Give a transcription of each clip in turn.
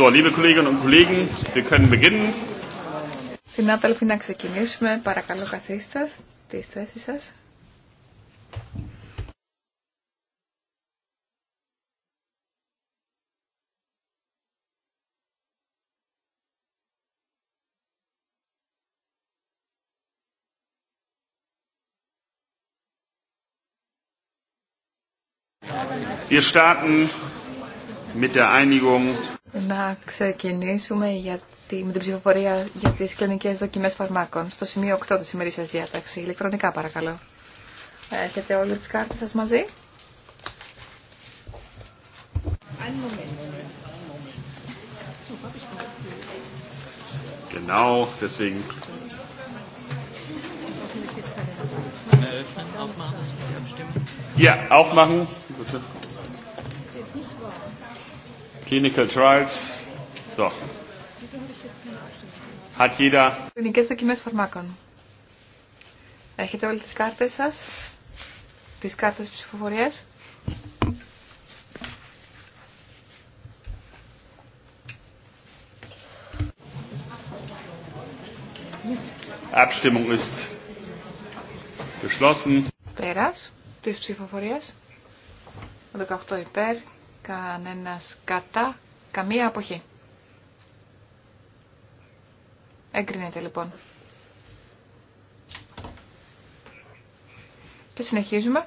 So, liebe Kolleginnen und Kollegen, wir können beginnen. Συνάδελφοι, να ξεκινήσουμε. Παρακαλώ, καθίστε τις θέσεις σα. Wir starten mit der Einigung να ξεκινήσουμε για με την ψηφοφορία για τι κλινικέ δοκιμέ φαρμάκων. Στο σημείο 8 της ημερήσιας διάταξη. Ηλεκτρονικά παρακαλώ. Έχετε όλε τι κάρτε σα μαζί. Genau, deswegen. Ja, aufmachen. Bitte. Clinical Trials. So. Hat jeder... Κλινικές δοκιμές φαρμάκων. Έχετε όλες τις κάρτες σας, τις κάρτες ψηφοφορίας. Abstimmung ist geschlossen. Πέρας της ψηφοφορίας. 18 υπέρ, κανένας κατά, καμία αποχή. Εγκρίνεται λοιπόν. Και συνεχίζουμε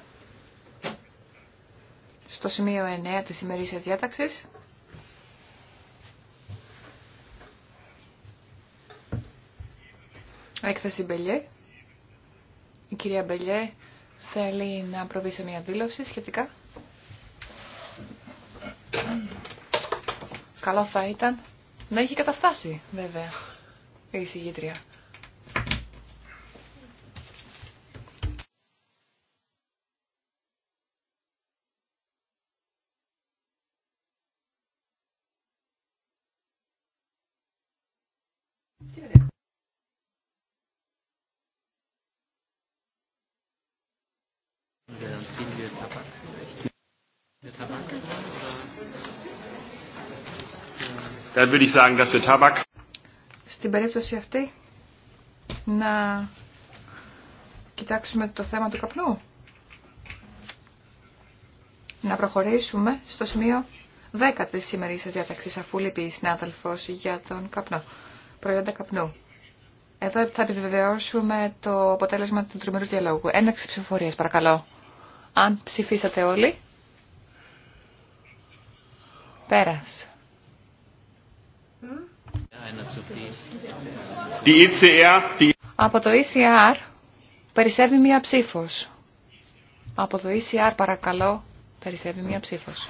στο σημείο 9 της ημερήσιας διάταξης. Έκθεση Μπελιέ. Η κυρία Μπελιέ θέλει να προβεί σε μια δήλωση σχετικά. Καλό θα ήταν να έχει καταστάσει, βέβαια, η συγγήτρια. Στην περίπτωση αυτή, να κοιτάξουμε το θέμα του καπνού. Να προχωρήσουμε στο σημείο 10 της σημερινής διάταξης, αφού λείπει η συνάδελφος για τον καπνό. Προϊόντα καπνού. Εδώ θα επιβεβαιώσουμε το αποτέλεσμα του τριμερούς διαλόγου. Έναξη ψηφοφορία, παρακαλώ. Αν ψηφίσατε όλοι. Πέρας. E Από το ECR περισσεύει μία ψήφος. Από το ECR παρακαλώ περισσεύει μία ψήφος.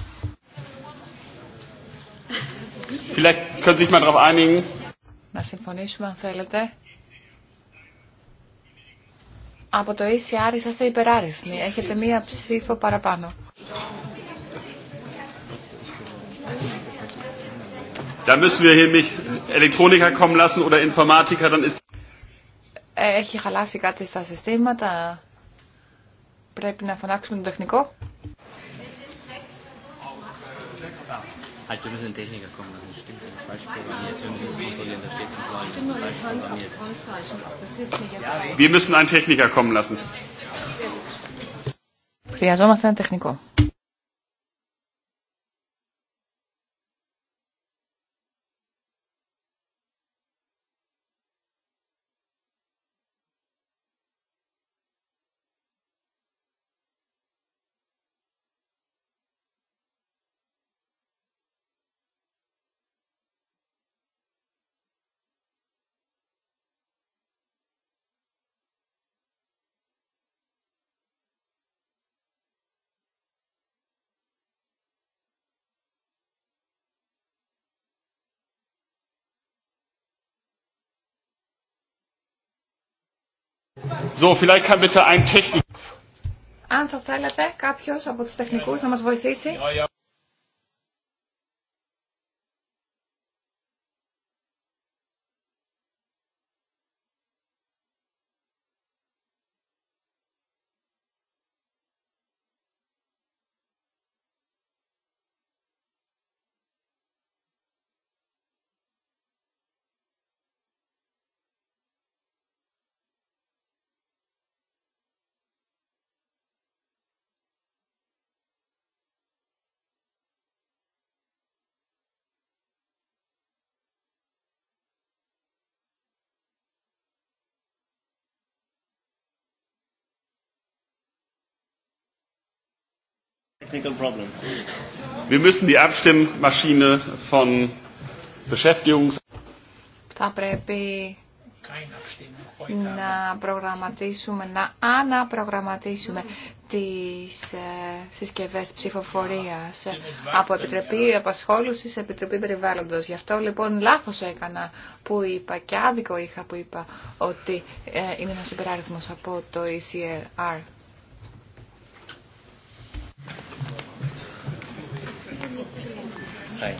Να συμφωνήσουμε αν θέλετε. Από το ECR είσαστε υπεράριθμοι. Έχετε μία ψήφο παραπάνω. Da müssen wir hier nicht Elektroniker kommen lassen oder Informatiker, dann ist... Έχει χαλάσει κάτι στα συστήματα. Πρέπει να φωνάξουμε τον τεχνικό. wir müssen Techniker kommen lassen. Stimmt, falsch Da einen Techniker kommen lassen. Χρειαζόμαστε τεχνικό. So, vielleicht kann bitte ein Technik. Αν θα θέλετε κάποιος από τους τεχνικούς να μας βοηθήσει. Wir müssen die θα πρέπει να προγραμματίσουμε, να αναπρογραμματίσουμε τις ε, συσκευές ψηφοφορίας από Επιτροπή Απασχόλησης σε Επιτροπή Περιβάλλοντος. Γι' αυτό λοιπόν λάθος έκανα που είπα και άδικο είχα που είπα ότι ε, είναι ένας υπεράριθμος από το ECR. Hi.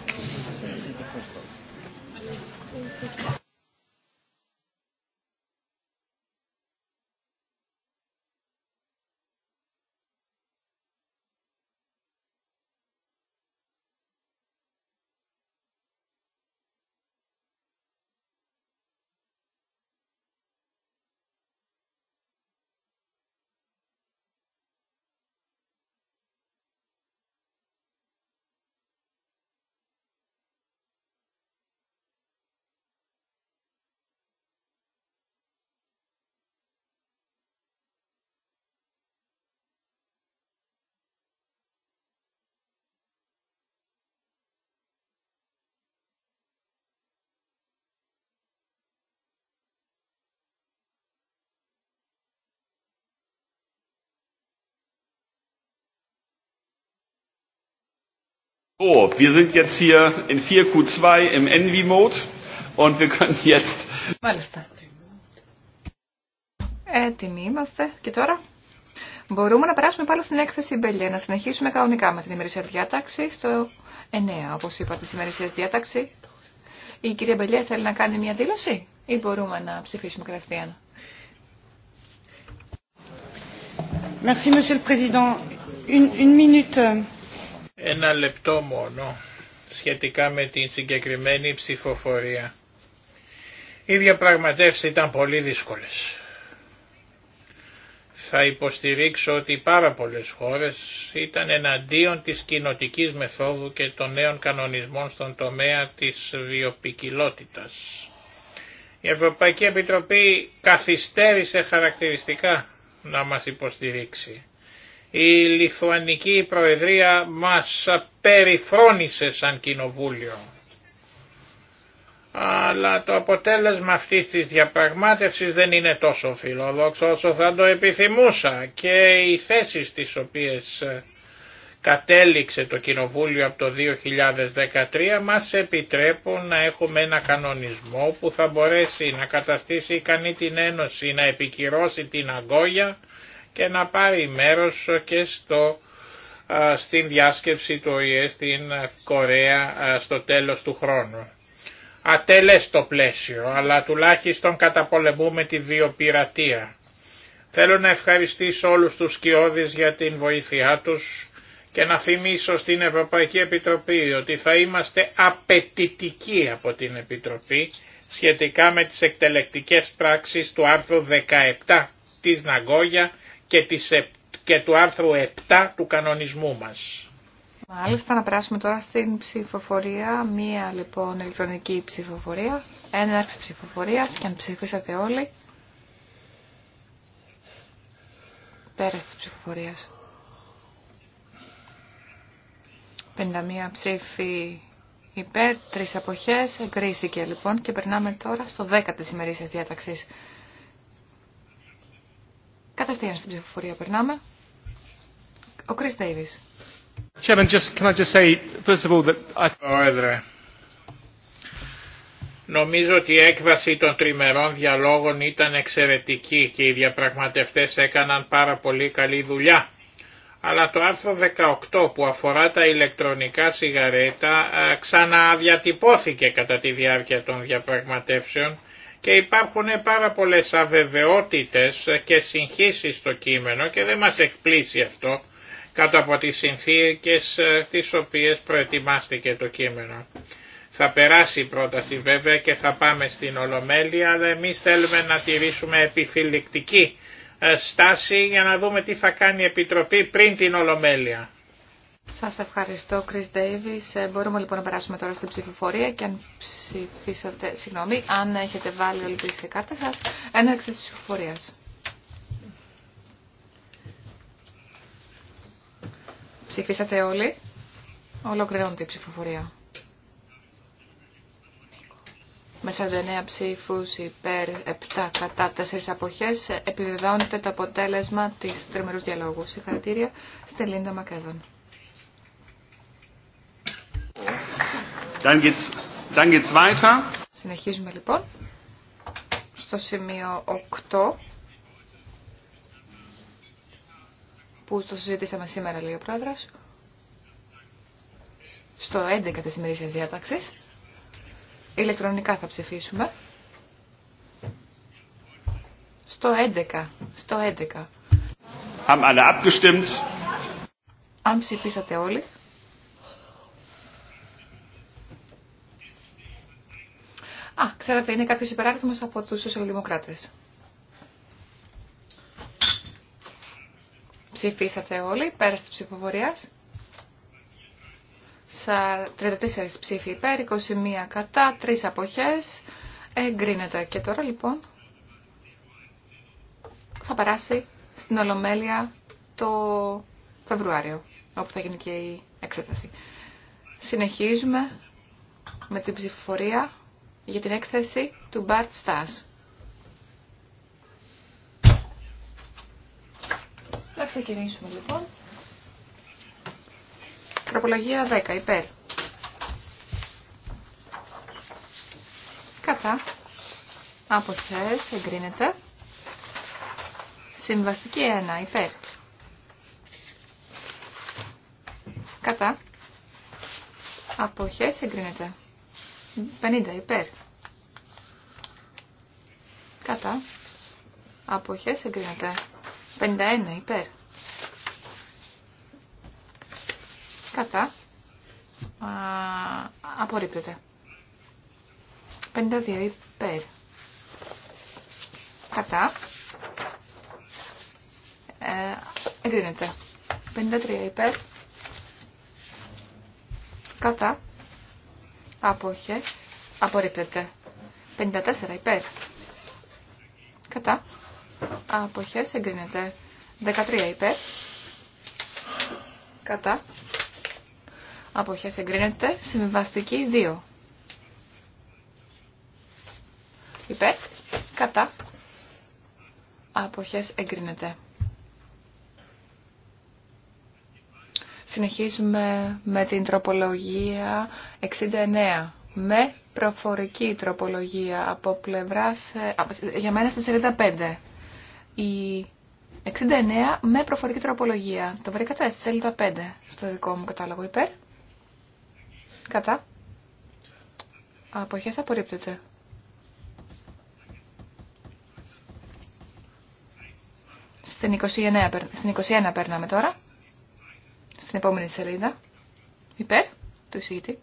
So, wir sind jetzt hier in 4Q2 im Envy-Mode und wir können jetzt... Μάλιστα. Έτοιμοι είμαστε και τώρα μπορούμε να περάσουμε πάλι στην έκθεση Μπελιέ, να συνεχίσουμε κανονικά με την ημερησία διάταξη στο 9, όπως είπα, τη ημερησίας διάταξη. Η κυρία Μπελιέ θέλει να κάνει μια δήλωση ή μπορούμε να ψηφίσουμε κατευθείαν. Merci, Monsieur le Président. Une, une minute. Ένα λεπτό μόνο σχετικά με την συγκεκριμένη ψηφοφορία. Οι διαπραγματεύσεις ήταν πολύ δύσκολες. Θα υποστηρίξω ότι πάρα πολλές χώρες ήταν εναντίον της κοινοτικής μεθόδου και των νέων κανονισμών στον τομέα της βιοπικιλότητας. Η Ευρωπαϊκή Επιτροπή καθυστέρησε χαρακτηριστικά να μας υποστηρίξει. Η Λιθουανική Προεδρία μας περιφρόνησε σαν κοινοβούλιο. Αλλά το αποτέλεσμα αυτής της διαπραγμάτευσης δεν είναι τόσο φιλόδοξο όσο θα το επιθυμούσα και οι θέσεις τις οποίες ε, κατέληξε το Κοινοβούλιο από το 2013 μας επιτρέπουν να έχουμε ένα κανονισμό που θα μπορέσει να καταστήσει ικανή την Ένωση να επικυρώσει την Αγκόγια και να πάρει μέρος και στο, στην διάσκεψη του ΟΗΕ στην Κορέα στο τέλος του χρόνου. Ατέλεστο πλαίσιο, αλλά τουλάχιστον καταπολεμούμε τη βιοπειρατεία. Θέλω να ευχαριστήσω όλους τους σκιώδεις για την βοήθειά τους και να θυμίσω στην Ευρωπαϊκή Επιτροπή ότι θα είμαστε απαιτητικοί από την Επιτροπή σχετικά με τις εκτελεκτικές πράξεις του άρθρου 17 της Ναγκόγια και, ε, και του άρθρου 7 του κανονισμού μας. Μάλιστα να περάσουμε τώρα στην ψηφοφορία, μία λοιπόν ηλεκτρονική ψηφοφορία, έναρξη ψηφοφορίας και αν ψηφίσατε όλοι, πέρας της ψηφοφορίας. 51 ψήφοι υπέρ, τρει αποχές, εγκρίθηκε λοιπόν και περνάμε τώρα στο 10 τη ημερήσιας διάταξης. Κατευθείαν στην ψηφοφορία περνάμε. Ο Chris Τέιβις. Πρόεδρε, νομίζω ότι η έκβαση των τριμερών διαλόγων ήταν εξαιρετική και οι διαπραγματευτές έκαναν πάρα πολύ καλή δουλειά. Αλλά το άρθρο 18 που αφορά τα ηλεκτρονικά σιγαρέτα ξαναδιατυπώθηκε κατά τη διάρκεια των διαπραγματεύσεων και υπάρχουν πάρα πολλές αβεβαιότητες και συγχύσεις στο κείμενο και δεν μας εκπλήσει αυτό κάτω από τις συνθήκες ε, τις οποίες προετοιμάστηκε το κείμενο. Θα περάσει η πρόταση βέβαια και θα πάμε στην Ολομέλεια, αλλά εμείς θέλουμε να τηρήσουμε επιφυληκτική ε, στάση για να δούμε τι θα κάνει η Επιτροπή πριν την Ολομέλεια. Σας ευχαριστώ, Chris Davis. Ε, μπορούμε λοιπόν να περάσουμε τώρα στην ψηφοφορία και αν ψηφίσατε, συγγνώμη, αν έχετε βάλει όλη τη κάρτα σας, έναρξη της ψηφοφορίας. Ψηφίσατε όλοι. Ολοκληρώνεται η ψηφοφορία. Με 49 ψήφους υπέρ 7 κατά 4 αποχές επιβεβαιώνεται το αποτέλεσμα της τριμερούς διαλόγου. Συγχαρητήρια στη Λίντα Μακέδων. Dann geht's, dann geht's weiter. Συνεχίζουμε λοιπόν στο σημείο 8 που το συζητήσαμε σήμερα λέει ο πρόεδρος στο 11 της ημερήσιας διάταξης ηλεκτρονικά θα ψηφίσουμε στο 11 στο 11 Αν ψηφίσατε όλοι Α, ξέρετε, είναι κάποιος υπεράριθμος από τους σοσιαλδημοκράτες. Ψηφίσατε όλοι, πέρα της ψηφοφορίας. 34 ψήφοι υπέρ, 21 κατά, 3 αποχές. Εγκρίνεται. Και τώρα λοιπόν θα περάσει στην Ολομέλεια το Φεβρουάριο, όπου θα γίνει και η εξέταση. Συνεχίζουμε με την ψηφοφορία για την έκθεση του Bart Stas. Να ξεκινήσουμε λοιπόν. Τροπολογία 10, υπέρ. Κατά. Αποχές, εγκρίνεται. Συμβαστική 1, υπέρ. Κατά. Αποχές, εγκρίνεται. 50 υπέρ. Κατά. Αποχές εγκρίνεται. 51 υπέρ. Κατά. απορρίπτεται. 52 υπέρ. Κατά. Ε, εγκρίνεται. 53 υπέρ. Κατά. Αποχές. Απορρίπτεται. 54 υπέρ. Κατά. Αποχές εγκρίνεται. 13 υπέρ. Κατά. Αποχές εγκρίνεται. Συμβιβαστική 2. Υπέρ. Κατά. Αποχές εγκρίνεται. Συνεχίζουμε με την τροπολογία 69 με προφορική τροπολογία από πλευράς, ε, για μένα στη σελίδα 5. Η 69 με προφορική τροπολογία. Το βρήκατε στη σελίδα 5 στο δικό μου κατάλογο υπέρ. Κατά. Αποχές απορρίπτεται. Στην 21 περνάμε τώρα στην επόμενη σελίδα. Υπέρ του εισηγητή.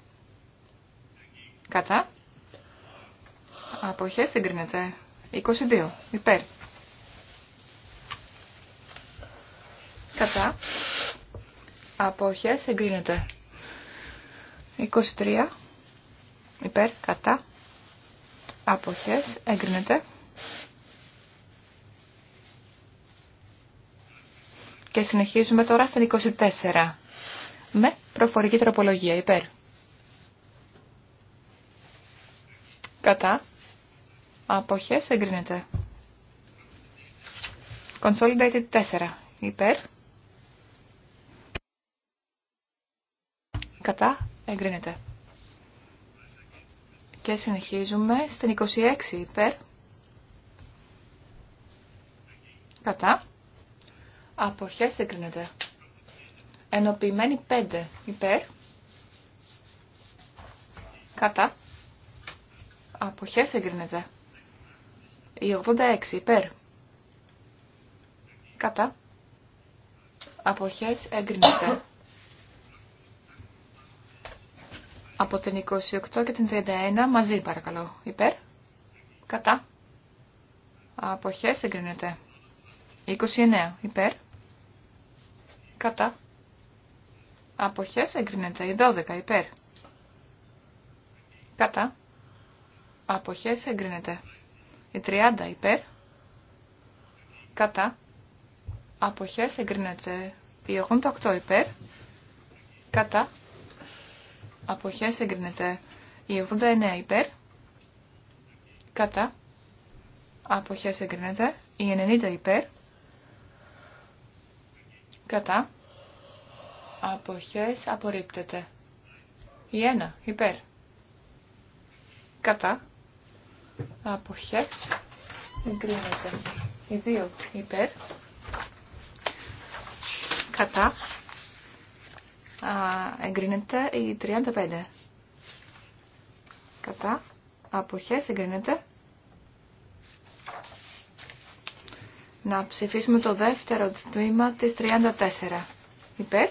Κατά. Αποχές εγκρίνεται. 22. Υπέρ. Κατά. Αποχές εγκρίνεται. 23. Υπέρ. Κατά. Αποχές εγκρίνεται. Και συνεχίζουμε τώρα στην 24 με προφορική τροπολογία υπέρ. Κατά. Αποχές εγκρίνεται. Consolidated 4. Υπέρ. Κατά. Εγκρίνεται. Και συνεχίζουμε στην 26. Υπέρ. Κατά. Αποχές εγκρίνεται. Ενοποιημένη 5 υπέρ. Κατά. Αποχές εγκρίνεται. Η 86 υπέρ. Κατά. Αποχές εγκρίνεται. Από την 28 και την 31 μαζί παρακαλώ. Υπέρ. Κατά. Αποχές εγκρίνεται. 29 υπέρ. Κατά. Αποχές εγκρίνεται. 12 υπέρ. Κατά. Αποχές εγκρίνεται. Η 30 υπέρ. Κατά. Αποχές εγκρίνεται. Η 88 υπέρ. Κατά. Αποχές εγκρίνεται. Η 89 υπέρ. Κατά. Αποχές εγκρίνεται. Η 90 υπέρ. Κατά. Αποχές απορρίπτεται. Η 1. Υπέρ. Κατά. Αποχές. Εγκρίνεται. Η 2. Υπέρ. Κατά. Α, εγκρίνεται η 35. Κατά. Αποχές εγκρίνεται να ψηφίσουμε το δεύτερο τμήμα της 34. Υπέρ.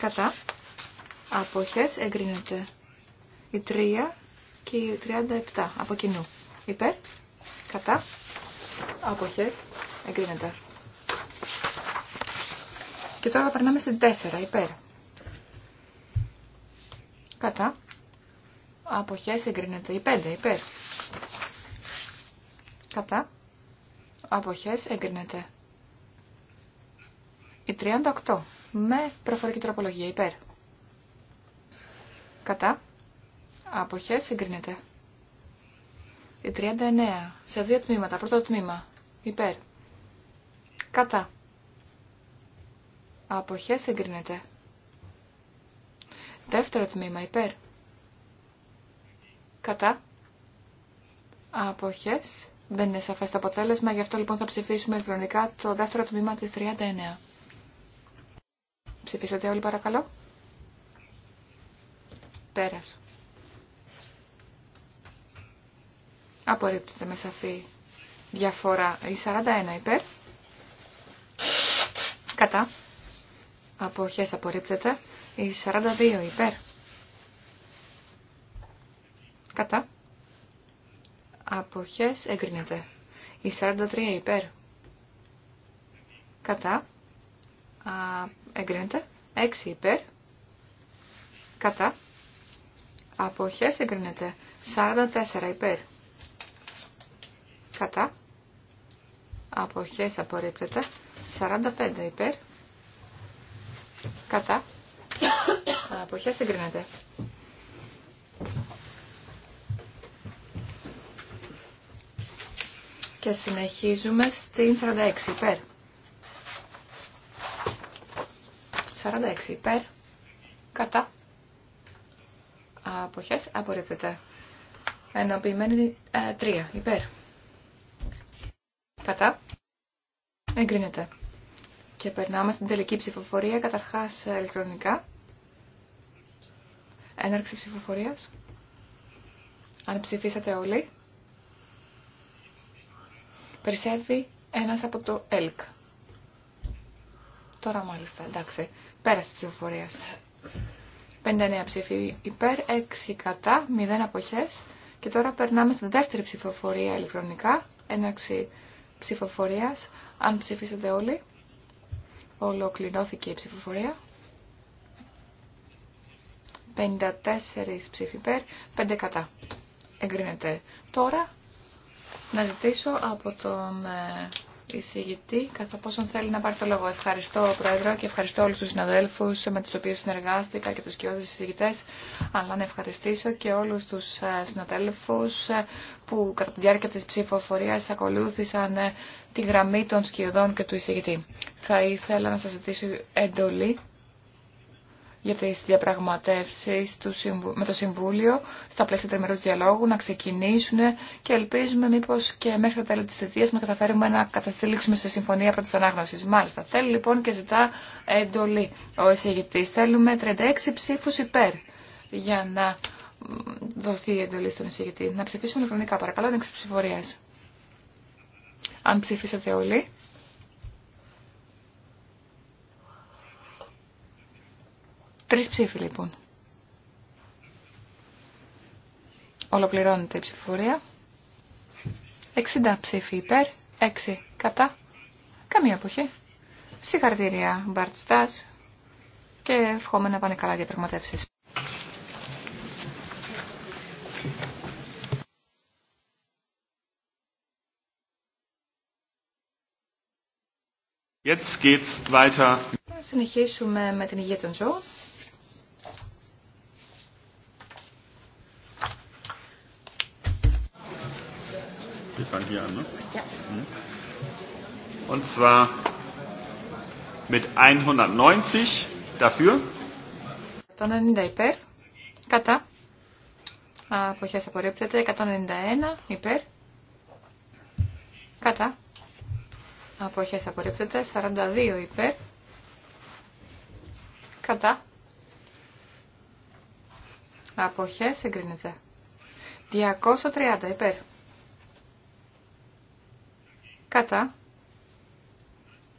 Κατά. Αποχές εγκρίνεται. Η 3 και η 37 από κοινού. Υπέρ. Κατά. Αποχές εγκρίνεται. Και τώρα περνάμε στην 4. Υπέρ. Κατά. Αποχές εγκρίνεται. Η 5. Υπέρ κατά αποχές εγκρίνεται. Η 38 με προφορική τροπολογία υπέρ. Κατά αποχές εγκρίνεται. Η 39 σε δύο τμήματα. Πρώτο τμήμα υπέρ. Κατά αποχές εγκρίνεται. Δεύτερο τμήμα υπέρ. Κατά αποχές δεν είναι σαφές το αποτέλεσμα, γι' αυτό λοιπόν θα ψηφίσουμε ηλεκτρονικά το δεύτερο τμήμα της 39. Ψηφίσατε όλοι παρακαλώ. Πέρας. Απορρίπτεται με σαφή διαφορά η 41 υπέρ. Κατά. Αποχές απορρίπτεται η 42 υπέρ. Κατά. Αποχές εγκρίνεται. Η 43 υπέρ. Κατά. Α, εγκρίνεται. 6 υπέρ. Κατά. Αποχές εγκρίνεται. 44 υπέρ. Κατά. Αποχές απορρίπτεται. 45 υπέρ. Κατά. Αποχές εγκρίνεται. συνεχίζουμε στην 46 υπέρ. 46 υπέρ. Κατά. Αποχές απορρίπτεται. Ενοποιημένη 3 ε, υπέρ. Κατά. Εγκρίνεται. Και περνάμε στην τελική ψηφοφορία, καταρχάς ηλεκτρονικά. Έναρξη ψηφοφορίας. Αν ψηφίσατε όλοι. Περισσεύει ένας από το ΕΛΚ. Τώρα μάλιστα, εντάξει. Πέρασε ψηφοφορία. 59 ψήφοι υπέρ, 6 κατά, 0 αποχές. Και τώρα περνάμε στη δεύτερη ψηφοφορία ηλεκτρονικά. Έναρξη ψηφοφορίας. Αν ψήφισετε όλοι, ολοκληρώθηκε η ψηφοφορία. 54 ψήφοι υπέρ, 5 κατά. Εγκρίνεται τώρα να ζητήσω από τον ε, εισηγητή κατά πόσον θέλει να πάρει το λόγο. Ευχαριστώ, Πρόεδρο, και ευχαριστώ όλους τους συναδέλφους με τους οποίους συνεργάστηκα και τους κοιόδους εισηγητές, αλλά να ευχαριστήσω και όλους τους ε, συναδέλφους ε, που κατά τη διάρκεια της ψηφοφορίας ακολούθησαν τη γραμμή των σκιωδών και του εισηγητή. Θα ήθελα να σας ζητήσω εντολή για τις διαπραγματεύσεις με το Συμβούλιο στα πλαίσια τριμερούς διαλόγου να ξεκινήσουν και ελπίζουμε μήπως και μέχρι τα τέλη της θετίας να καταφέρουμε να καταστήλξουμε σε συμφωνία πρώτης ανάγνωσης. Μάλιστα, θέλει λοιπόν και ζητά εντολή ο εισηγητής. Θέλουμε 36 ψήφους υπέρ για να δοθεί η εντολή στον εισηγητή. Να ψηφίσουμε ηλεκτρονικά παρακαλώ, είναι Αν ψηφίσετε όλοι. Τρεις ψήφοι λοιπόν. Ολοκληρώνεται η ψηφοφορία. 60 ψήφοι υπέρ, 6 κατά, καμία αποχή. Συγχαρητήρια Μπαρτ και ευχόμαι να πάνε καλά διαπραγματεύσεις. Jetzt geht's weiter. Να συνεχίσουμε με την υγεία των ζώων. hier Ja. Mhm. Und zwar mit 190 dafür. 190 υπέρ. Κατά. Αποχές απορρίπτεται. 191 υπέρ. Κατά. Αποχές απορρίπτεται. 42 υπέρ. Κατά. Αποχές εγκρίνεται. 230 υπέρ. Κατά.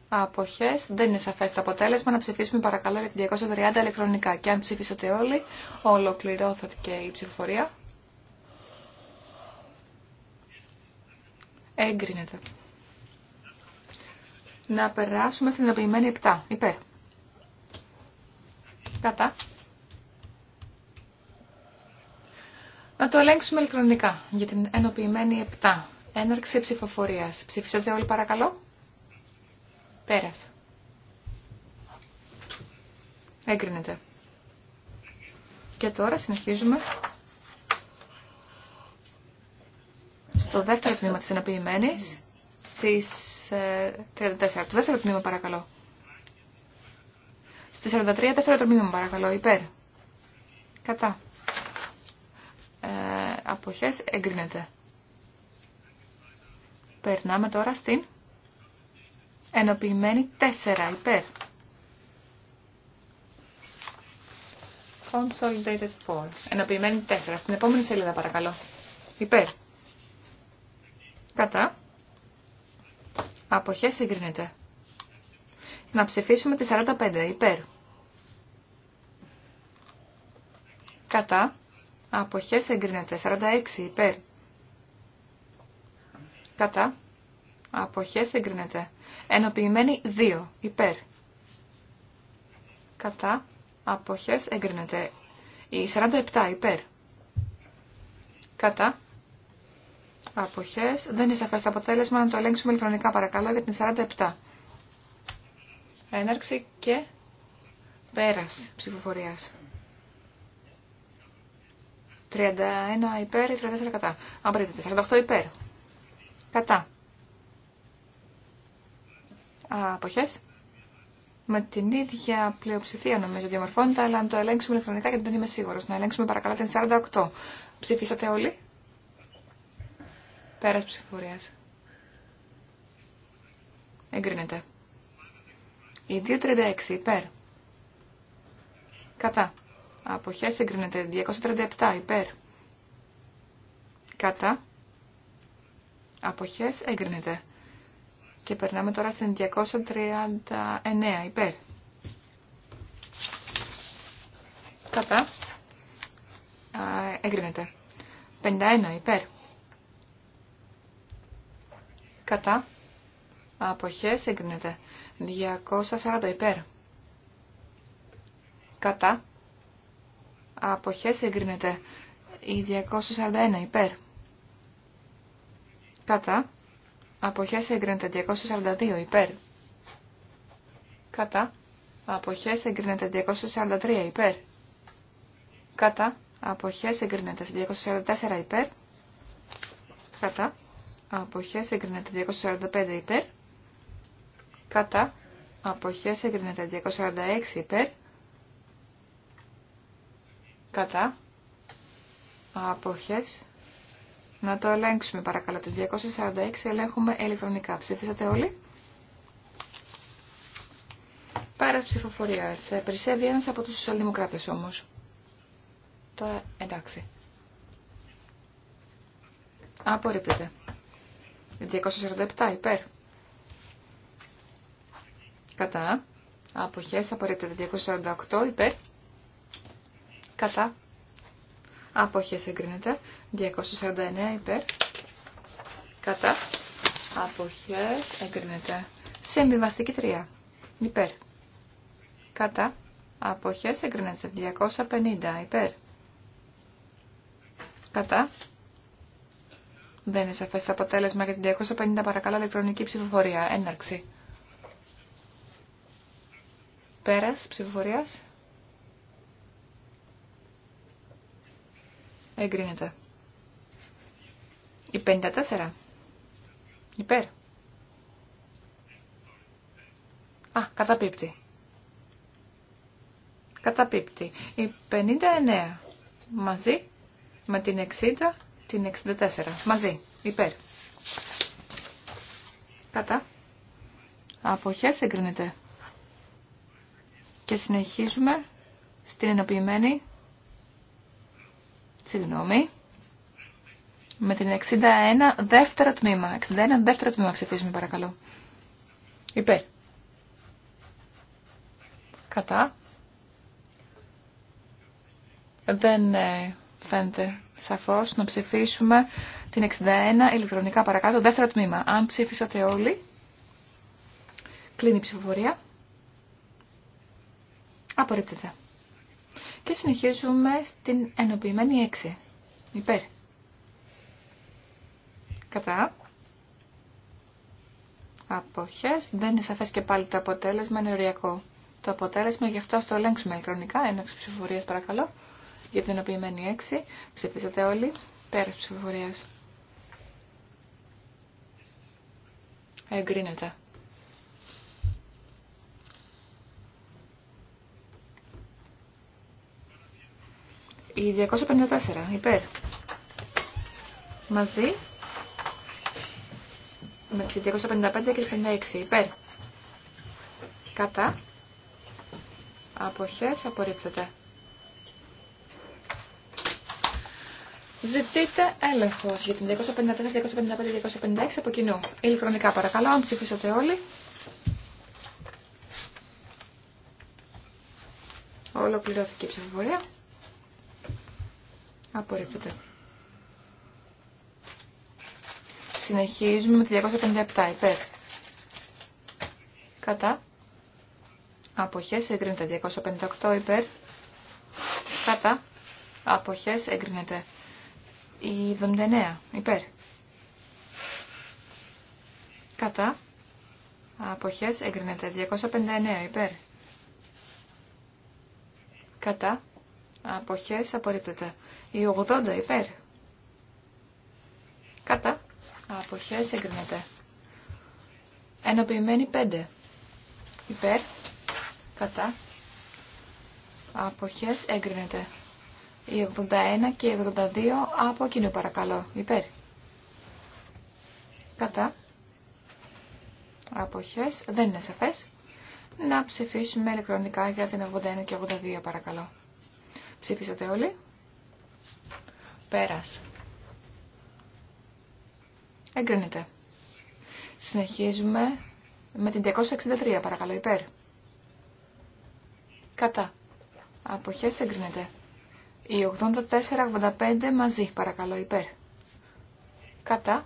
Αποχές. Δεν είναι σαφές το αποτέλεσμα. Να ψηφίσουμε παρακαλώ για την 230 ηλεκτρονικά. Και αν ψηφίσατε όλοι, ολοκληρώθηκε η ψηφοφορία. Έγκρινεται. Να περάσουμε στην ενοποιημένη 7. Υπέρ. Κατά. Να το ελέγξουμε ηλεκτρονικά για την ενοποιημένη 7. Έναρξη ψηφοφορία. Ψήφισατε όλοι παρακαλώ. Πέρασε. Έγκρινεται. Και τώρα συνεχίζουμε στο δεύτερο τμήμα της αναποιημένης της 34. Ε, το δεύτερο τμήμα παρακαλώ. Στη 43, τέσσερα τμήμα παρακαλώ. Υπέρ. Κατά. Ε, αποχές εγκρίνεται. Περνάμε τώρα στην ενοποιημένη 4 υπέρ. Consolidated 4. Ενοποιημένη 4. Στην επόμενη σελίδα παρακαλώ. Υπέρ. Κατά. Αποχέ εγκρίνεται. Να ψηφίσουμε τη 45. Υπέρ. Κατά. Αποχές εγκρίνεται. 46. Υπέρ. Κατά. Αποχές εγκρίνεται. Ενοποιημένη 2. Υπέρ. Κατά. Αποχές εγκρίνεται. Η 47. Υπέρ. Κατά. Αποχές. Δεν είναι σαφές το αποτέλεσμα. Να το ελέγξουμε ηλεκτρονικά παρακαλώ για την 47. Έναρξη και πέρας ψηφοφορίας. 31 υπέρ, 34 κατά. Αν 48 υπέρ. Κατά. Αποχές. Με την ίδια πλειοψηφία νομίζω διαμορφώνεται, αλλά αν το ελέγξουμε ηλεκτρονικά γιατί δεν είμαι σίγουρος. Να ελέγξουμε παρακαλώ την 48. Ψηφίσατε όλοι. Πέρας ψηφορίας. Εγκρίνεται. Η 236 υπέρ. Κατά. Αποχές εγκρίνεται. 237 υπέρ. Κατά. Αποχές έγκρινεται. Και περνάμε τώρα στην 239 υπέρ. Κατά. Έγκρινεται. 51 υπέρ. Κατά. Αποχές έγκρινεται. 240 υπέρ. Κατά. Αποχές εγκρίνεται. Η 241 υπέρ. Κατά. Αποχές εγκρίνεται 242 υπέρ. Κατά. Αποχές εγκρίνεται 243 υπέρ. Κατά. Αποχές εγκρίνεται 244 υπέρ. Κατά. Αποχές εγκρίνεται 245 υπέρ. Κατά. Αποχές εγκρίνεται 246 υπέρ. Κατά. Αποχές να το ελέγξουμε παρακαλώ. Το 246 ελέγχουμε ηλεκτρονικά. Ψήφισατε όλοι. Πέρα ψηφοφορία. Ε, περισσεύει ένα από του σοσιαλδημοκράτε όμω. Τώρα εντάξει. Απορρίπτεται. 247 υπέρ. Κατά. Αποχές απορρίπτεται. 248 υπέρ. Κατά. Αποχές εγκρίνεται. 249 υπέρ. Κατά. Αποχές εγκρίνεται. Συμβιβαστική 3. Υπέρ. Κατά. Αποχές εγκρίνεται. 250 υπέρ. Κατά. Δεν είναι σαφές το αποτέλεσμα για την 250 παρακαλώ ηλεκτρονική ψηφοφορία. Έναρξη. Πέρας ψηφοφορίας. Εγκρίνεται. Η 54. Υπέρ. Α, καταπίπτει. Καταπίπτει. Η 59. Μαζί με την 60, την 64. Μαζί. Υπέρ. Κατά. Αποχές εγκρίνεται. Και συνεχίζουμε στην ενοποιημένη Συγγνώμη. Με την 61 δεύτερο τμήμα. 61 δεύτερο τμήμα ψηφίσουμε, παρακαλώ. Υπέρ. Κατά. Δεν ε, φαίνεται σαφώς να ψηφίσουμε την 61 ηλεκτρονικά παρακάτω. Δεύτερο τμήμα. Αν ψήφισατε όλοι. Κλείνει η ψηφοφορία. Απορρίπτεται. Και συνεχίζουμε στην ενοποιημένη 6. Υπέρ. Κατά. Αποχές. Δεν είναι σαφές και πάλι το αποτέλεσμα είναι Το αποτέλεσμα γι' αυτό το ελέγξουμε ηλεκτρονικά. Ένα ψηφοφορίας παρακαλώ. Για την ενοποιημένη 6. Ψηφίσατε όλοι. Πέρα ψηφοφορίας. Εγκρίνεται. Η 254 υπέρ. Μαζί με τη 255 και τη 56 υπέρ. Κατά. Αποχές απορρίπτεται. Ζητείτε έλεγχο για την 254, 255, 256 από κοινού. Ηλεκτρονικά παρακαλώ, αν ψηφίσατε όλοι. Ολοκληρώθηκε η ψηφοφορία. Απορρίπτεται. Συνεχίζουμε με τη 257 υπέρ. Κατά. Αποχές εγκρίνεται. 258 υπέρ. Κατά. Αποχές εγκρίνεται. Η 79 υπέρ. Κατά. Αποχές εγκρίνεται. 259 υπέρ. Κατά. Αποχές απορρίπτεται. Η 80 υπέρ. Κατά. Αποχές εγκρίνεται. Ενοποιημένη 5. Υπέρ. Κατά. Αποχές εγκρίνεται. Η 81 και η 82 από κοινού παρακαλώ. Υπέρ. Κατά. Αποχές. Δεν είναι σαφές. Να ψηφίσουμε ηλεκτρονικά για την 81 και 82 παρακαλώ. Ψήφισατε όλοι. Πέρας. Εγκρίνεται. Συνεχίζουμε με την 263 παρακαλώ υπέρ. Κατά. Αποχές εγκρίνεται. Η 84-85 μαζί παρακαλώ υπέρ. Κατά.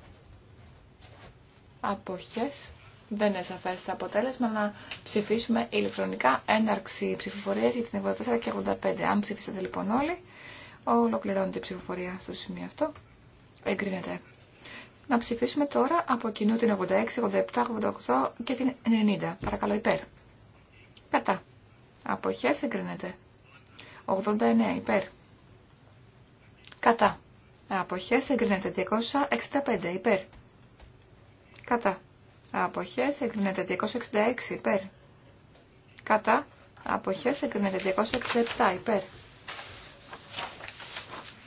Αποχές δεν είναι σαφέ το αποτέλεσμα να ψηφίσουμε ηλεκτρονικά έναρξη ψηφοφορία για την 84 και 85. Αν ψηφίσατε λοιπόν όλοι, ολοκληρώνεται η ψηφοφορία στο σημείο αυτό. Εγκρίνεται. Να ψηφίσουμε τώρα από κοινού την 86, 87, 88 και την 90. Παρακαλώ υπέρ. Κατά. Αποχέ εγκρίνεται. 89 υπέρ. Κατά. Αποχέ εγκρίνεται. 265 υπέρ. Κατά. Αποχές εγκρίνεται 266 υπέρ. Κατά. Αποχές εγκρίνεται 267 υπέρ.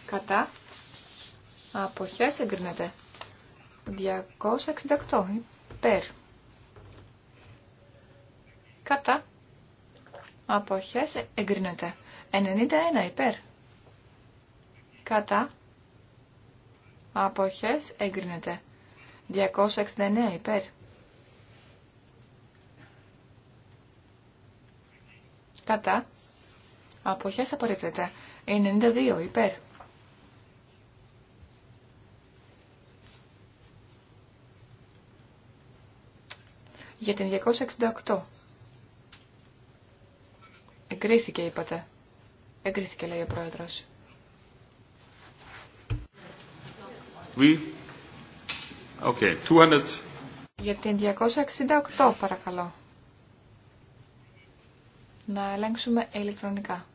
Κατά. Αποχές εγκρίνεται 268 υπέρ. Κατά. Αποχές εγκρίνεται 91 υπέρ. Κατά. Αποχές εγκρίνεται 269 υπέρ. Κατά. Αποχές απορρίπτεται. 92 υπέρ. Για την 268. Εγκρίθηκε είπατε. Εγκρίθηκε λέει ο πρόεδρος. Okay, 200. Για την 268 παρακαλώ να ελέγξουμε ηλεκτρονικά.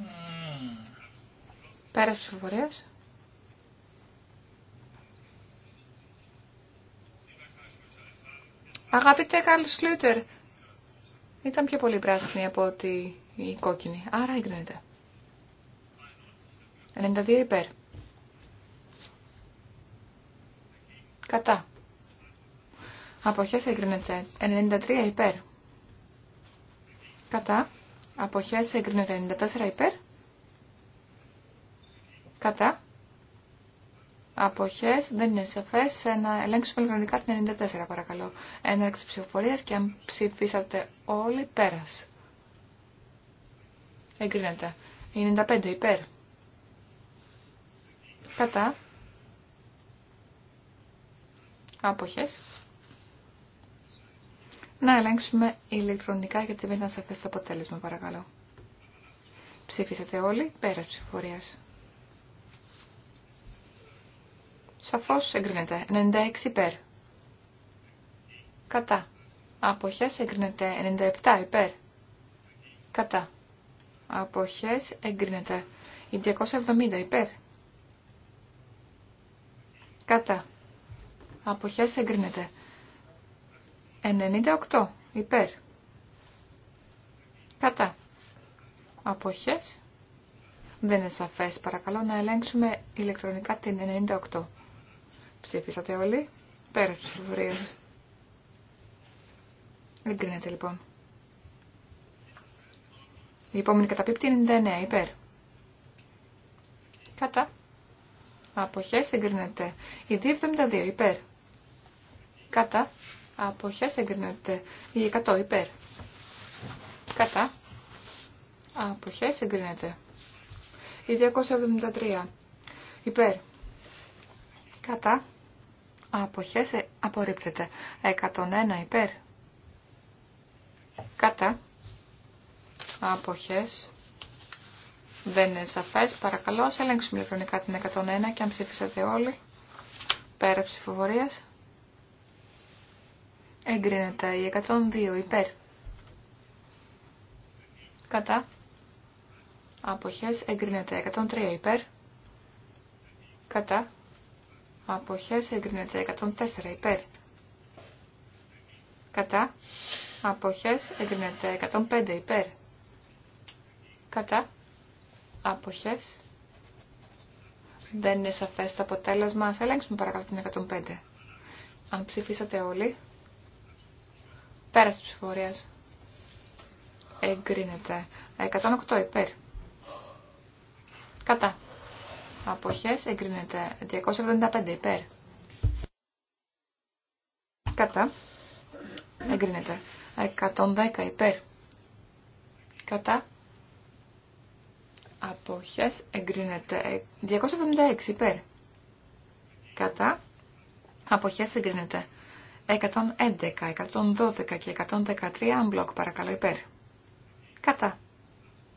Mm. Πέρα ψηφοφορίας. Αγαπητέ Καρλ Σλούτερ, ήταν πιο πολύ πράσινη από ότι η κόκκινη, άρα εγκρίνεται. 92 υπέρ. Κατά. Αποχές εγκρίνεται 93 υπέρ. Κατά. Αποχές εγκρίνεται 94 υπέρ. Κατά. Αποχές δεν είναι σαφές. Ε, να ελέγξουμε ηλεκτρονικά την 94 παρακαλώ. Έναρξη ψηφοφορίας και αν ψηφίσατε όλοι πέρας. Εγκρίνεται. 95 υπέρ. Κατά. Άποχες. Να ελέγξουμε ηλεκτρονικά γιατί δεν ήταν σαφές το αποτέλεσμα, παρακαλώ. Ψήφισατε όλοι, πέρας ψηφορίας. Σαφώς εγκρίνεται. 96 υπέρ. Κατά. Αποχές εγκρίνεται. 97 υπέρ. Κατά. Αποχές εγκρίνεται. 270 υπέρ. Κατά. Αποχές εγκρίνεται. 98 υπέρ. Κατά. Αποχές. Δεν είναι σαφές. Παρακαλώ να ελέγξουμε ηλεκτρονικά την 98. Ψήφισατε όλοι. Πέρα του ψηφοφορίας. Εγκρίνεται λοιπόν. Η επόμενη καταπίπτη 99 υπέρ. Κατά. Αποχές εγκρίνεται. Η 272 υπέρ. Κατά. Αποχές εγκρίνεται. Η 100 υπέρ. Κατά. Αποχές εγκρίνεται. Η 273 υπέρ. Κατά. Αποχές ε, απορρίπτεται. 101 υπέρ. Κατά. Αποχές. Δεν είναι σαφές. Παρακαλώ, ας ελέγξουμε ηλεκτρονικά την 101 και αν ψήφισατε όλοι. Πέρα ψηφοφορίας. Εγκρίνεται η 102 υπέρ. Κατά. Αποχές εγκρίνεται 103 υπέρ. Κατά. Αποχές εγκρίνεται 104 υπέρ. Κατά. Αποχές εγκρίνεται 105 υπέρ. Κατά. Αποχές. Δεν είναι σαφές το αποτέλεσμα. Ας ελέγξουμε παρακαλώ την 105. Αν ψηφίσατε όλοι. Πέρας της ψηφορίας. Εγκρίνεται. 108 υπέρ. Κατά. Αποχές εγκρίνεται. 275 υπέρ. Κατά. Εγκρίνεται. 110 υπέρ. Κατά. Αποχές εγκρίνεται. 276 υπέρ. Κατά. Αποχές εγκρίνεται. 111, 112 και 113 unblock παρακαλώ υπέρ. Κατά.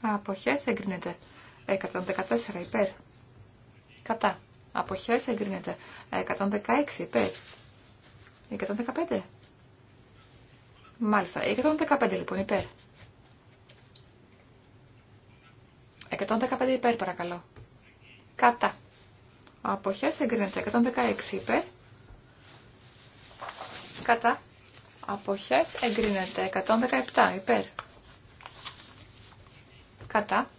Αποχές εγκρίνεται. 114 υπέρ. Κατά. Αποχές εγκρίνεται. 116 υπέρ. 115. Μάλιστα. 115 λοιπόν υπέρ. 115 υπέρ παρακαλώ. Κατά. Αποχές εγκρίνεται. 116 υπέρ κατά αποχές εγκρίνεται 117 υπέρ κατά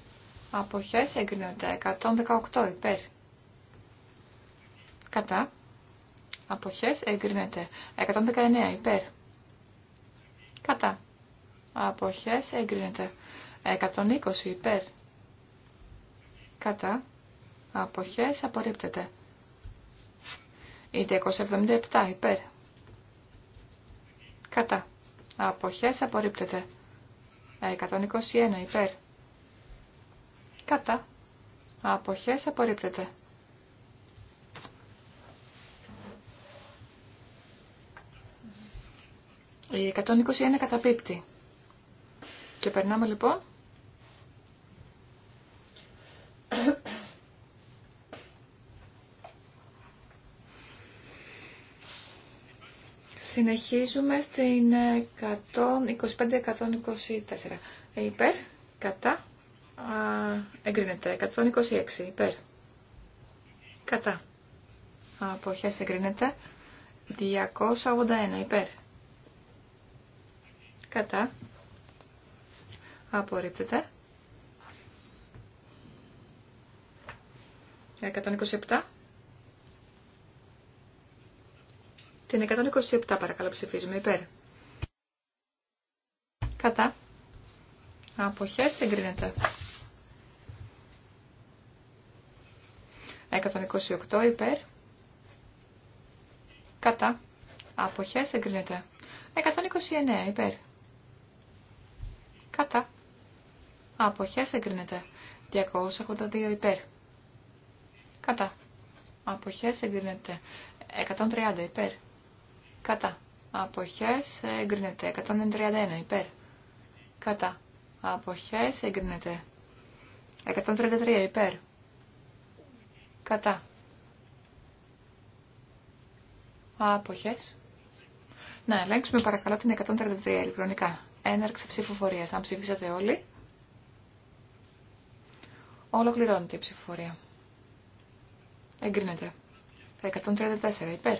αποχές εγκρίνεται 118 υπέρ κατά αποχές εγκρίνεται 119 υπέρ κατά αποχές εγκρίνεται 120 υπέρ κατά αποχές απορρίπτεται η 277 υπέρ Κατά. Αποχές απορρίπτεται. 121 ε, υπέρ. Κατά. Αποχές απορρίπτεται. 121 καταπίπτει. Και περνάμε λοιπόν Συνεχίζουμε στην 125-124. Ε, ε, υπέρ, κατά, εγκρίνεται. 126 υπέρ, κατά. Αποχές εγκρίνεται. 281 υπέρ. Κατά. Απορρίπτεται. 127 Την 127 παρακαλώ ψηφίζουμε υπέρ. Κατά. Αποχές εγκρίνεται. 128 υπέρ. Κατά. Αποχές εγκρίνεται. 129 υπέρ. Κατά. Αποχές εγκρίνεται. 282 υπέρ. Κατά. Αποχές εγκρίνεται. 130 υπέρ. Κατά. Αποχές εγκρίνεται. 131 υπέρ. Κατά. Αποχές εγκρίνεται. 133 υπέρ. Κατά. Αποχές. Να ελέγξουμε παρακαλώ την 133 ηλεκτρονικά. Έναρξη ψηφοφορίας. Αν ψηφίσατε όλοι. Ολοκληρώνεται η ψηφοφορία. Εγκρίνεται. 134 υπέρ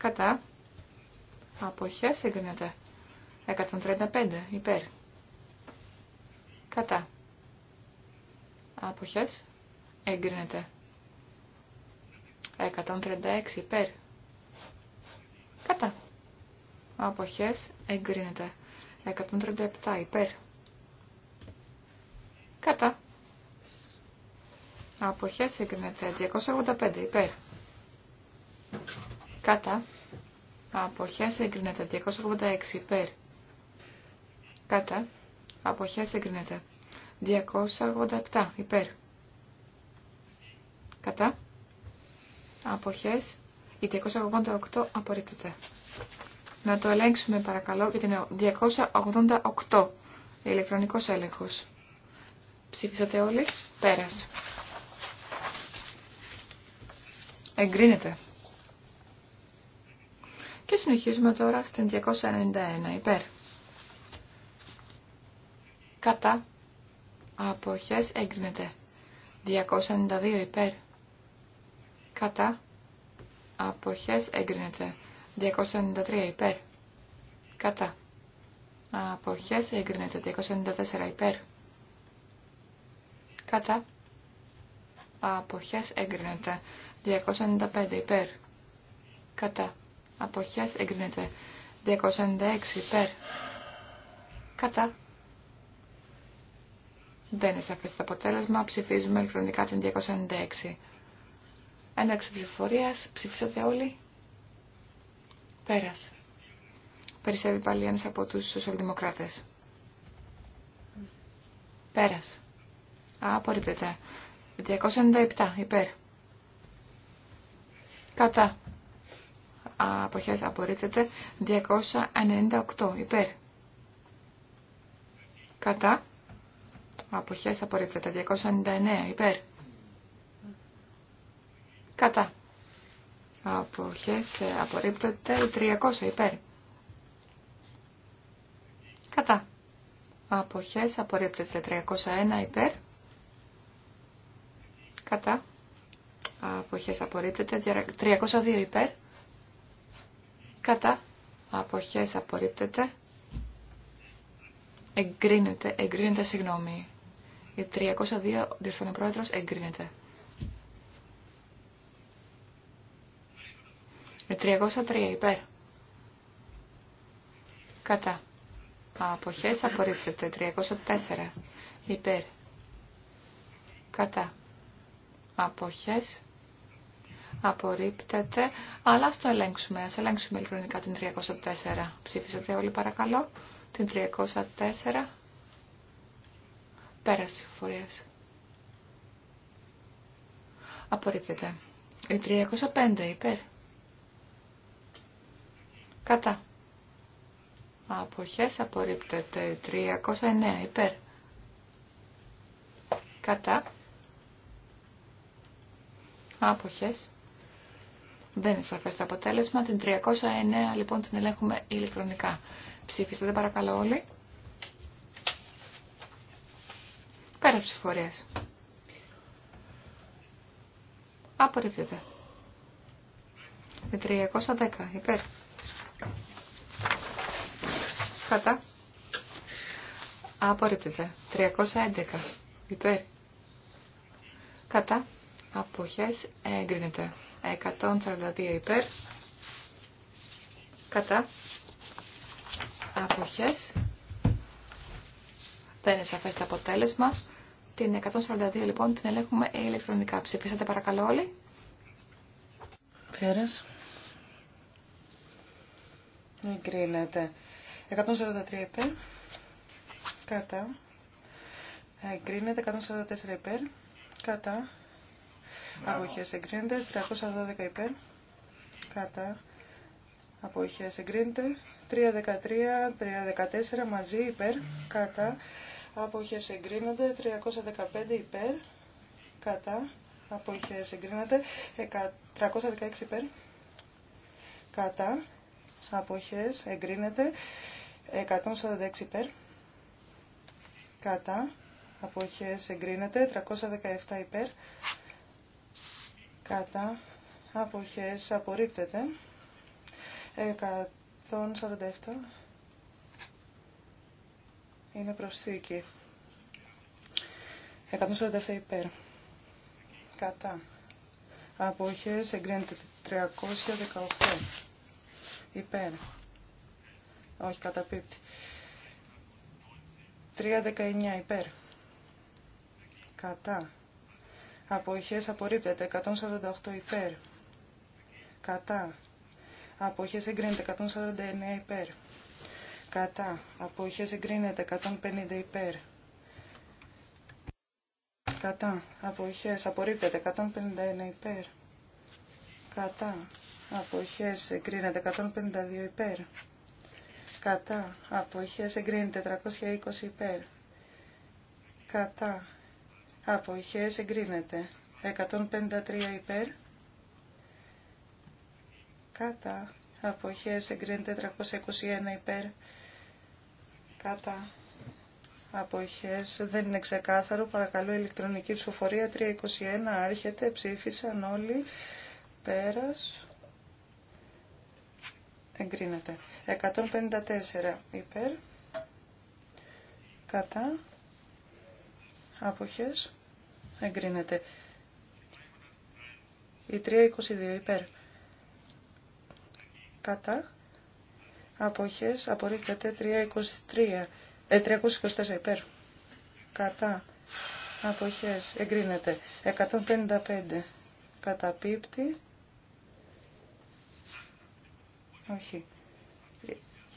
κατά, αποχές εγκρίνεται. 135 υπέρ, κατά, αποχές εγκρίνεται. 136 υπέρ, κατά, αποχές εγκρίνεται. 137 υπέρ, κατά, αποχές εγκρίνεται. 285 υπέρ. Κατά. Αποχές εγκρίνεται. 286 υπέρ. Κατά. Αποχές εγκρίνεται. 287 υπέρ. Κατά. Αποχές. Η 288 απορρίπτεται. Να το ελέγξουμε παρακαλώ για την 288. Ηλεκτρονικός έλεγχος. Ψήφισατε όλοι. Πέρας. Εγκρίνεται. Και συνεχίζουμε τώρα στην 291 υπέρ. Κατά αποχές έγκρινεται. 292 υπέρ. Κατά αποχές έγκρινεται. 293 υπέρ. Κατά. Αποχές έγκρινεται. 294 υπέρ. Κατά. Αποχές έγκρινεται. 295 υπέρ. Κατά αποχές εγκρίνεται. 296 υπέρ κατά. Δεν είναι σαφές το αποτέλεσμα. Ψηφίζουμε ηλεκτρονικά την 296. Έναρξη ψηφοφορίας. Ψηφίσατε όλοι. Πέρασε. Περισσεύει πάλι ένας από τους σοσιαλδημοκράτες. Πέρασε. Α, απορρίπτεται. 297 υπέρ. Κατά αποχές απορρίπτεται 298 υπέρ. Κατά αποχές απορρίπτεται 299 υπέρ. Κατά αποχές απορρίπτεται 300 υπέρ. Κατά αποχές απορρίπτεται 301 υπέρ. Κατά αποχές απορρίπτεται 302 υπέρ κατά αποχές απορρίπτεται εγκρίνεται, εγκρίνεται συγγνώμη η 302 διευθυντή πρόεδρος εγκρίνεται η 303 υπέρ κατά αποχές απορρίπτεται 304 υπέρ κατά αποχές απορρίπτεται, αλλά ας το ελέγξουμε. Ας ελέγξουμε ηλεκτρονικά την 304. Ψήφισετε όλοι παρακαλώ. Την 304. Πέρασε ψηφοφορίας. Απορρίπτεται. Η 305 υπέρ. Κατά. Αποχές απορρίπτεται. 309 υπέρ. Κατά. Άποχες. Δεν είναι σαφές το αποτέλεσμα. Την 309 λοιπόν την ελέγχουμε ηλεκτρονικά. Ψήφισατε παρακαλώ όλοι. Πέρα ψηφορίας. Απορρίπτεται. Την 310 υπέρ. Κατά. Απορρίπτεται. 311 υπέρ. Κατά. Αποχές εγκρίνεται. 142 υπέρ. Κατά. Αποχές. Δεν είναι σαφές το αποτέλεσμα. Την 142 λοιπόν την ελέγχουμε ηλεκτρονικά. Ψηφίσατε παρακαλώ όλοι. Πέρας. Εγκρίνεται. 143 υπέρ. Κατά. Εγκρίνεται. 144 υπέρ. Κατά αποχές εγκρίνεται. 312 υπέρ, κατά, αποχές εγκρίνεται. 313, 314 μαζί υπέρ, κατά, αποχές εγκρίνεται. 315 υπέρ, κατά, αποχές εγκρίνεται. 316 υπέρ, κατά, αποχές εγκρίνεται. 146 υπέρ, κατά, αποχές εγκρίνεται. 317 υπέρ, κατά αποχές απορρίπτεται 147 είναι προσθήκη 147 υπέρ κατά αποχές εγκρίνεται 318 υπέρ όχι καταπίπτει 319 υπέρ κατά αποχές απορρίπτεται 148 υπέρ κατά αποχές εγκρίνεται 149 υπέρ κατά αποχές εγκρίνεται 150 υπέρ κατά αποχές απορρίπτεται 151 υπέρ κατά αποχές εγκρίνεται 152 υπέρ κατά αποχές εγκρίνεται 320 υπέρ κατά αποχές εγκρίνεται. 153 υπέρ, κατά, αποχές εγκρίνεται. 421 υπέρ, κατά, αποχές δεν είναι ξεκάθαρο. Παρακαλώ ηλεκτρονική ψηφοφορία 321 άρχεται, ψήφισαν όλοι, πέρας. Εγκρίνεται. 154 υπέρ, κατά, άποχες εγκρίνεται. Η 322 υπέρ. Κατά. Αποχές απορρίπτεται 323, ε, 324 υπέρ. Κατά. Αποχές εγκρίνεται 155. Καταπίπτει. Όχι.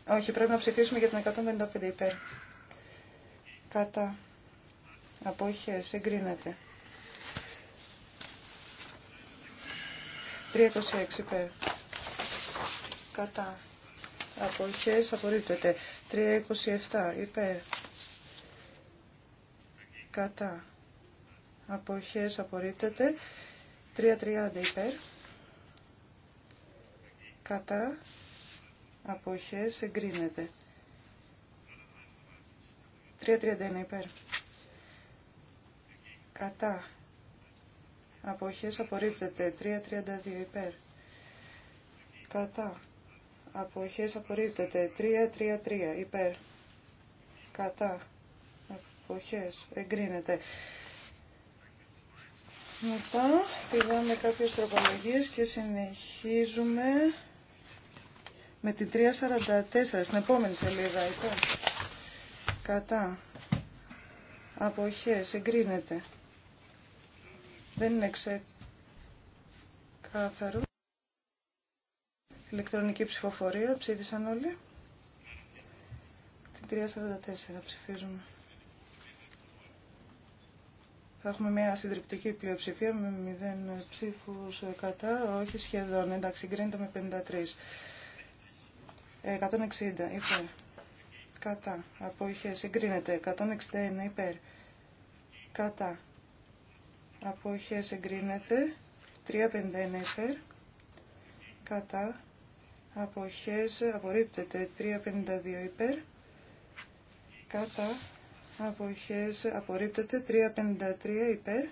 Όχι, πρέπει να ψηφίσουμε για την 155 υπέρ. Κατά. Αποχές εγκρίνεται. 326 υπέρ. Κατά. Αποχές απορρίπτεται. 327 υπέρ. Κατά. Αποχές απορρίπτεται. 330 υπέρ. Κατά. Αποχές εγκρίνεται. 331 υπέρ. Κατά αποχές απορρίπτεται 3.32 υπέρ κατά αποχές απορρίπτεται 3.33 υπέρ κατά αποχές εγκρίνεται μετά πηγαίνουμε κάποιες τροπολογίες και συνεχίζουμε με την 3.44 στην επόμενη σελίδα υπέρ κατά αποχές εγκρίνεται δεν είναι ξεκάθαρο. Ηλεκτρονική ψηφοφορία. Ψήφισαν όλοι. Την 344 ψηφίζουμε. Θα έχουμε μια συντριπτική πλειοψηφία με 0 ψήφους κατά, όχι σχεδόν, εντάξει, Συγκρίνεται με 53. 160 ε, υπέρ. Κατά. Απόχε. Συγκρίνεται. 161 υπέρ. Κατά αποχές εγκρίνεται 351 υπέρ κατά αποχές απορρίπτεται 352 υπέρ κατά αποχές απορρίπτεται 353 υπέρ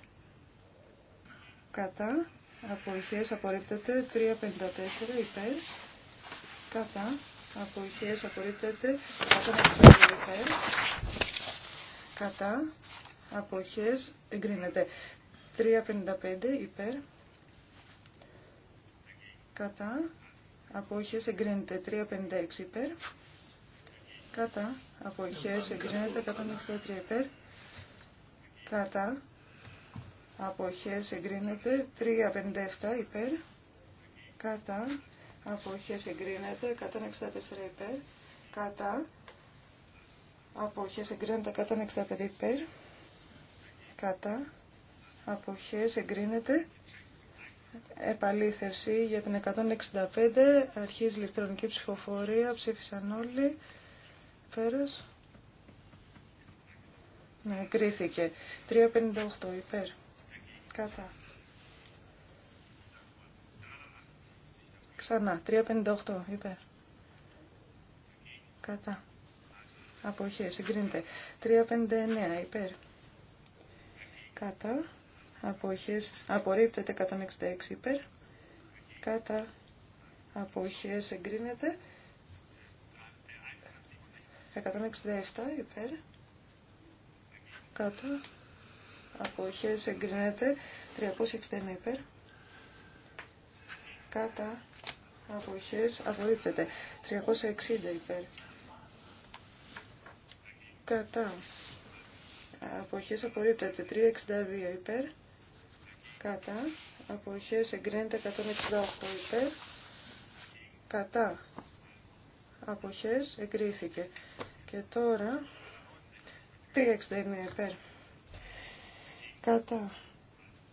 κατά αποχές απορρίπτεται 354 υπέρ κατά αποχές απορρίπτεται 355 υπέρ κατά αποχές εγκρίνεται 3.55 υπέρ κατά αποχές εγκρίνεται 3.56 υπέρ κατά αποχές εγκρίνεται 163 υπέρ κατά αποχές εγκρίνεται 3.57 υπέρ κατά αποχές εγκρίνεται 164 υπέρ κατά αποχές εγκρίνεται 165 υπέρ κατά αποχές εγκρίνεται. Επαλήθευση για την 165 αρχίζει ηλεκτρονική ψηφοφορία. Ψήφισαν όλοι. Πέρας. Ναι, εγκρίθηκε. 358 υπέρ. Κατά. Ξανά. 358 υπέρ. Κατά. Αποχέ. Συγκρίνεται. 359 υπέρ. Κατά αποχές απορρίπτεται 166 υπέρ κατά αποχές εγκρίνεται 167 υπέρ κατά αποχές εγκρίνεται 361 υπέρ κατά αποχές απορρίπτεται 360 υπέρ κατά αποχές απορρίπτεται 362 υπέρ κατά αποχές εγκρίνεται 168 υπέρ κατά αποχές εγκρίθηκε και τώρα 369 υπέρ κατά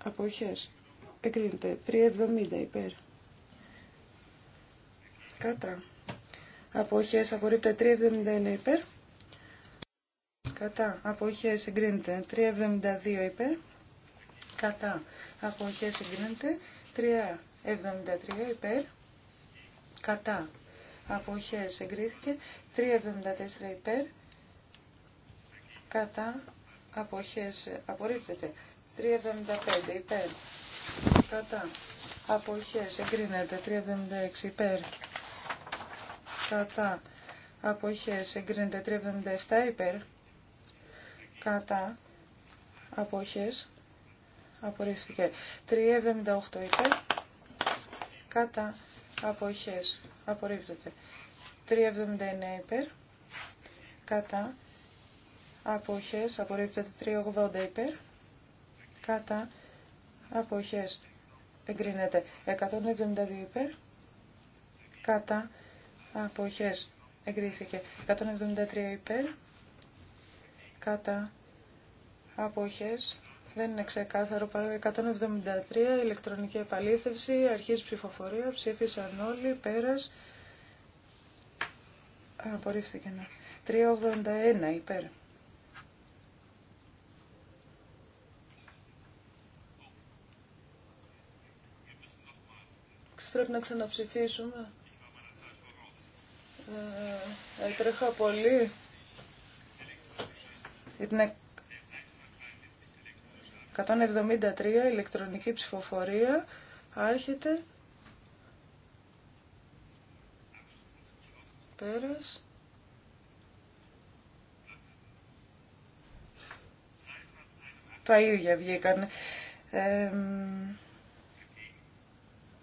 αποχές εγκρίνεται 370 υπέρ κατά αποχές απορρίπτεται 371 υπέρ κατά αποχές εγκρίνεται 372 υπέρ κατά αποχές εγκρίνεται 3.73 υπέρ κατά αποχές εγκρίθηκε 3.74 υπέρ κατά αποχές απορρίπτεται 3.75 υπέρ κατά αποχές εγκρίνεται 3.76 υπέρ κατά αποχές εγκρίνεται 3.77 υπέρ κατά αποχές απορρίφθηκε. 3,78 ειπε κατά αποχές, απορρίφθηκε. 3,79 υπέρ, κατά αποχές, απορρίπτεται 3,80 υπέρ, κατά αποχές, εγκρίνεται 172 υπέρ, κατά αποχές, εγκρίθηκε 173 υπέρ, κατά αποχές, δεν είναι ξεκάθαρο. 173 ηλεκτρονική επαλήθευση. αρχής ψηφοφορία. Ψήφισαν όλοι. Πέρας. Απορρίφθηκε ναι. να. 381 υπέρ. Πρέπει να ξαναψηφίσουμε. Ε, έτρεχα πολύ. Είναι 173 ηλεκτρονική ψηφοφορία άρχεται πέρας τα ίδια βγήκαν ε,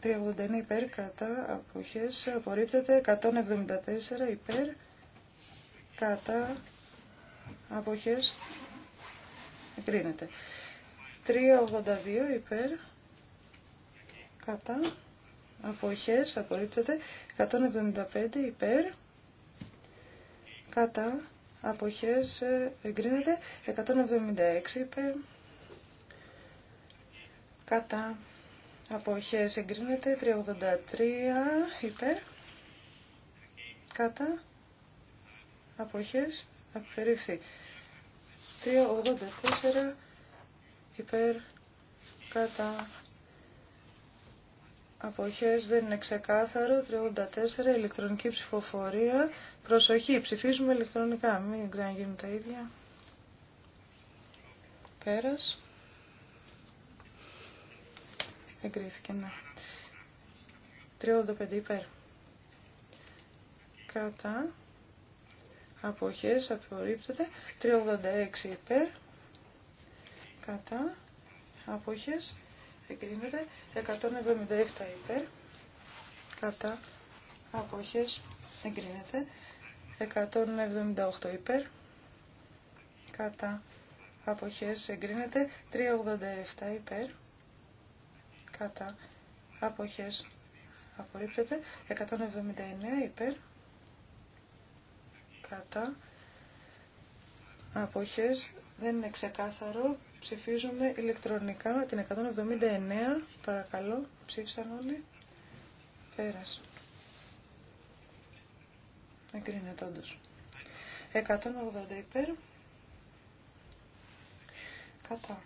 389 υπέρ κατά αποχές απορρίπτεται 174 υπέρ κατά αποχές εγκρίνεται 382 υπέρ κατά αποχές απορρίπτεται 175 ε, υπέρ κατά αποχές εγκρίνεται 176 υπέρ κατά αποχές εγκρίνεται 383 υπέρ κατά αποχές απερίφθη 384 υπέρ κατά αποχές δεν είναι ξεκάθαρο 34 ηλεκτρονική ψηφοφορία προσοχή ψηφίζουμε ηλεκτρονικά μην ξαναγίνουν τα ίδια πέρας εγκρίθηκε να 35 υπέρ κατά αποχές απορρίπτεται 386 υπέρ κατά αποχές εγκρίνεται 177 υπέρ κατά αποχές εγκρίνεται 178 υπέρ κατά αποχές εγκρίνεται 387 υπέρ κατά αποχές απορρίπτεται 179 υπέρ κατά αποχές δεν είναι ξεκάθαρο Ψηφίζουμε ηλεκτρονικά την 179. Παρακαλώ, ψήφισαν όλοι. Πέρας. Εγκρίνεται όντως. 180 υπέρ. Κατά.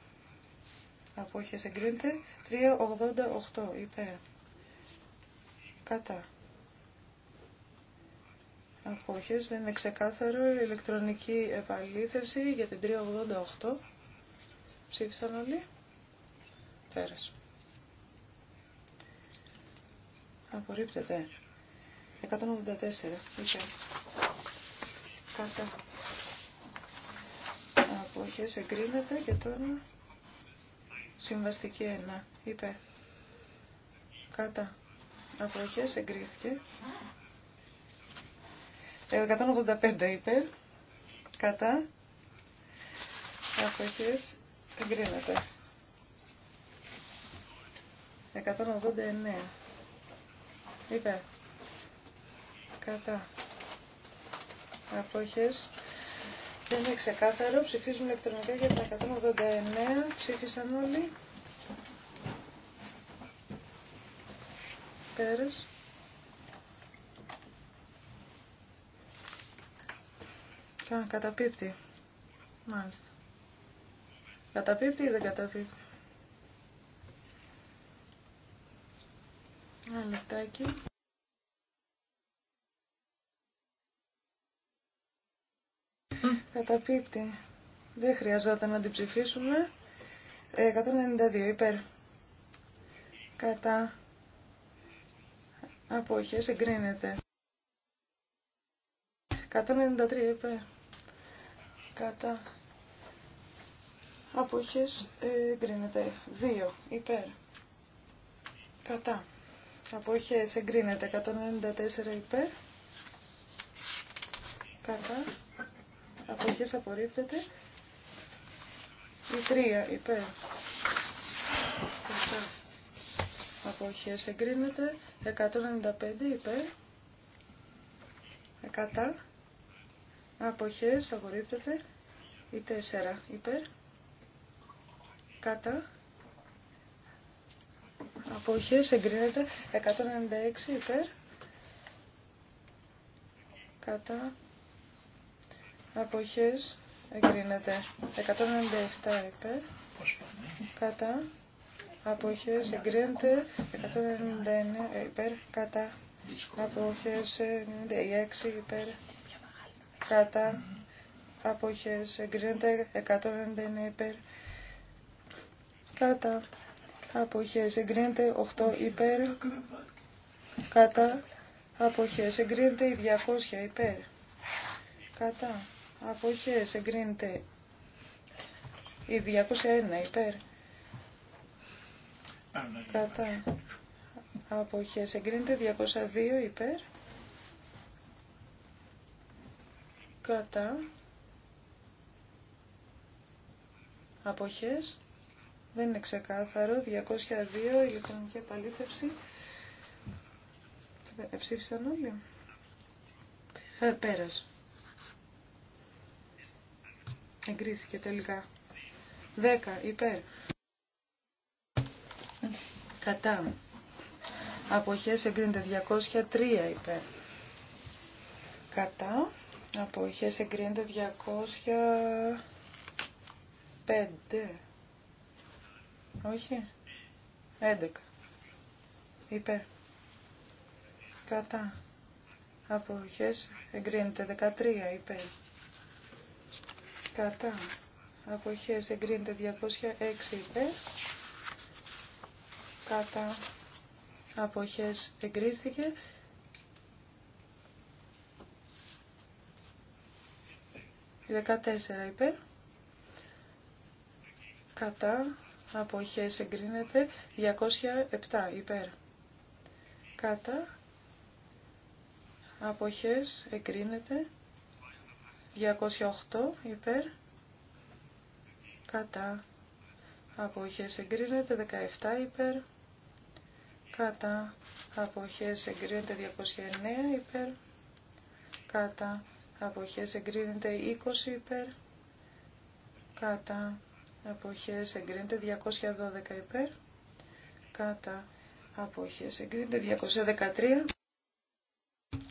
Απόχες εγκρίνεται. 388 υπέρ. Κατά. Απόχε. δεν είναι ξεκάθαρο ηλεκτρονική επαλήθευση για την 388. Ψήφισαν όλοι. Πέρασε. Απορρίπτεται. 184. Υπέρ. Κατά. Αποχέ εγκρίνεται και τώρα συμβαστική 1. ειπε Κατά. Αποχές εγκρίθηκε. 185 είπε Κατά. Αποχές Εγκρίνεται. 189. Είπε. Κατά. Απόχες. Δεν είναι ξεκάθαρο. Ψηφίζουν ηλεκτρονικά για τα 189. Ψήφισαν όλοι. Πέρας. Καταπίπτει. Μάλιστα. Καταπίπτει ή δεν καταπίπτει. Ένα λεπτάκι. Καταπίπτει. Δεν χρειαζόταν να την ψηφίσουμε. 192 ε, υπέρ. Κατά. Απόχες εγκρίνεται. 193 υπέρ. Κατά. Αποχές ε, εγκρίνεται. 2. Υπέρ. Κατά. Αποχές εγκρίνεται. 194 υπέρ. Κατά. Αποχές απορρίπτεται. Η 3 υπέρ. Κατά. Αποχές εγκρίνεται. 195 υπέρ. Κατά. Αποχές απορρίπτεται. Η 4 υπέρ κατά αποχές εγκρίνεται 196 υπέρ κατά αποχές εγκρίνεται 197 υπέρ κατά αποχές εγκρίνεται 199 υπέρ κατά αποχές 96 υπέρ κατά αποχές εγκρίνεται 199 υπέρ κατά αποχές εγκρίνεται 8 υπέρ κατά αποχές εγκρίνεται η 200 υπέρ κατά αποχές εγκρίνεται η 201 υπέρ κατά αποχές εγκρίνεται 202 υπέρ κατά αποχές δεν είναι ξεκάθαρο. 202 ηλεκτρονική επαλήθευση. Εψήφισαν όλοι. Ε, πέρας. Εγκρίθηκε τελικά. 10 υπέρ. Κατά. Αποχές εγκρίνεται 203 υπέρ. Κατά. Αποχές εγκρίνεται 205. Όχι. 11. Υπέρ. Κατά. Αποχές εγκρίνεται 13 υπέρ. Κατά. Αποχές εγκρίνεται 206 υπέρ. Κατά. Αποχές εγκρίθηκε. 14 υπέρ. Κατά αποχές εγκρίνεται 207 υπέρ κατά αποχές εγκρίνεται 208 υπέρ κατά αποχές εγκρίνεται 17 υπέρ κατά αποχές εγκρίνεται 209 υπέρ κατά αποχές εγκρίνεται 20 υπέρ κατά αποχές εγκρίνεται 212 υπέρ κατά αποχές εγκρίνεται 213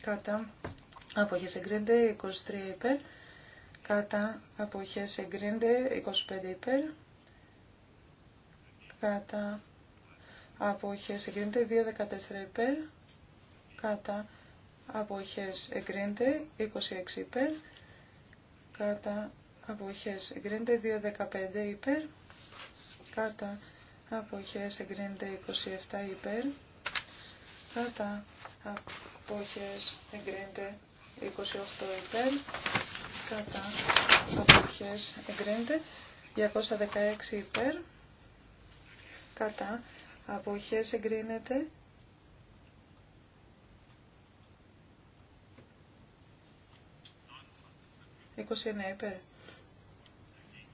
κατά αποχές εγκρίνεται 23 υπέρ κατά αποχές εγκρίνεται 25 υπέρ κατά αποχές εγκρίνεται 214 υπέρ κατά αποχές εγκρίνεται 26 υπέρ κατά αποχές εγκρίνεται 2.15 υπέρ, κατά αποχές εγκρίνεται 27 υπέρ, κατά αποχές εγκρίνεται 28 υπέρ, κατά αποχές εγκρίνεται 216 υπέρ, κατά αποχές εγκρίνεται 29 υπέρ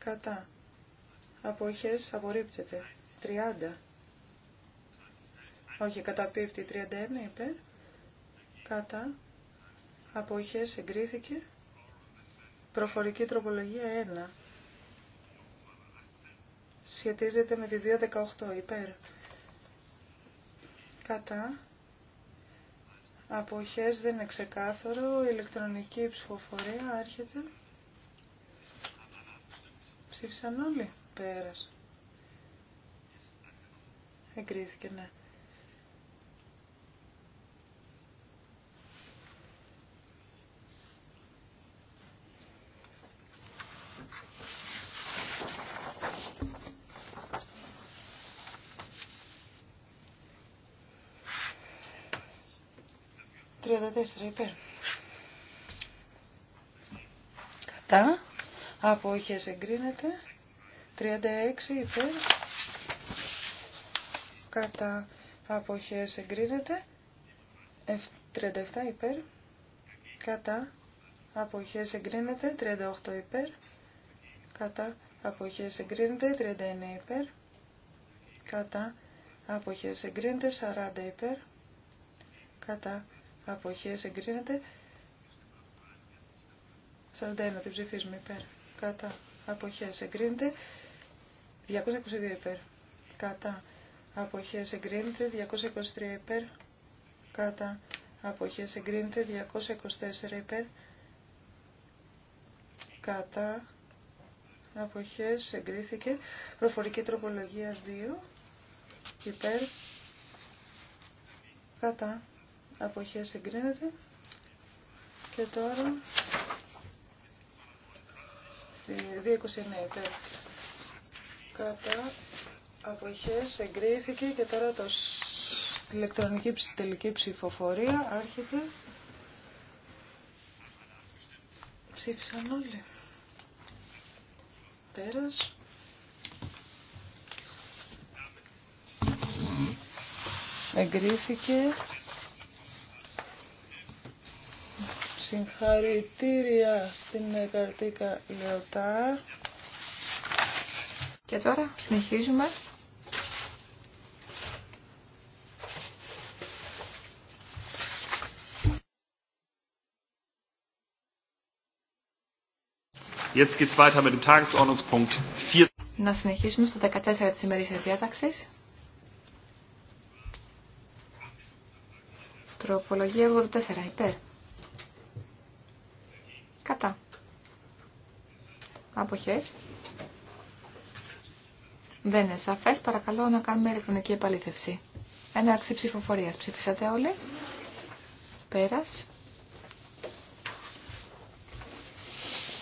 κατά αποχές απορρίπτεται 30 όχι καταπίπτει 31 υπέρ κατά αποχές εγκρίθηκε προφορική τροπολογία 1 σχετίζεται με τη 218 υπέρ κατά αποχές δεν είναι ξεκάθαρο ηλεκτρονική ψηφοφορία άρχεται Ψήφισαν όλοι. Πέρας. Εγκρίθηκε, ναι. Τρία τέσσερα υπέρ. Κατά αποχές εγκρίνεται. 36 υπέρ κατά αποχές εγκρίνεται. 37 υπέρ κατά αποχές εγκρίνεται. 38 υπέρ κατά αποχές εγκρίνεται. 39 υπέρ κατά αποχές εγκρίνεται. 40 υπέρ κατά αποχές εγκρίνεται. 41 την ψηφίζουμε υπέρ κατά αποχές εγκρίνεται 222 υπέρ κατά αποχές εγκρίνεται 223 υπέρ κατά αποχές εγκρίνεται 224 υπέρ κατά αποχές εγκρίθηκε προφορική τροπολογία 2 υπέρ κατά αποχές εγκρίνεται και τώρα 229 υπέρ. Κατά αποχές εγκρίθηκε και τώρα το ηλεκτρονική τελική ψηφοφορία άρχεται. Ψήφισαν όλοι. Πέρας. Εγκρίθηκε Συγχαρητήρια στην Καρτίκα Λεωτάρ. Και τώρα συνεχίζουμε. Να συνεχίσουμε στο 14 της ημερήσιας διάταξης. Τροπολογία 84, υπέρ. Αποχές. Δεν είναι σαφές. Παρακαλώ να κάνουμε ηλεκτρονική επαλήθευση. Έναρξη ψηφοφορίας. Ψήφισατε όλοι. Πέρας.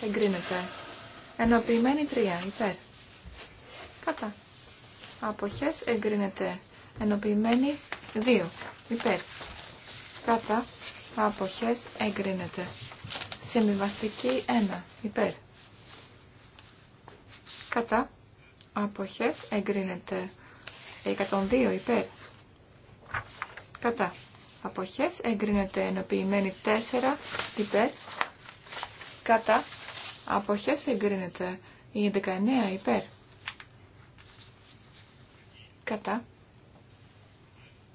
Εγκρίνεται. Ενοποιημένη 3. Υπέρ. Κατά. Αποχές εγκρίνεται. Ενοποιημένη 2. Υπέρ. Κατά. Αποχές εγκρίνεται. Συμβιβαστική 1. Υπέρ κατά αποχές εγκρίνεται 102 υπέρ κατά αποχές εγκρίνεται ενοποιημένη 4 υπέρ κατά αποχές εγκρίνεται η 19 υπέρ κατά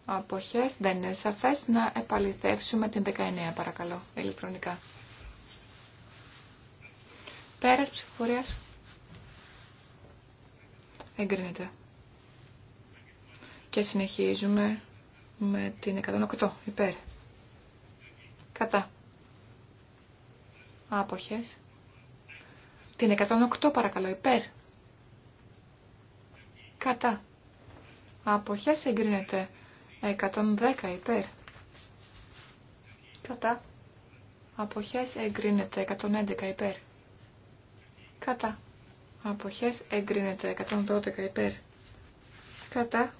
αποχές δεν είναι σαφές να επαληθεύσουμε την 19 παρακαλώ ηλεκτρονικά πέρας ψηφοφορίας Εγκρίνεται. Και συνεχίζουμε με την 108 υπέρ. Κατά. Άποχες. Την 108 παρακαλώ υπέρ. Κατά. Αποχές εγκρίνεται 110 υπέρ. Κατά. Αποχές εγκρίνεται 111 υπέρ. Κατά. Αποχές εγκρίνεται 112 υπέρ. Κατά.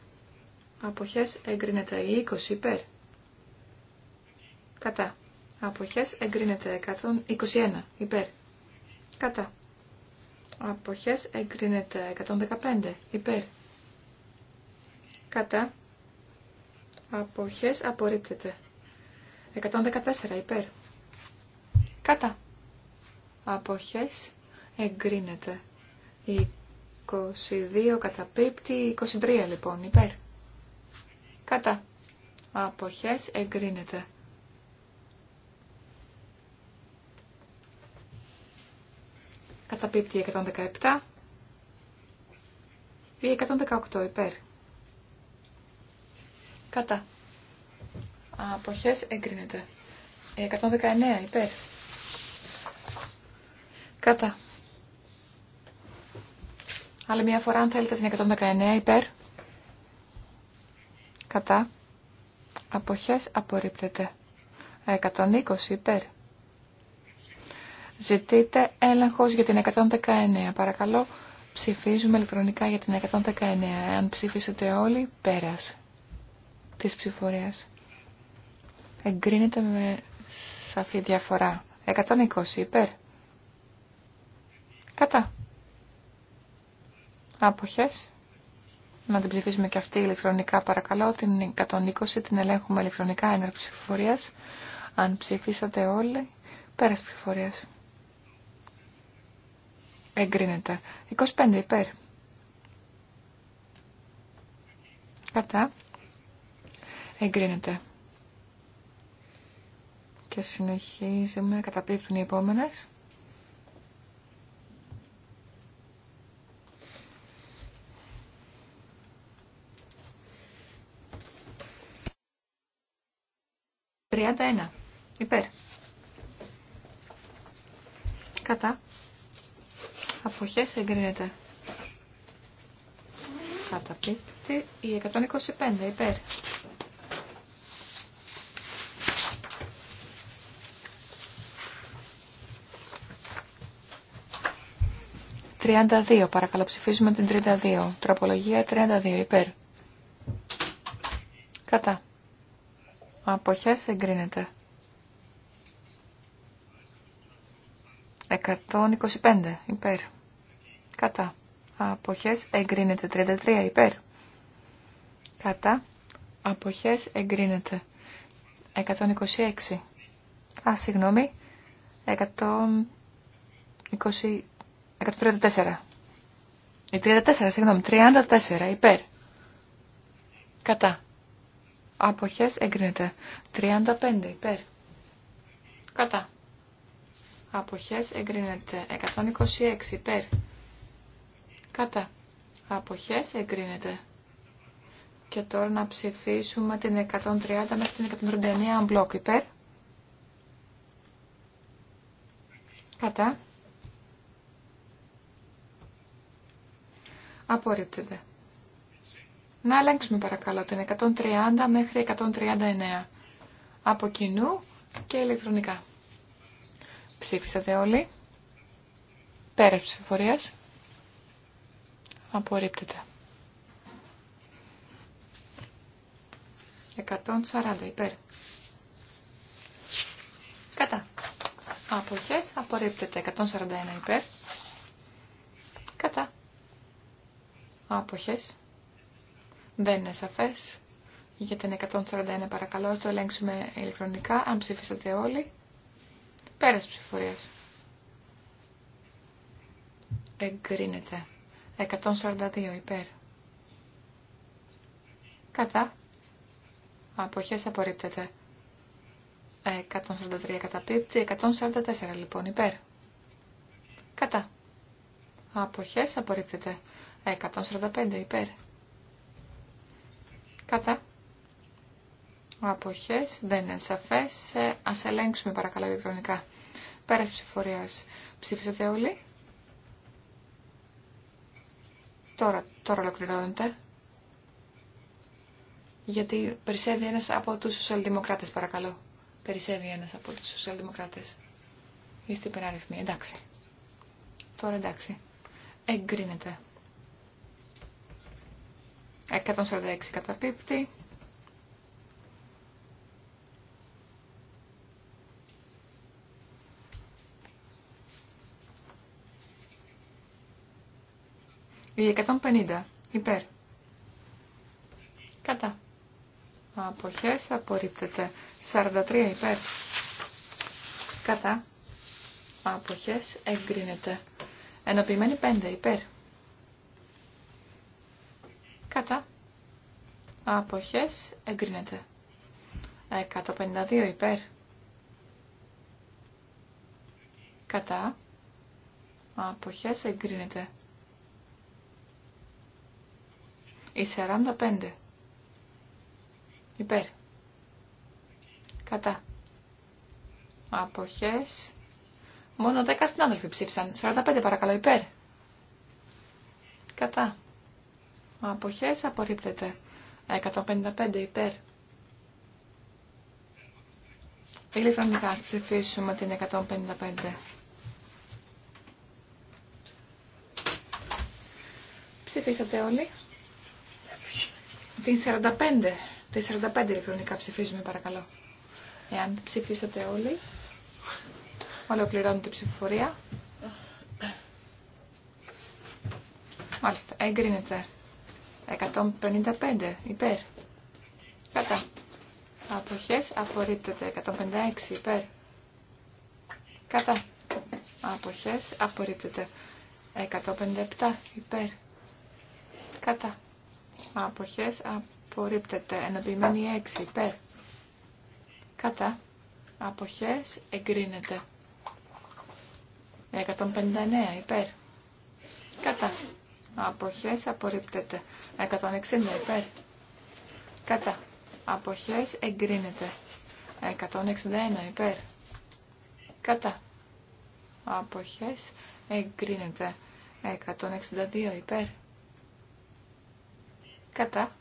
Αποχές εγκρίνεται 20 υπέρ. Κατά. Αποχές εγκρίνεται 121 υπέρ. Κατά. Αποχές εγκρίνεται 115 υπέρ. Κατά. Αποχές απορρίπτεται. 114 υπέρ. Κατά. Αποχές εγκρίνεται. 22 καταπίπτει, 23 λοιπόν, υπέρ. Κατά. Αποχές εγκρίνεται. Καταπίπτει 117 ή 118 υπέρ. Κατά. Αποχές εγκρίνεται. 119 υπέρ. Κατά. Άλλη μια φορά, αν θέλετε, την 119 υπέρ. Κατά. Αποχές απορρίπτεται. 120 υπέρ. Ζητείτε έλεγχος για την 119. Παρακαλώ, ψηφίζουμε ηλεκτρονικά για την 119. Αν ψήφισετε όλοι, πέρας της ψηφορίας. Εγκρίνεται με σαφή διαφορά. 120 υπέρ. Κατά. Αποχές. Να την ψηφίσουμε και αυτή ηλεκτρονικά παρακαλώ. Την 120 την ελέγχουμε ηλεκτρονικά έναρξη ψηφοφορία. Αν ψηφίσατε όλοι, πέρας ψηφοφορίας. Εγκρίνεται. 25 υπέρ. Κατά. Εγκρίνεται. Και συνεχίζουμε, καταπίπτουν οι επόμενες. 31. Υπέρ. Κατά. Αποχές εγκρίνεται. πίπτη η 125. Υπέρ. 32 Παρακαλώ ψηφίζουμε την 32. Τροπολογία 32. Υπέρ. Κατά. Αποχές εγκρίνεται. 125 υπέρ. Κατά. Αποχές εγκρίνεται. 33 υπέρ. Κατά. Αποχές εγκρίνεται. 126. Α, συγγνώμη. 120... 134. Η 34, συγγνώμη. 34 υπέρ. Κατά. Αποχές εγκρίνεται. 35 υπέρ. Κατά. Αποχές εγκρίνεται. 126 υπέρ. Κατά. Αποχές εγκρίνεται. Και τώρα να ψηφίσουμε την 130 μέχρι την 139 μπλοκ υπέρ. Κατά. Απορρίπτεται. Να ελέγξουμε παρακαλώ την 130 μέχρι 139. Από κοινού και ηλεκτρονικά. Ψήφισατε όλοι. Πέρας ψηφοφορίας. Απορρίπτεται. 140 υπέρ. Κατά. Αποχές απορρίπτεται. 141 υπέρ. Κατά. Αποχές δεν είναι σαφέ. Για την 141 παρακαλώ, ας το ελέγξουμε ηλεκτρονικά, αν ψήφισατε όλοι. Πέρας ψηφορίας. Εγκρίνεται. 142 υπέρ. Κατά. Αποχές απορρίπτεται. 143 καταπίπτει. 144 λοιπόν υπέρ. Κατά. Αποχές απορρίπτεται. 145 υπέρ. Κατά. Αποχές. Δεν είναι σαφές. Ε, ας ελέγξουμε παρακαλώ ηλεκτρονικά. Πέρα ψηφορίας. Ψήφισατε όλοι. Τώρα, τώρα ολοκληρώνεται. Γιατί περισσεύει ένας από τους σοσιαλδημοκράτες, παρακαλώ. Περισσεύει ένας από τους σοσιαλδημοκράτες. Είστε υπεραριθμοί. Εντάξει. Τώρα εντάξει. Εγκρίνεται. 146 καταπίπτει. Η 150 υπέρ. Κατά. Αποχές απορρίπτεται. 43 υπέρ. Κατά. Αποχές εγκρίνεται. Ενοποιημένη 5 υπέρ. Αποχές εγκρίνεται. 152 υπέρ. Κατά. Αποχές εγκρίνεται. Η 45. Υπέρ. Κατά. Αποχές. Μόνο 10 συνάδελφοι ψήφισαν. 45 παρακαλώ υπέρ. Κατά. Αποχές απορρίπτεται. 155 υπέρ. Ηλεκτρονικά ας ψηφίσουμε την 155. Ψηφίσατε όλοι. Την 45. Την 45 ηλεκτρονικά ψηφίζουμε παρακαλώ. Εάν ψηφίσατε όλοι. ολοκληρώνω την ψηφοφορία. Μάλιστα, εγκρίνεται. 155 υπέρ. Κατά. Αποχές απορρίπτεται. 156 υπέρ. Κατά. Αποχές απορρίπτεται. 157 υπέρ. Κατά. Αποχές απορρίπτεται. ενωπημένη 6 υπέρ. Κατά. Αποχές εγκρίνεται. 159 υπέρ. Κατά αποχές απορρίπτεται. 160 υπέρ. Κατά. Αποχές εγκρίνεται. 161 υπέρ. Κατά. Αποχές εγκρίνεται. 162 υπέρ. Κατά.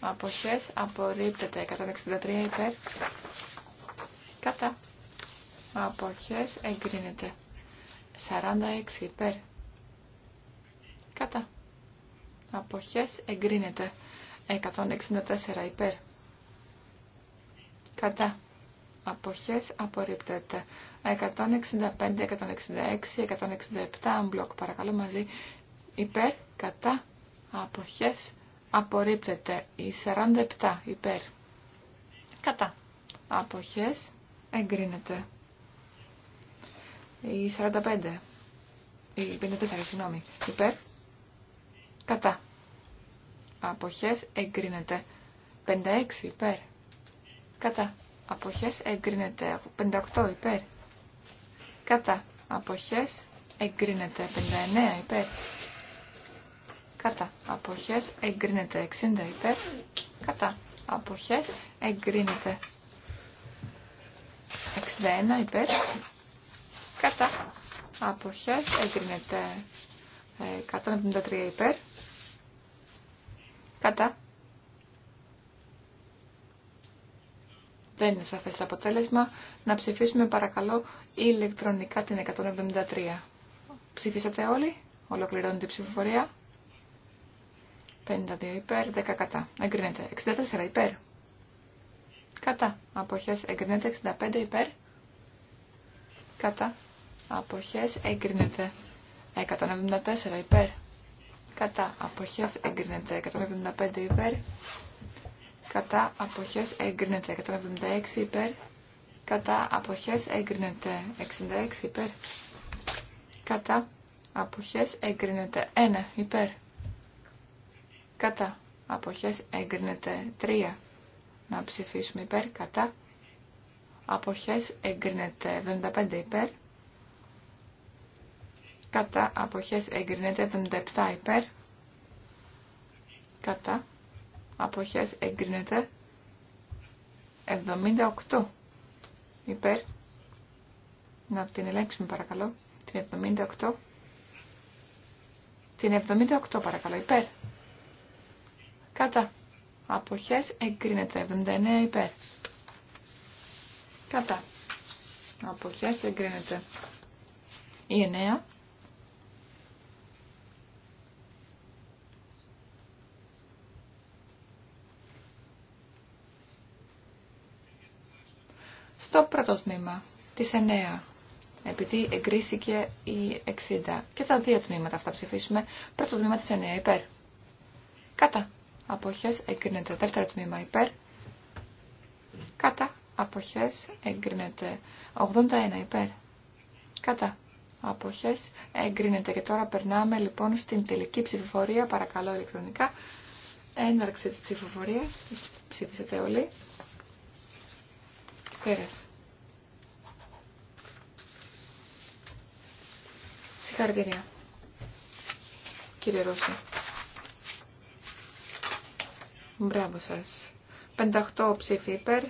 Αποχές απορρίπτεται. 163 υπέρ. Κατά. Αποχές εγκρίνεται. 46 υπέρ. Κατά. Αποχές εγκρίνεται. 164 υπέρ. Κατά. Αποχές απορρίπτεται. 165, 166, 167 μπλοκ παρακαλώ μαζί. Υπέρ. Κατά. Αποχές απορρίπτεται. Η 47 υπέρ. Κατά. Αποχές εγκρίνεται. Η 45. Η 54, συγγνώμη. Υπέρ. Κατά. Αποχές εγκρίνεται. 56 υπέρ. Κατά. Αποχές εγκρίνεται. 58 υπέρ. Κατά. Αποχές εγκρίνεται. 59 υπέρ. Κατά. Αποχές εγκρίνεται. 60 υπέρ. Κατά. Αποχές εγκρίνεται. 61 υπέρ. Κατά. Αποχές εγκρίνεται. 173 ε, υπέρ. Κατά. Δεν είναι σαφές το αποτέλεσμα. Να ψηφίσουμε παρακαλώ ηλεκτρονικά την 173. Ψηφίσατε όλοι. Ολοκληρώνεται η ψηφοφορία. 52 υπέρ, 10 κατά. Εγκρίνεται. 64 υπέρ. Κατά. Αποχές εγκρίνεται. 65 υπέρ. Κατά. Αποχές εγκρίνεται. 174 υπέρ κατά αποχές εγκρίνεται 175 υπέρ, κατά αποχές εγκρίνεται 176 υπέρ, κατά αποχές εγκρίνεται 66 υπέρ, κατά αποχές εγκρίνεται 1 υπέρ, κατά αποχές εγκρίνεται 3 να ψηφίσουμε υπέρ, κατά αποχές εγκρίνεται 75 υπέρ, κατά αποχές εγκρίνεται 77 υπέρ, κατά αποχές εγκρίνεται 78 υπέρ. Να την ελέγξουμε παρακαλώ. Την 78. Την 78 παρακαλώ υπέρ. Κατά. Αποχές εγκρίνεται 79 υπέρ. Κατά. Αποχές εγκρίνεται. Η 9 στο πρώτο τμήμα, τη 9, επειδή εγκρίθηκε η 60. Και τα δύο τμήματα αυτά ψηφίσουμε. Πρώτο τμήμα της 9 υπέρ. Κατά. Αποχές εγκρίνεται. Δεύτερο τμήμα υπέρ. Κατά. Αποχές εγκρίνεται. 81 υπέρ. Κατά. Αποχές εγκρίνεται. Και τώρα περνάμε λοιπόν στην τελική ψηφοφορία. Παρακαλώ ηλεκτρονικά. Έναρξη τη ψηφοφορία. Ψήφισετε όλοι. Πέρας. Συγχαρητήρια. Κύριε Ρώση. Μπράβο σας. 58 ψήφοι υπέρ.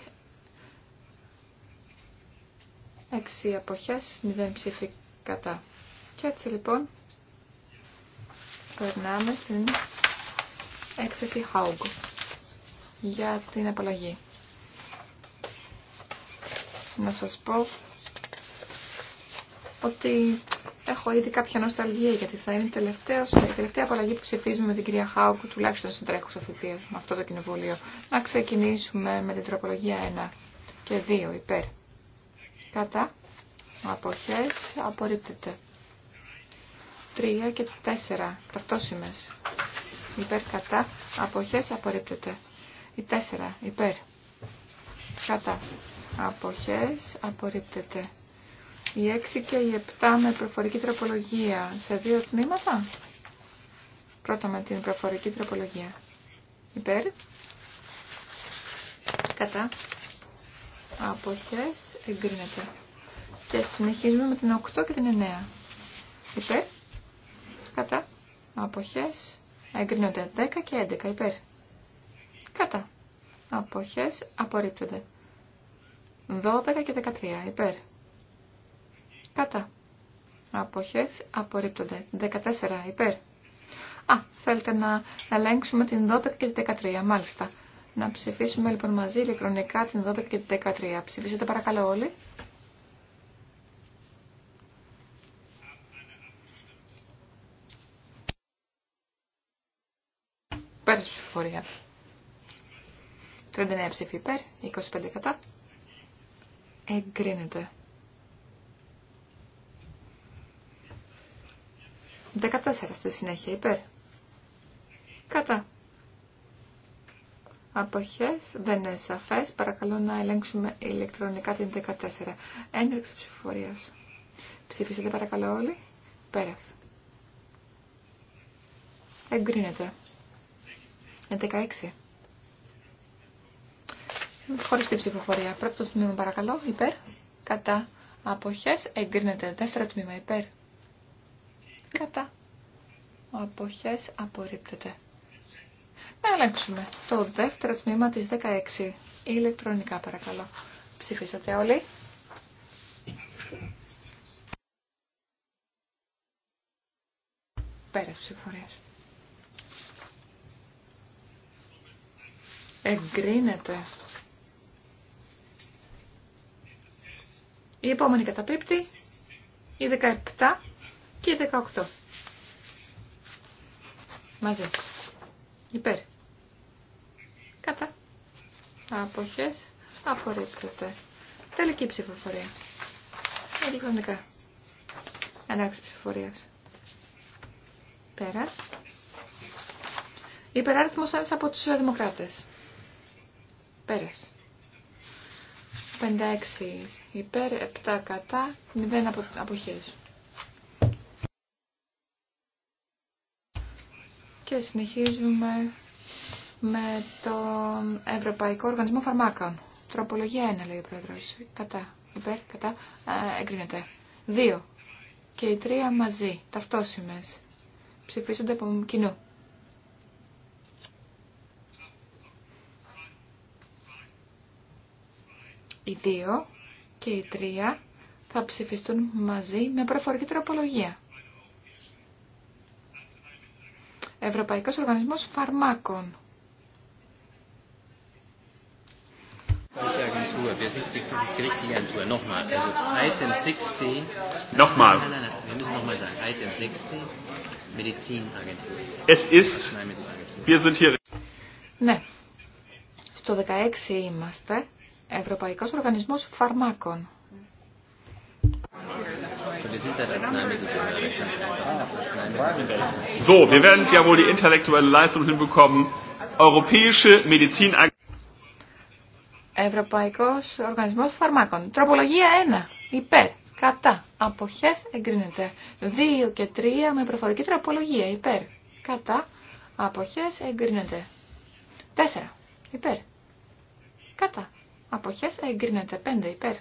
6 αποχές, 0 ψήφοι κατά. Και έτσι λοιπόν περνάμε στην έκθεση Haug για την απαλλαγή να σας πω ότι έχω ήδη κάποια νοσταλγία γιατί θα είναι η τελευταία απαλλαγή που ψηφίζουμε με την κυρία Χάουκου τουλάχιστον στον τρέχουσα θητεία με αυτό το κοινοβούλιο. Να ξεκινήσουμε με την τροπολογία 1 και 2 υπέρ. Κατά. Αποχές. Απορρίπτεται. 3 και 4 ταυτόσημες. Υπέρ κατά. Αποχές. Απορρίπτεται. Η 4 υπέρ. Κατά αποχές απορρίπτεται. Η 6 και η 7 με προφορική τροπολογία σε δύο τμήματα. Πρώτα με την προφορική τροπολογία. Υπέρ. Κατά. Αποχές εγκρίνεται. Και συνεχίζουμε με την 8 και την 9. Υπέρ. Κατά. Αποχές εγκρίνονται. 10 και 11. Υπέρ. Κατά. Αποχές απορρίπτονται. 12 και 13 υπέρ. Κατά. Αποχές απορρίπτονται. 14 υπέρ. Α, θέλετε να ελέγξουμε την 12 και την 13, μάλιστα. Να ψηφίσουμε λοιπόν μαζί ηλεκτρονικά την 12 και την 13. Ψηφίσετε παρακαλώ όλοι. Πέρασε ψηφοφορία. 39 ψήφι υπέρ, 25 κατά εγκρίνεται. 14 στη συνέχεια υπέρ. Κατά. Αποχές δεν είναι σαφές. Παρακαλώ να ελέγξουμε ηλεκτρονικά την 14. Έναρξη ψηφοφορίας. Ψηφίσατε παρακαλώ όλοι. Πέρας. Εγκρίνεται. 16 την ψηφοφορία. Πρώτο τμήμα παρακαλώ. Υπέρ. Κατά. Αποχές. Εγκρίνεται. Δεύτερο τμήμα. Υπέρ. Κατά. Αποχές. Απορρίπτεται. Να ελέγξουμε το δεύτερο τμήμα της 16. Ηλεκτρονικά παρακαλώ. Ψηφίσατε όλοι. Πέρας ψηφοφορίας. Εγκρίνεται. Η επόμενη καταπίπτει, η 17 και η 18. Μαζί. Υπέρ. Κατά. Αποχές. Απορρίπτεται. Τελική ψηφοφορία. Ελληνικά. Ανάξη ψηφοφορίας. Πέρας. Υπεράριθμος ένας από τους δημοκράτες. Πέρας. 56 υπέρ, 7 κατά, 0 αποχές. Και συνεχίζουμε με τον Ευρωπαϊκό Οργανισμό Φαρμάκων. Τροπολογία 1 λέει ο Πρόεδρος. Κατά, υπέρ, κατά, εγκρίνεται. 2 και οι 3 μαζί, ταυτόσιμες. Ψηφίσονται από κοινού. οι δύο και οι τρία θα ψηφιστούν μαζί με προφορική τροπολογία. Ευρωπαϊκός Οργανισμός Φαρμάκων. Ναι. Στο 16 είμαστε. Ευρωπαϊκός Οργανισμός Φαρμάκων. So, wir werden es ja wohl die intellektuelle Leistung hinbekommen. Europäische Medizin Ευρωπαϊκός Οργανισμός Φαρμάκων. Τροπολογία 1. Υπέρ. Κατά. Αποχές εγκρίνεται. 2 και 3 με προφορική τροπολογία. Υπέρ. Κατά. Αποχές εγκρίνεται. 4. Υπέρ. Κατά. Αποχές εγκρίνεται. 5 υπέρ.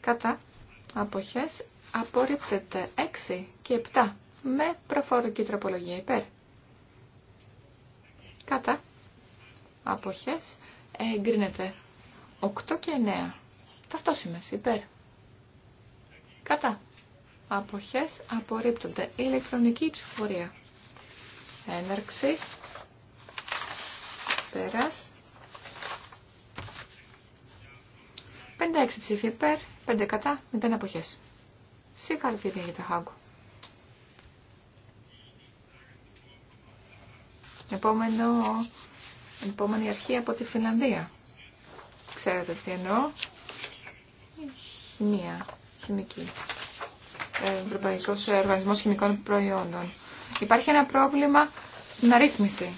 Κατά. Αποχές απορρίπτεται. 6 και 7 με προφορική τροπολογία υπέρ. Κατά. Αποχές εγκρίνεται. 8 και 9. Ταυτόσημες υπέρ. Κατά. Αποχές απορρίπτονται. Ηλεκτρονική ψηφορία. Έναρξη. Πέρας. 56 ψήφοι υπέρ, 5 κατά, 0 αποχέ. Συγχαρητήρια για το Χάγκο. επόμενη αρχή από τη Φιλανδία. Ξέρετε τι εννοώ. Χημεία, χημική. Ευρωπαϊκό οργανισμό Χημικών Προϊόντων. Υπάρχει ένα πρόβλημα στην αρρύθμιση.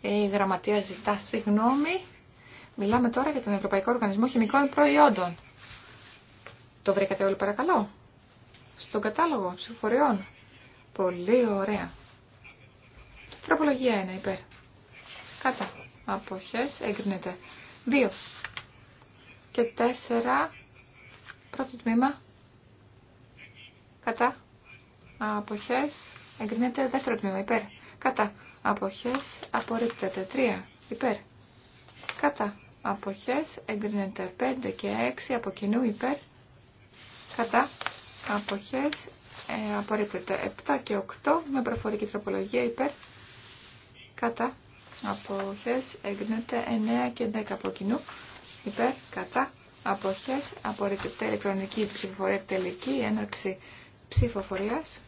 Η γραμματεία ζητά συγγνώμη Μιλάμε τώρα για τον Ευρωπαϊκό Οργανισμό Χημικών Προϊόντων. Το βρήκατε όλοι παρακαλώ. Στον κατάλογο ψηφοριών. Πολύ ωραία. Τροπολογία 1 υπέρ. Κατά. Αποχές έγκρινεται. 2. Και 4. Πρώτο τμήμα. Κατά. Αποχές εγκρινεται. Δεύτερο τμήμα υπέρ. Κατά. Αποχές απορρίπτεται. 3. Υπέρ. Κατά αποχές εγκρίνεται 5 και 6 από κοινού υπέρ κατά αποχές ε, απορρίπτεται 7 και 8 με προφορική τροπολογία υπέρ κατά αποχές εγκρίνεται 9 και 10 από κοινού υπέρ κατά αποχές απορρίπτεται ηλεκτρονική ψηφοφορία τελική έναρξη ψηφοφορίας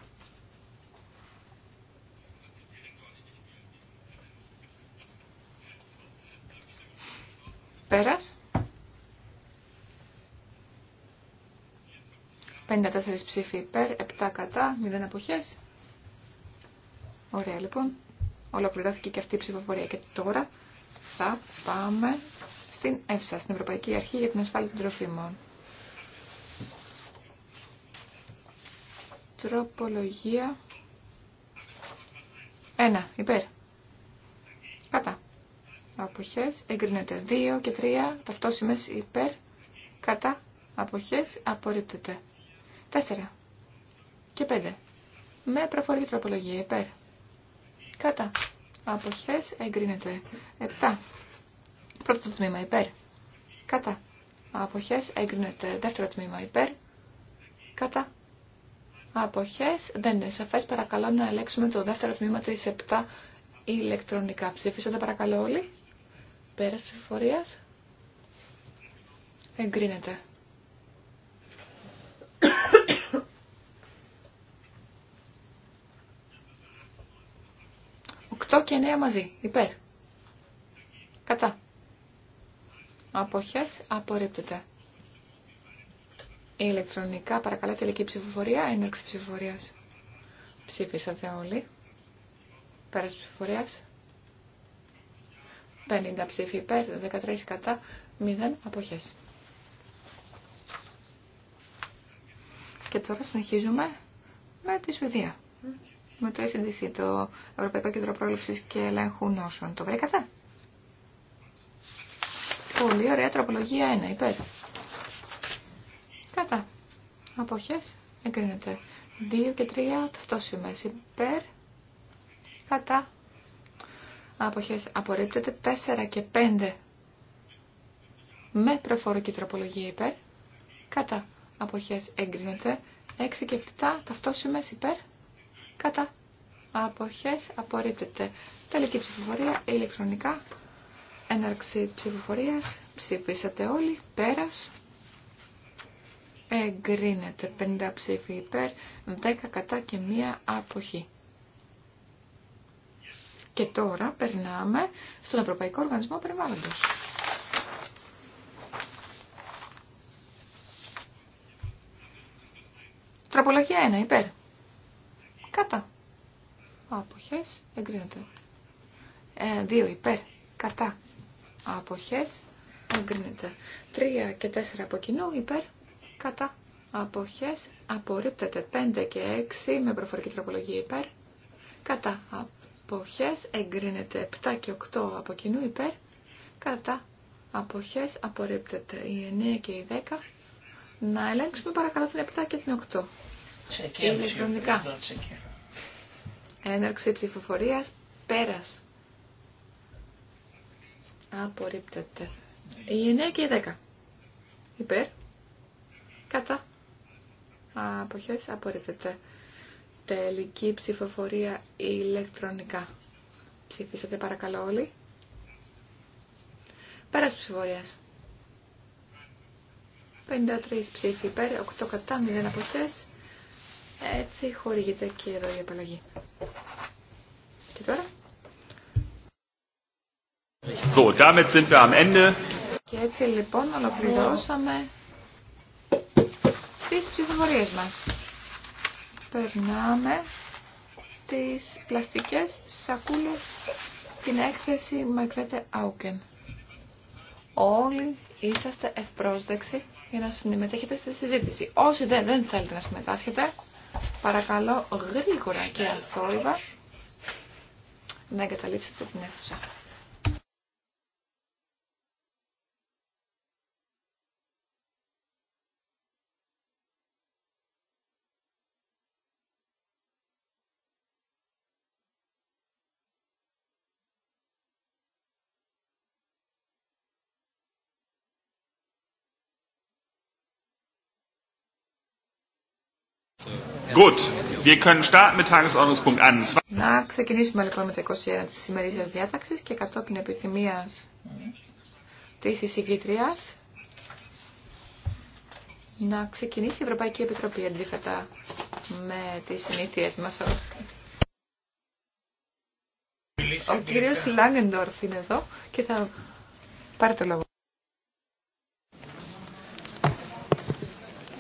54 ψήφοι υπέρ, 7 κατά, 0 αποχές. Ωραία λοιπόν. Ολοκληρώθηκε και αυτή η ψηφοφορία και τώρα θα πάμε στην ΕΦΣΑ, στην Ευρωπαϊκή Αρχή για την Ασφάλεια των Τροφίμων. Τροπολογία 1. Υπέρ αποχές εγκρίνεται. 2 και 3 ταυτόσημες υπέρ κατά αποχές απορρίπτεται. 4 και 5 με προφορική τροπολογία υπέρ κατά αποχές εγκρίνεται. 7 πρώτο τμήμα υπέρ κατά αποχές εγκρίνεται. Δεύτερο τμήμα υπέρ κατά αποχές δεν είναι σαφέ Παρακαλώ να ελέγξουμε το δεύτερο τμήμα τη 7 ηλεκτρονικά. Ψήφισατε παρακαλώ όλοι. Πέρας ψηφοφορίας. Εγκρίνεται. Οκτώ και εννέα μαζί. Υπέρ. Κατά. Αποχές απορρίπτεται. ηλεκτρονικά παρακαλώ τελική ψηφοφορία, έναρξη ψηφοφορίας. Ψήφισατε όλοι. Πέρας ψηφοφορίας. 50 ψήφοι υπέρ, 13 κατά, 0 αποχές. Και τώρα συνεχίζουμε με τη Σουηδία. Με το ECDC, το Ευρωπαϊκό Κέντρο Πρόληψης και Ελέγχου Νόσων. Το βρήκατε? Πολύ ωραία τροπολογία 1, υπέρ. Κατά. Αποχές. Εγκρίνεται. 2 και 3 ταυτόσημες. Υπέρ. Κατά αποχές απορρίπτεται 4 και 5 με προφορική τροπολογία υπέρ κατά αποχές εγκρίνεται 6 και 7 ταυτόσιμες υπέρ κατά αποχές απορρίπτεται τελική ψηφοφορία ηλεκτρονικά έναρξη ψηφοφορίας ψηφίσατε όλοι πέρας εγκρίνεται 50 ψήφοι υπέρ 10 κατά και 1 αποχή και τώρα περνάμε στον Ευρωπαϊκό Οργανισμό Περιβάλλοντος. Τραπολογία 1, υπέρ. Κατά. Αποχές, εγκρίνεται. 2, ε, υπέρ. Κατά. Αποχές, εγκρίνεται. 3 και 4 από κοινού, υπέρ. Κατά. Αποχές, απορρίπτεται. 5 και 6 με προφορική τροπολογία υπέρ. Κατά αποχές εγκρίνεται 7 και 8 από κοινού υπέρ κατά αποχές απορρίπτεται η 9 και η 10 να ελέγξουμε παρακαλώ την 7 και την 8 ηλεκτρονικά έναρξη ψηφοφορίας πέρας απορρίπτεται η 9 και η 10 υπέρ κατά αποχές απορρίπτεται Τελική ψηφοφορία ηλεκτρονικά. Ψηφίσατε παρακαλώ όλοι. Πέρας ψηφοφορίας. 53 ψήφοι υπέρ, 8 κατά, 0 αποχές. Έτσι χορηγείται και εδώ η απαλλαγή. Και τώρα. So, damit sind wir Και έτσι λοιπόν ολοκληρώσαμε τις ψηφοφορίες μας περνάμε τις πλαστικές σακούλες την έκθεση μακρέτε Άουκεν. Όλοι είσαστε ευπρόσδεξοι για να συμμετέχετε στη συζήτηση. Όσοι δεν, δεν θέλετε να συμμετάσχετε, παρακαλώ γρήγορα και αθόρυβα να εγκαταλείψετε την αίθουσα. Gut, Wir können starten mit Tagesordnungspunkt 1. Να ξεκινήσουμε λοιπόν με το 21 της ημερήσιας διάταξης και κατόπιν επιθυμίας της εισηγήτριας να ξεκινήσει η Ευρωπαϊκή Επιτροπή αντίθετα με τις συνήθειες μας. Ο κύριος Λάγκεντορφ είναι εδώ και θα πάρει το λόγο.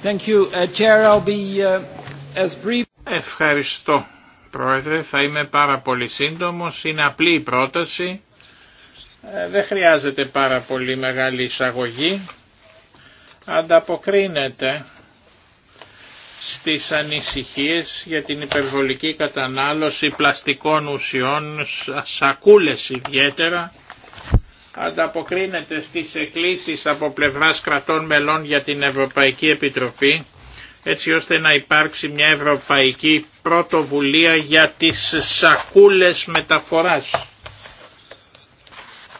Thank you, uh, Chair. I'll be uh, Ευχαριστώ Πρόεδρε, θα είμαι πάρα πολύ σύντομος, είναι απλή η πρόταση, ε, δεν χρειάζεται πάρα πολύ μεγάλη εισαγωγή, ανταποκρίνεται στις ανησυχίες για την υπερβολική κατανάλωση πλαστικών ουσιών, σακούλες ιδιαίτερα, ανταποκρίνεται στις εκκλήσεις από πλευράς κρατών μελών για την Ευρωπαϊκή Επιτροπή έτσι ώστε να υπάρξει μια ευρωπαϊκή πρωτοβουλία για τις σακούλες μεταφοράς.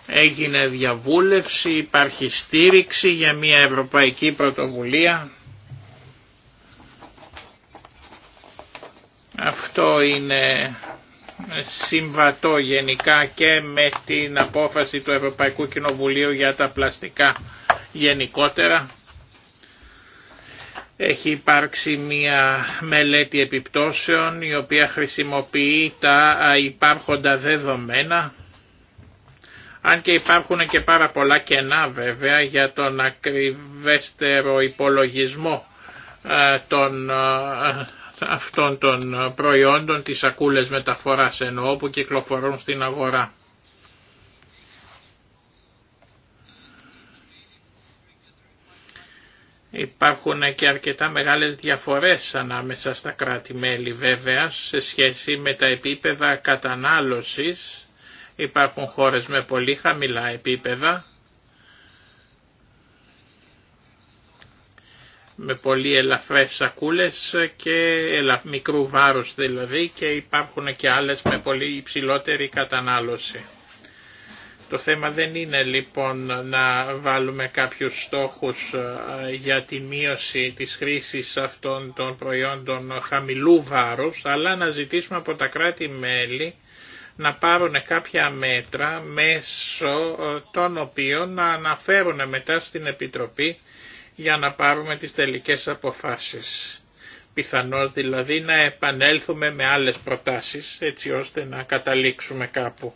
Έγινε διαβούλευση, υπάρχει στήριξη για μια ευρωπαϊκή πρωτοβουλία. Αυτό είναι συμβατό γενικά και με την απόφαση του Ευρωπαϊκού Κοινοβουλίου για τα πλαστικά γενικότερα έχει υπάρξει μια μελέτη επιπτώσεων η οποία χρησιμοποιεί τα υπάρχοντα δεδομένα αν και υπάρχουν και πάρα πολλά κενά βέβαια για τον ακριβέστερο υπολογισμό των αυτών των προϊόντων, τις σακούλες μεταφοράς εννοώ που κυκλοφορούν στην αγορά. Υπάρχουν και αρκετά μεγάλες διαφορές ανάμεσα στα κράτη-μέλη βέβαια σε σχέση με τα επίπεδα κατανάλωσης. Υπάρχουν χώρες με πολύ χαμηλά επίπεδα, με πολύ ελαφρές σακούλες και μικρού βάρους δηλαδή και υπάρχουν και άλλες με πολύ υψηλότερη κατανάλωση. Το θέμα δεν είναι λοιπόν να βάλουμε κάποιους στόχους ε, για τη μείωση της χρήσης αυτών των προϊόντων χαμηλού βάρους, αλλά να ζητήσουμε από τα κράτη-μέλη να πάρουν κάποια μέτρα μέσω ε, των οποίων να αναφέρουν μετά στην Επιτροπή για να πάρουμε τις τελικές αποφάσεις. Πιθανώς δηλαδή να επανέλθουμε με άλλες προτάσεις έτσι ώστε να καταλήξουμε κάπου.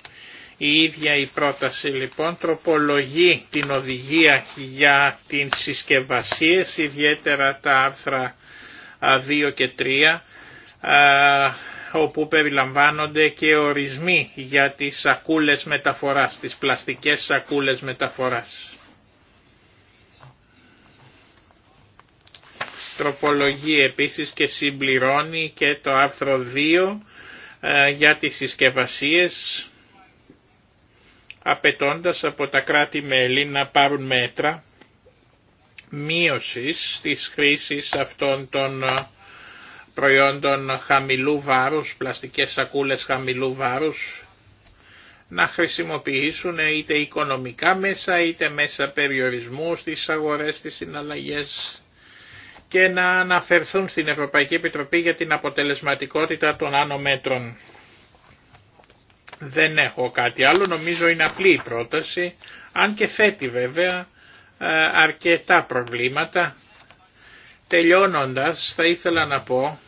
Η ίδια η πρόταση λοιπόν τροπολογεί την οδηγία για την συσκευασίες, ιδιαίτερα τα άρθρα 2 και 3, όπου περιλαμβάνονται και ορισμοί για τις σακούλες μεταφοράς, τις πλαστικές σακούλες μεταφοράς. Τροπολογεί επίσης και συμπληρώνει και το άρθρο 2 για τις συσκευασίες απαιτώντας από τα κράτη-μέλη να πάρουν μέτρα μείωσης της χρήσης αυτών των ε, προϊόντων χαμηλού βάρους, πλαστικές σακούλες χαμηλού βάρους, να χρησιμοποιήσουν είτε οικονομικά μέσα είτε μέσα περιορισμού στις αγορές, στις συναλλαγές και να αναφερθούν στην Ευρωπαϊκή Επιτροπή για την αποτελεσματικότητα των άνω μέτρων. Δεν έχω κάτι άλλο, νομίζω είναι απλή η πρόταση, αν και θέτει βέβαια ε, αρκετά προβλήματα. Τελειώνοντας θα ήθελα να πω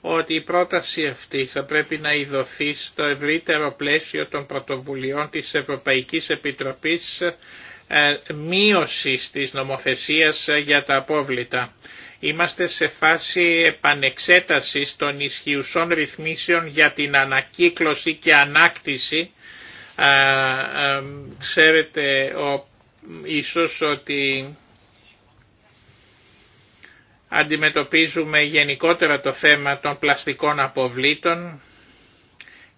ότι η πρόταση αυτή θα πρέπει να ειδωθεί στο ευρύτερο πλαίσιο των πρωτοβουλειών της Ευρωπαϊκής Επιτροπής ε, μείωσης της νομοθεσίας ε, για τα απόβλητα. Είμαστε σε φάση επανεξέτασης των ισχυουσών ρυθμίσεων για την ανακύκλωση και ανάκτηση. Ξέρετε ο, ίσως ότι αντιμετωπίζουμε γενικότερα το θέμα των πλαστικών αποβλήτων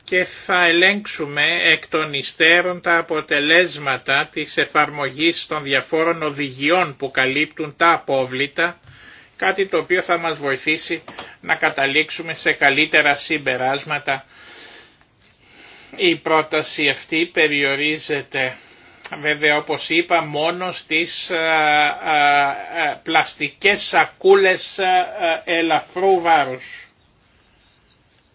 και θα ελέγξουμε εκ των υστέρων τα αποτελέσματα της εφαρμογής των διαφόρων οδηγιών που καλύπτουν τα απόβλητα κάτι το οποίο θα μας βοηθήσει να καταλήξουμε σε καλύτερα συμπεράσματα. Η πρόταση αυτή περιορίζεται βέβαια όπως είπα μόνο στις α, α, πλαστικές σακούλες ελαφρού βάρους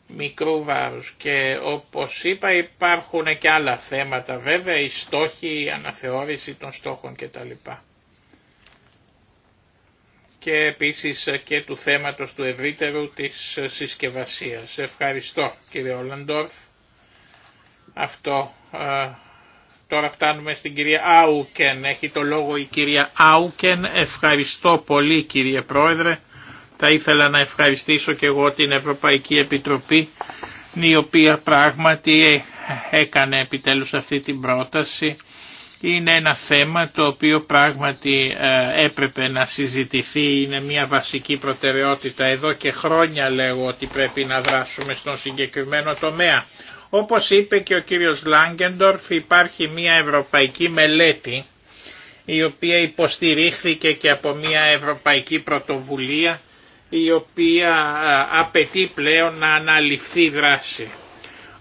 μικρού βάρους και όπως είπα υπάρχουν και άλλα θέματα βέβαια η στόχη, η αναθεώρηση των στόχων κτλ και επίσης και του θέματος του ευρύτερου της συσκευασίας. Ευχαριστώ κύριε Όλαντορφ. Αυτό. Τώρα φτάνουμε στην κυρία Άουκεν. Έχει το λόγο η κυρία Άουκεν. Ευχαριστώ πολύ κύριε Πρόεδρε. Θα ήθελα να ευχαριστήσω και εγώ την Ευρωπαϊκή Επιτροπή η οποία πράγματι έκανε επιτέλους αυτή την πρόταση είναι ένα θέμα το οποίο πράγματι ε, έπρεπε να συζητηθεί, είναι μια βασική προτεραιότητα. Εδώ και χρόνια λέγω ότι πρέπει να δράσουμε στον συγκεκριμένο τομέα. Όπως είπε και ο κύριος Λάγκεντορφ υπάρχει μια ευρωπαϊκή μελέτη η οποία υποστηρίχθηκε και από μια ευρωπαϊκή πρωτοβουλία η οποία ε, απαιτεί πλέον να αναλυφθεί δράση.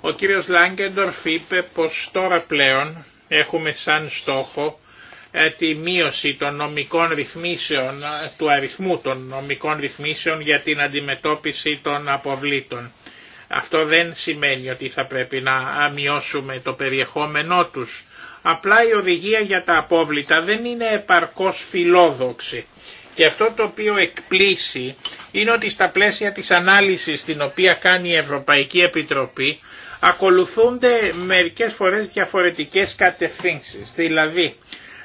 Ο κύριος Λάγκεντορφ είπε πως τώρα πλέον έχουμε σαν στόχο ε, τη μείωση των νομικών ρυθμίσεων, ε, του αριθμού των νομικών ρυθμίσεων για την αντιμετώπιση των αποβλήτων. Αυτό δεν σημαίνει ότι θα πρέπει να μειώσουμε το περιεχόμενό τους. Απλά η οδηγία για τα απόβλητα δεν είναι επαρκώς φιλόδοξη. Και αυτό το οποίο εκπλήσει είναι ότι στα πλαίσια της ανάλυσης την οποία κάνει η Ευρωπαϊκή Επιτροπή ακολουθούνται μερικές φορές διαφορετικές κατευθύνσεις. Δηλαδή,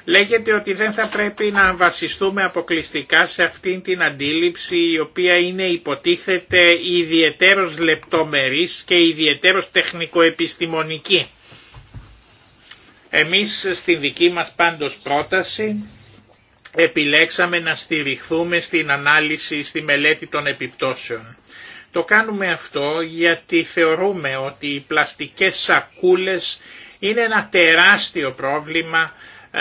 λέγεται ότι δεν θα πρέπει να βασιστούμε αποκλειστικά σε αυτήν την αντίληψη η οποία είναι υποτίθεται ιδιαίτερος λεπτομερής και ιδιαίτερος τεχνικοεπιστημονική. Εμείς στην δική μας πάντως πρόταση επιλέξαμε να στηριχθούμε στην ανάλυση, στη μελέτη των επιπτώσεων. Το κάνουμε αυτό γιατί θεωρούμε ότι οι πλαστικές σακούλες είναι ένα τεράστιο πρόβλημα ε,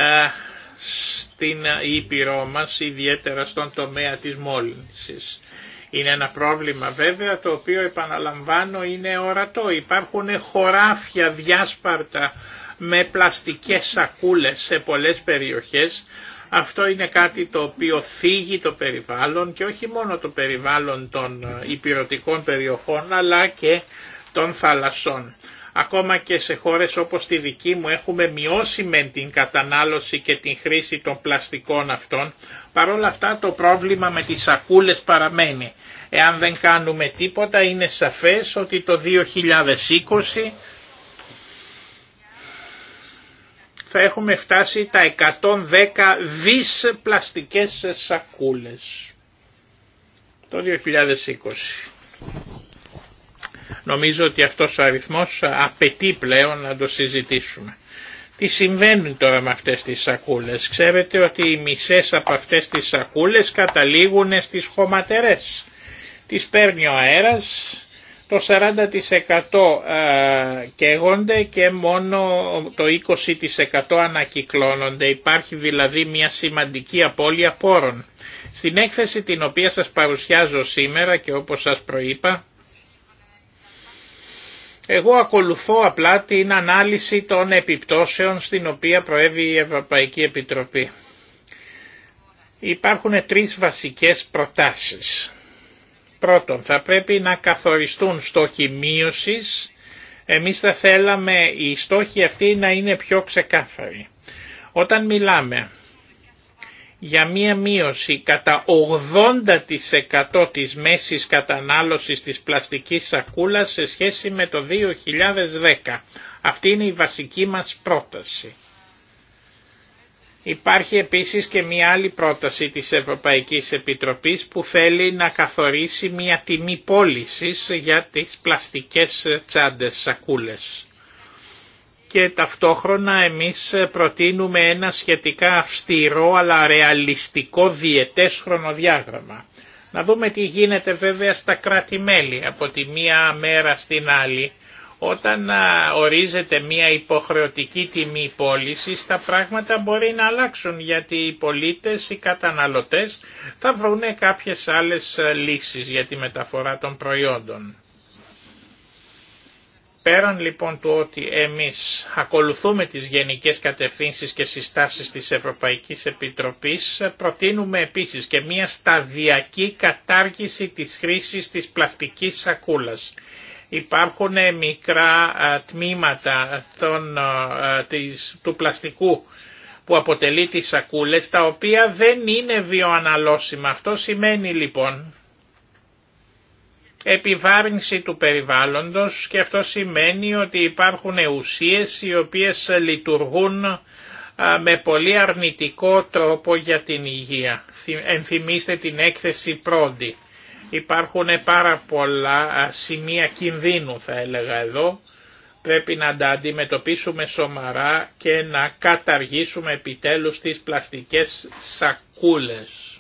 στην Ήπειρό μας, ιδιαίτερα στον τομέα της μόλυνσης. Είναι ένα πρόβλημα βέβαια το οποίο επαναλαμβάνω είναι ορατό. Υπάρχουν χωράφια διάσπαρτα με πλαστικές σακούλες σε πολλές περιοχές αυτό είναι κάτι το οποίο θίγει το περιβάλλον και όχι μόνο το περιβάλλον των ε, υπηρετικών περιοχών αλλά και των θαλασσών. Ακόμα και σε χώρες όπως τη δική μου έχουμε μειώσει με την κατανάλωση και την χρήση των πλαστικών αυτών. παρόλα αυτά το πρόβλημα με τις σακούλες παραμένει. Εάν δεν κάνουμε τίποτα είναι σαφές ότι το 2020 θα έχουμε φτάσει τα 110 δις πλαστικές σακούλες το 2020. Νομίζω ότι αυτός ο αριθμός απαιτεί πλέον να το συζητήσουμε. Τι συμβαίνει τώρα με αυτές τις σακούλες. Ξέρετε ότι οι μισές από αυτές τις σακούλες καταλήγουν στις χωματερές. Τις παίρνει ο αέρας, το 40% ε, καίγονται και μόνο το 20% ανακυκλώνονται. Υπάρχει δηλαδή μια σημαντική απώλεια πόρων. Στην έκθεση την οποία σας παρουσιάζω σήμερα και όπως σας προείπα, εγώ ακολουθώ απλά την ανάλυση των επιπτώσεων στην οποία προέβη η Ευρωπαϊκή Επιτροπή. Υπάρχουν τρεις βασικές προτάσεις Πρώτον, θα πρέπει να καθοριστούν στόχοι μείωσης. Εμείς θα θέλαμε οι στόχοι αυτοί να είναι πιο ξεκάθαροι. Όταν μιλάμε για μία μείωση κατά 80% της μέσης κατανάλωσης της πλαστικής σακούλας σε σχέση με το 2010. Αυτή είναι η βασική μας πρόταση. Υπάρχει επίσης και μια άλλη πρόταση της Ευρωπαϊκής Επιτροπής που θέλει να καθορίσει μια τιμή πώληση για τις πλαστικές τσάντες σακούλες. Και ταυτόχρονα εμείς προτείνουμε ένα σχετικά αυστηρό αλλά ρεαλιστικό διετές χρονοδιάγραμμα. Να δούμε τι γίνεται βέβαια στα κράτη-μέλη από τη μία μέρα στην άλλη όταν ορίζεται μια υποχρεωτική τιμή πώληση, τα πράγματα μπορεί να αλλάξουν γιατί οι πολίτες, οι καταναλωτές θα βρουν κάποιες άλλες λύσεις για τη μεταφορά των προϊόντων. Πέραν λοιπόν του ότι εμείς ακολουθούμε τις γενικές κατευθύνσεις και συστάσεις της Ευρωπαϊκής Επιτροπής, προτείνουμε επίσης και μια σταδιακή κατάργηση της χρήσης της πλαστικής σακούλας. Υπάρχουν ε, μικρά ε, τμήματα των, ε, του πλαστικού που αποτελεί τις σακούλες, τα οποία δεν είναι βιοαναλώσιμα. Αυτό σημαίνει λοιπόν επιβάρυνση του περιβάλλοντος και αυτό σημαίνει ότι υπάρχουν ουσίες οι οποίες λειτουργούν με πολύ αρνητικό τρόπο για την υγεία. Ενθυμίστε την έκθεση πρώτη. Υπάρχουν πάρα πολλά σημεία κινδύνου θα έλεγα εδώ. Πρέπει να τα αντιμετωπίσουμε σομαρά και να καταργήσουμε επιτέλους τις πλαστικές σακούλες.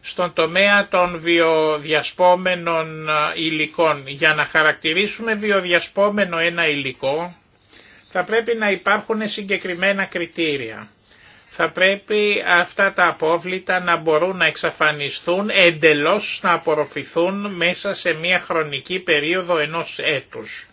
Στον τομέα των βιοδιασπόμενων υλικών, για να χαρακτηρίσουμε βιοδιασπόμενο ένα υλικό, θα πρέπει να υπάρχουν συγκεκριμένα κριτήρια θα πρέπει αυτά τα απόβλητα να μπορούν να εξαφανιστούν εντελώς να απορροφηθούν μέσα σε μια χρονική περίοδο ενός έτους.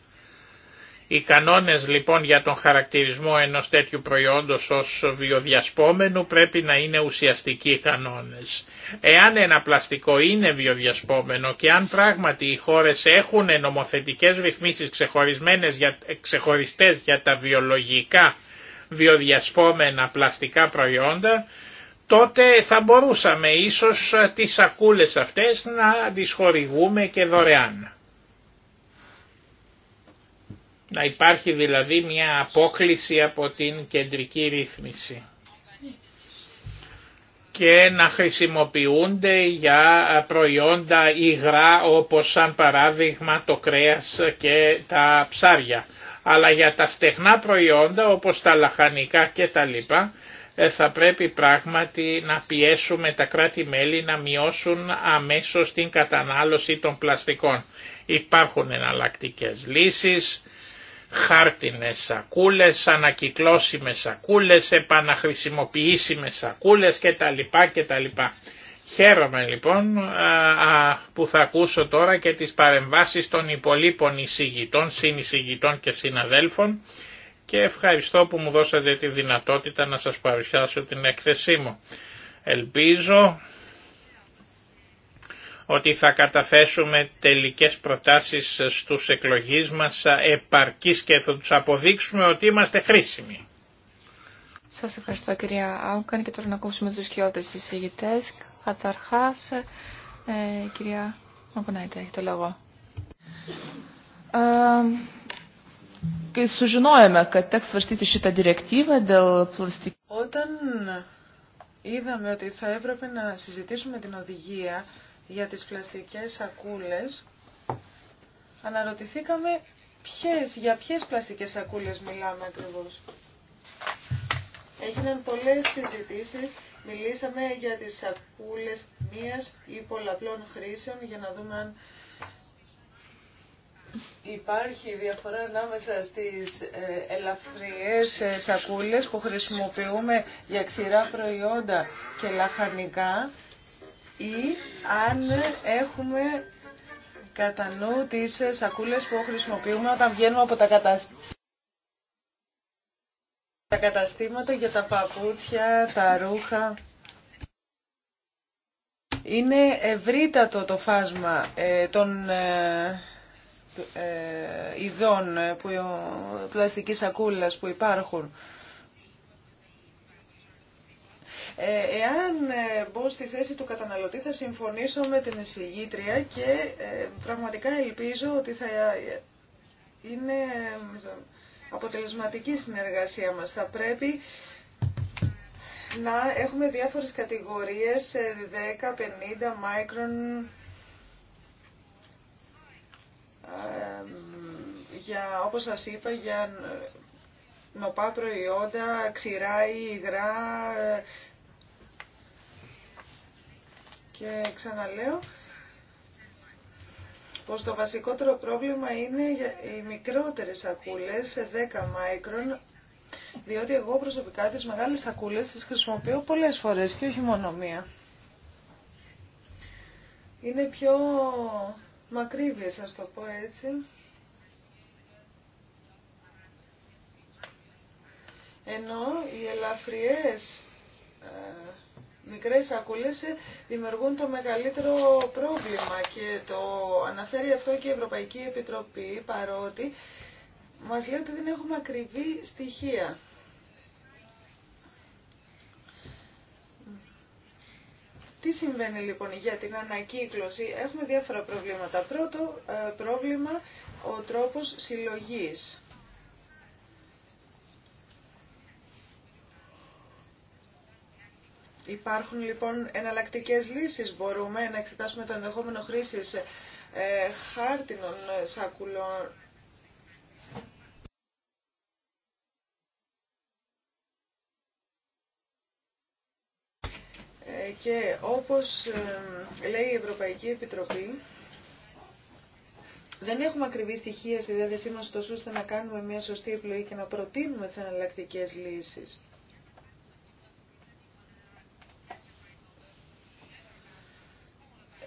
Οι κανόνες λοιπόν για τον χαρακτηρισμό ενός τέτοιου προϊόντος ως βιοδιασπόμενου πρέπει να είναι ουσιαστικοί κανόνες. Εάν ένα πλαστικό είναι βιοδιασπόμενο και αν πράγματι οι χώρες έχουν νομοθετικές ρυθμίσεις ξεχωρισμένες ξεχωριστές για τα βιολογικά βιοδιασπόμενα πλαστικά προϊόντα, τότε θα μπορούσαμε ίσως ε, τις σακούλες αυτές να τις χορηγούμε και δωρεάν. Να υπάρχει δηλαδή μια απόκληση από την κεντρική ρύθμιση και να χρησιμοποιούνται για ε, προϊόντα υγρά όπως σαν παράδειγμα το κρέας και τα ψάρια αλλά για τα στεγνά προϊόντα όπως τα λαχανικά και τα λοιπά ε, θα πρέπει πράγματι να πιέσουμε τα κράτη-μέλη να μειώσουν αμέσως την κατανάλωση των πλαστικών. Υπάρχουν εναλλακτικές λύσεις, χάρτινες σακούλες, ανακυκλώσιμες σακούλες, επαναχρησιμοποιήσιμες σακούλες κτλ. κτλ. Χαίρομαι λοιπόν που θα ακούσω τώρα και τις παρεμβάσεις των υπολείπων εισηγητών, συνεισηγητών και συναδέλφων και ευχαριστώ που μου δώσατε τη δυνατότητα να σας παρουσιάσω την έκθεσή μου. Ελπίζω ότι θα καταθέσουμε τελικές προτάσεις στους εκλογείς μας επαρκής και θα τους αποδείξουμε ότι είμαστε χρήσιμοι. Σας ευχαριστώ κυρία Άουκαν και τώρα να ακούσουμε τους κοιότητες εισηγητές. Καταρχάς, ε, κυρία Μακουνάιτε, έχει το λόγο. Ε, ε, Όταν είδαμε ότι θα έπρεπε να συζητήσουμε την οδηγία για τις πλαστικές σακούλες, αναρωτηθήκαμε ποιες, για ποιες πλαστικές σακούλες μιλάμε ακριβώς έγιναν πολλές συζητήσεις. Μιλήσαμε για τις σακούλες μίας ή πολλαπλών χρήσεων για να δούμε αν Υπάρχει διαφορά ανάμεσα στις ε, ελαφριές ε, σακούλες που χρησιμοποιούμε για ξηρά προϊόντα και λαχανικά ή αν έχουμε κατά νου τις ε, σακούλες που χρησιμοποιούμε όταν βγαίνουμε από τα καταστήματα τα καταστήματα για τα παπούτσια, τα ρούχα. Είναι ευρύτατο το φάσμα ε, των ε, ε, ειδών που, πλαστικής σακούλας που υπάρχουν. εάν μπω στη θέση του καταναλωτή θα συμφωνήσω με την εισηγήτρια και πραγματικά ελπίζω ότι θα είναι αποτελεσματική συνεργασία μας. Θα πρέπει να έχουμε διάφορες κατηγορίες 10, ε, 50 μάικρον ε, για, όπως σας είπα, για νοπά προϊόντα, ξηρά ή υγρά ε, και ξαναλέω πως το βασικότερο πρόβλημα είναι οι μικρότερες σακούλες σε 10 μάικρον, διότι εγώ προσωπικά τις μεγάλες σακούλες τις χρησιμοποιώ πολλές φορές και όχι μόνο μία. Είναι πιο μακρύβιες, ας το πω έτσι. Ενώ οι ελαφριές ε, μικρές σακούλες ε, δημιουργούν το μεγαλύτερο πρόβλημα και το αναφέρει αυτό και η Ευρωπαϊκή Επιτροπή παρότι μας λέει ότι δεν έχουμε ακριβή στοιχεία. Τι συμβαίνει λοιπόν για την ανακύκλωση. Έχουμε διάφορα προβλήματα. Πρώτο ε, πρόβλημα ο τρόπος συλλογής. Υπάρχουν λοιπόν εναλλακτικέ λύσεις. Μπορούμε να εξετάσουμε το ενδεχόμενο χρήση ε, χάρτινων σακουλών ε, και όπως ε, λέει η Ευρωπαϊκή Επιτροπή, δεν έχουμε ακριβή στοιχεία στη διάθεσή μας τόσο ώστε να κάνουμε μια σωστή επιλογή και να προτείνουμε τις εναλλακτικέ λύσεις.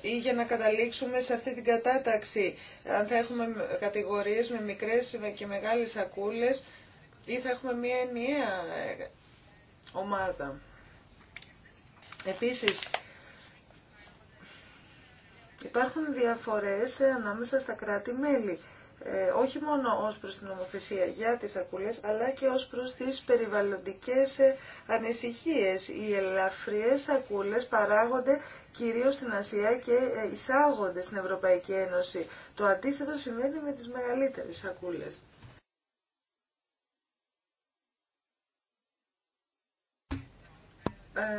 ή για να καταλήξουμε σε αυτή την κατάταξη. Αν θα έχουμε κατηγορίες με μικρές και μεγάλες σακούλες ή θα έχουμε μία ενιαία ε, ομάδα. Επίσης, υπάρχουν διαφορές ε, ανάμεσα στα κράτη-μέλη. Ε, όχι μόνο ως προς την νομοθεσία για τις ακουλές, αλλά και ως προς τις περιβαλλοντικές ε, ανησυχίες. Οι ελαφριές ακούλες παράγονται κυρίως στην Ασία και ε, εισάγονται στην Ευρωπαϊκή Ένωση. Το αντίθετο συμβαίνει με τις μεγαλύτερες ακούλες.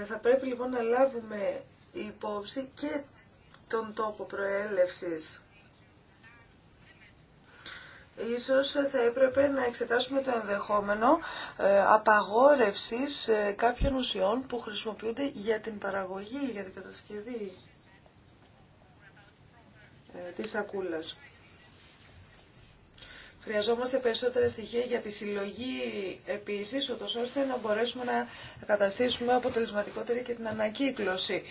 Θα πρέπει λοιπόν να λάβουμε υπόψη και τον τόπο προέλευσης Ίσως θα έπρεπε να εξετάσουμε το ενδεχόμενο ε, απαγόρευσης ε, κάποιων ουσιών που χρησιμοποιούνται για την παραγωγή, για την κατασκευή ε, της σακούλας. Χρειαζόμαστε περισσότερα στοιχεία για τη συλλογή επίσης, ούτως ώστε να μπορέσουμε να καταστήσουμε αποτελεσματικότερη και την ανακύκλωση.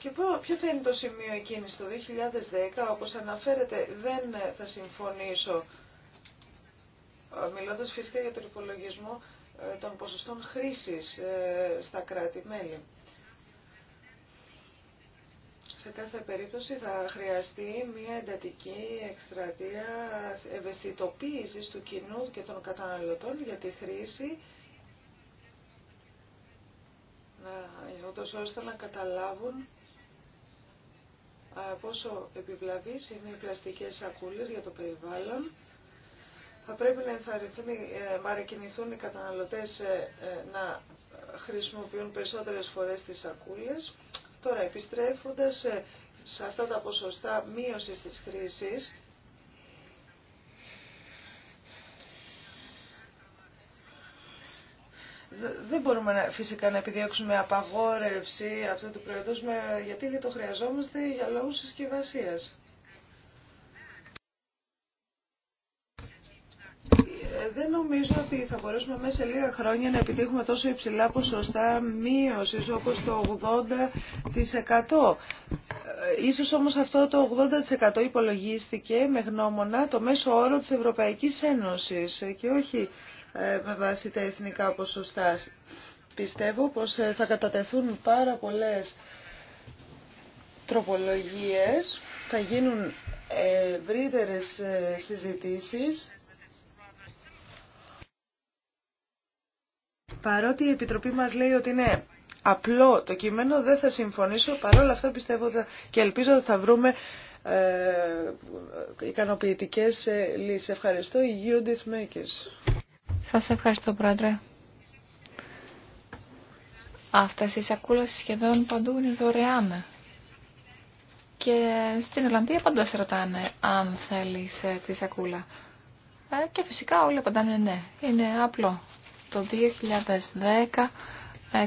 Και ποιο θα είναι το σημείο εκείνης το 2010, όπως αναφέρεται δεν θα συμφωνήσω, ε, μιλώντας φυσικά για τον υπολογισμό ε, των ποσοστών χρήσης ε, στα κράτη-μέλη. Σε κάθε περίπτωση θα χρειαστεί μια εντατική εκστρατεία ευαισθητοποίησης του κοινού και των καταναλωτών για τη χρήση ούτως ώστε να καταλάβουν πόσο επιβλαβείς είναι οι πλαστικές σακούλες για το περιβάλλον. Θα πρέπει να ενθαρρυνθούν, ε, μαρακινηθούν οι καταναλωτές ε, ε, να χρησιμοποιούν περισσότερες φορές τις σακούλες. Τώρα επιστρέφοντας σε αυτά τα ποσοστά μείωσης της χρήσης, δεν μπορούμε να, φυσικά να επιδιώξουμε απαγόρευση αυτού του προϊόντος γιατί γιατί το χρειαζόμαστε για λόγους συσκευασία. Ε, δεν νομίζω ότι θα μπορέσουμε μέσα σε λίγα χρόνια να επιτύχουμε τόσο υψηλά ποσοστά μείωση όπως το 80%. Ε, ίσως όμως αυτό το 80% υπολογίστηκε με γνώμονα το μέσο όρο της Ευρωπαϊκής Ένωσης και όχι ε, με βάση τα εθνικά ποσοστά. Πιστεύω πως ε, θα κατατεθούν πάρα πολλές τροπολογίες, θα γίνουν ευρύτερες ε, συζητήσεις. Παρότι η Επιτροπή μας λέει ότι είναι απλό το κείμενο, δεν θα συμφωνήσω, παρόλα αυτά πιστεύω και ελπίζω ότι θα βρούμε ε, ικανοποιητικές λύσεις. Ευχαριστώ, σας ευχαριστώ, Πρόεδρε. Αυτές οι σακούλες σχεδόν παντού είναι δωρεάν. Και στην Ολλανδία πάντα σε ρωτάνε αν θέλεις ε, τη σακούλα. Ε, και φυσικά όλοι απαντάνε ναι. Είναι απλό. Το 2010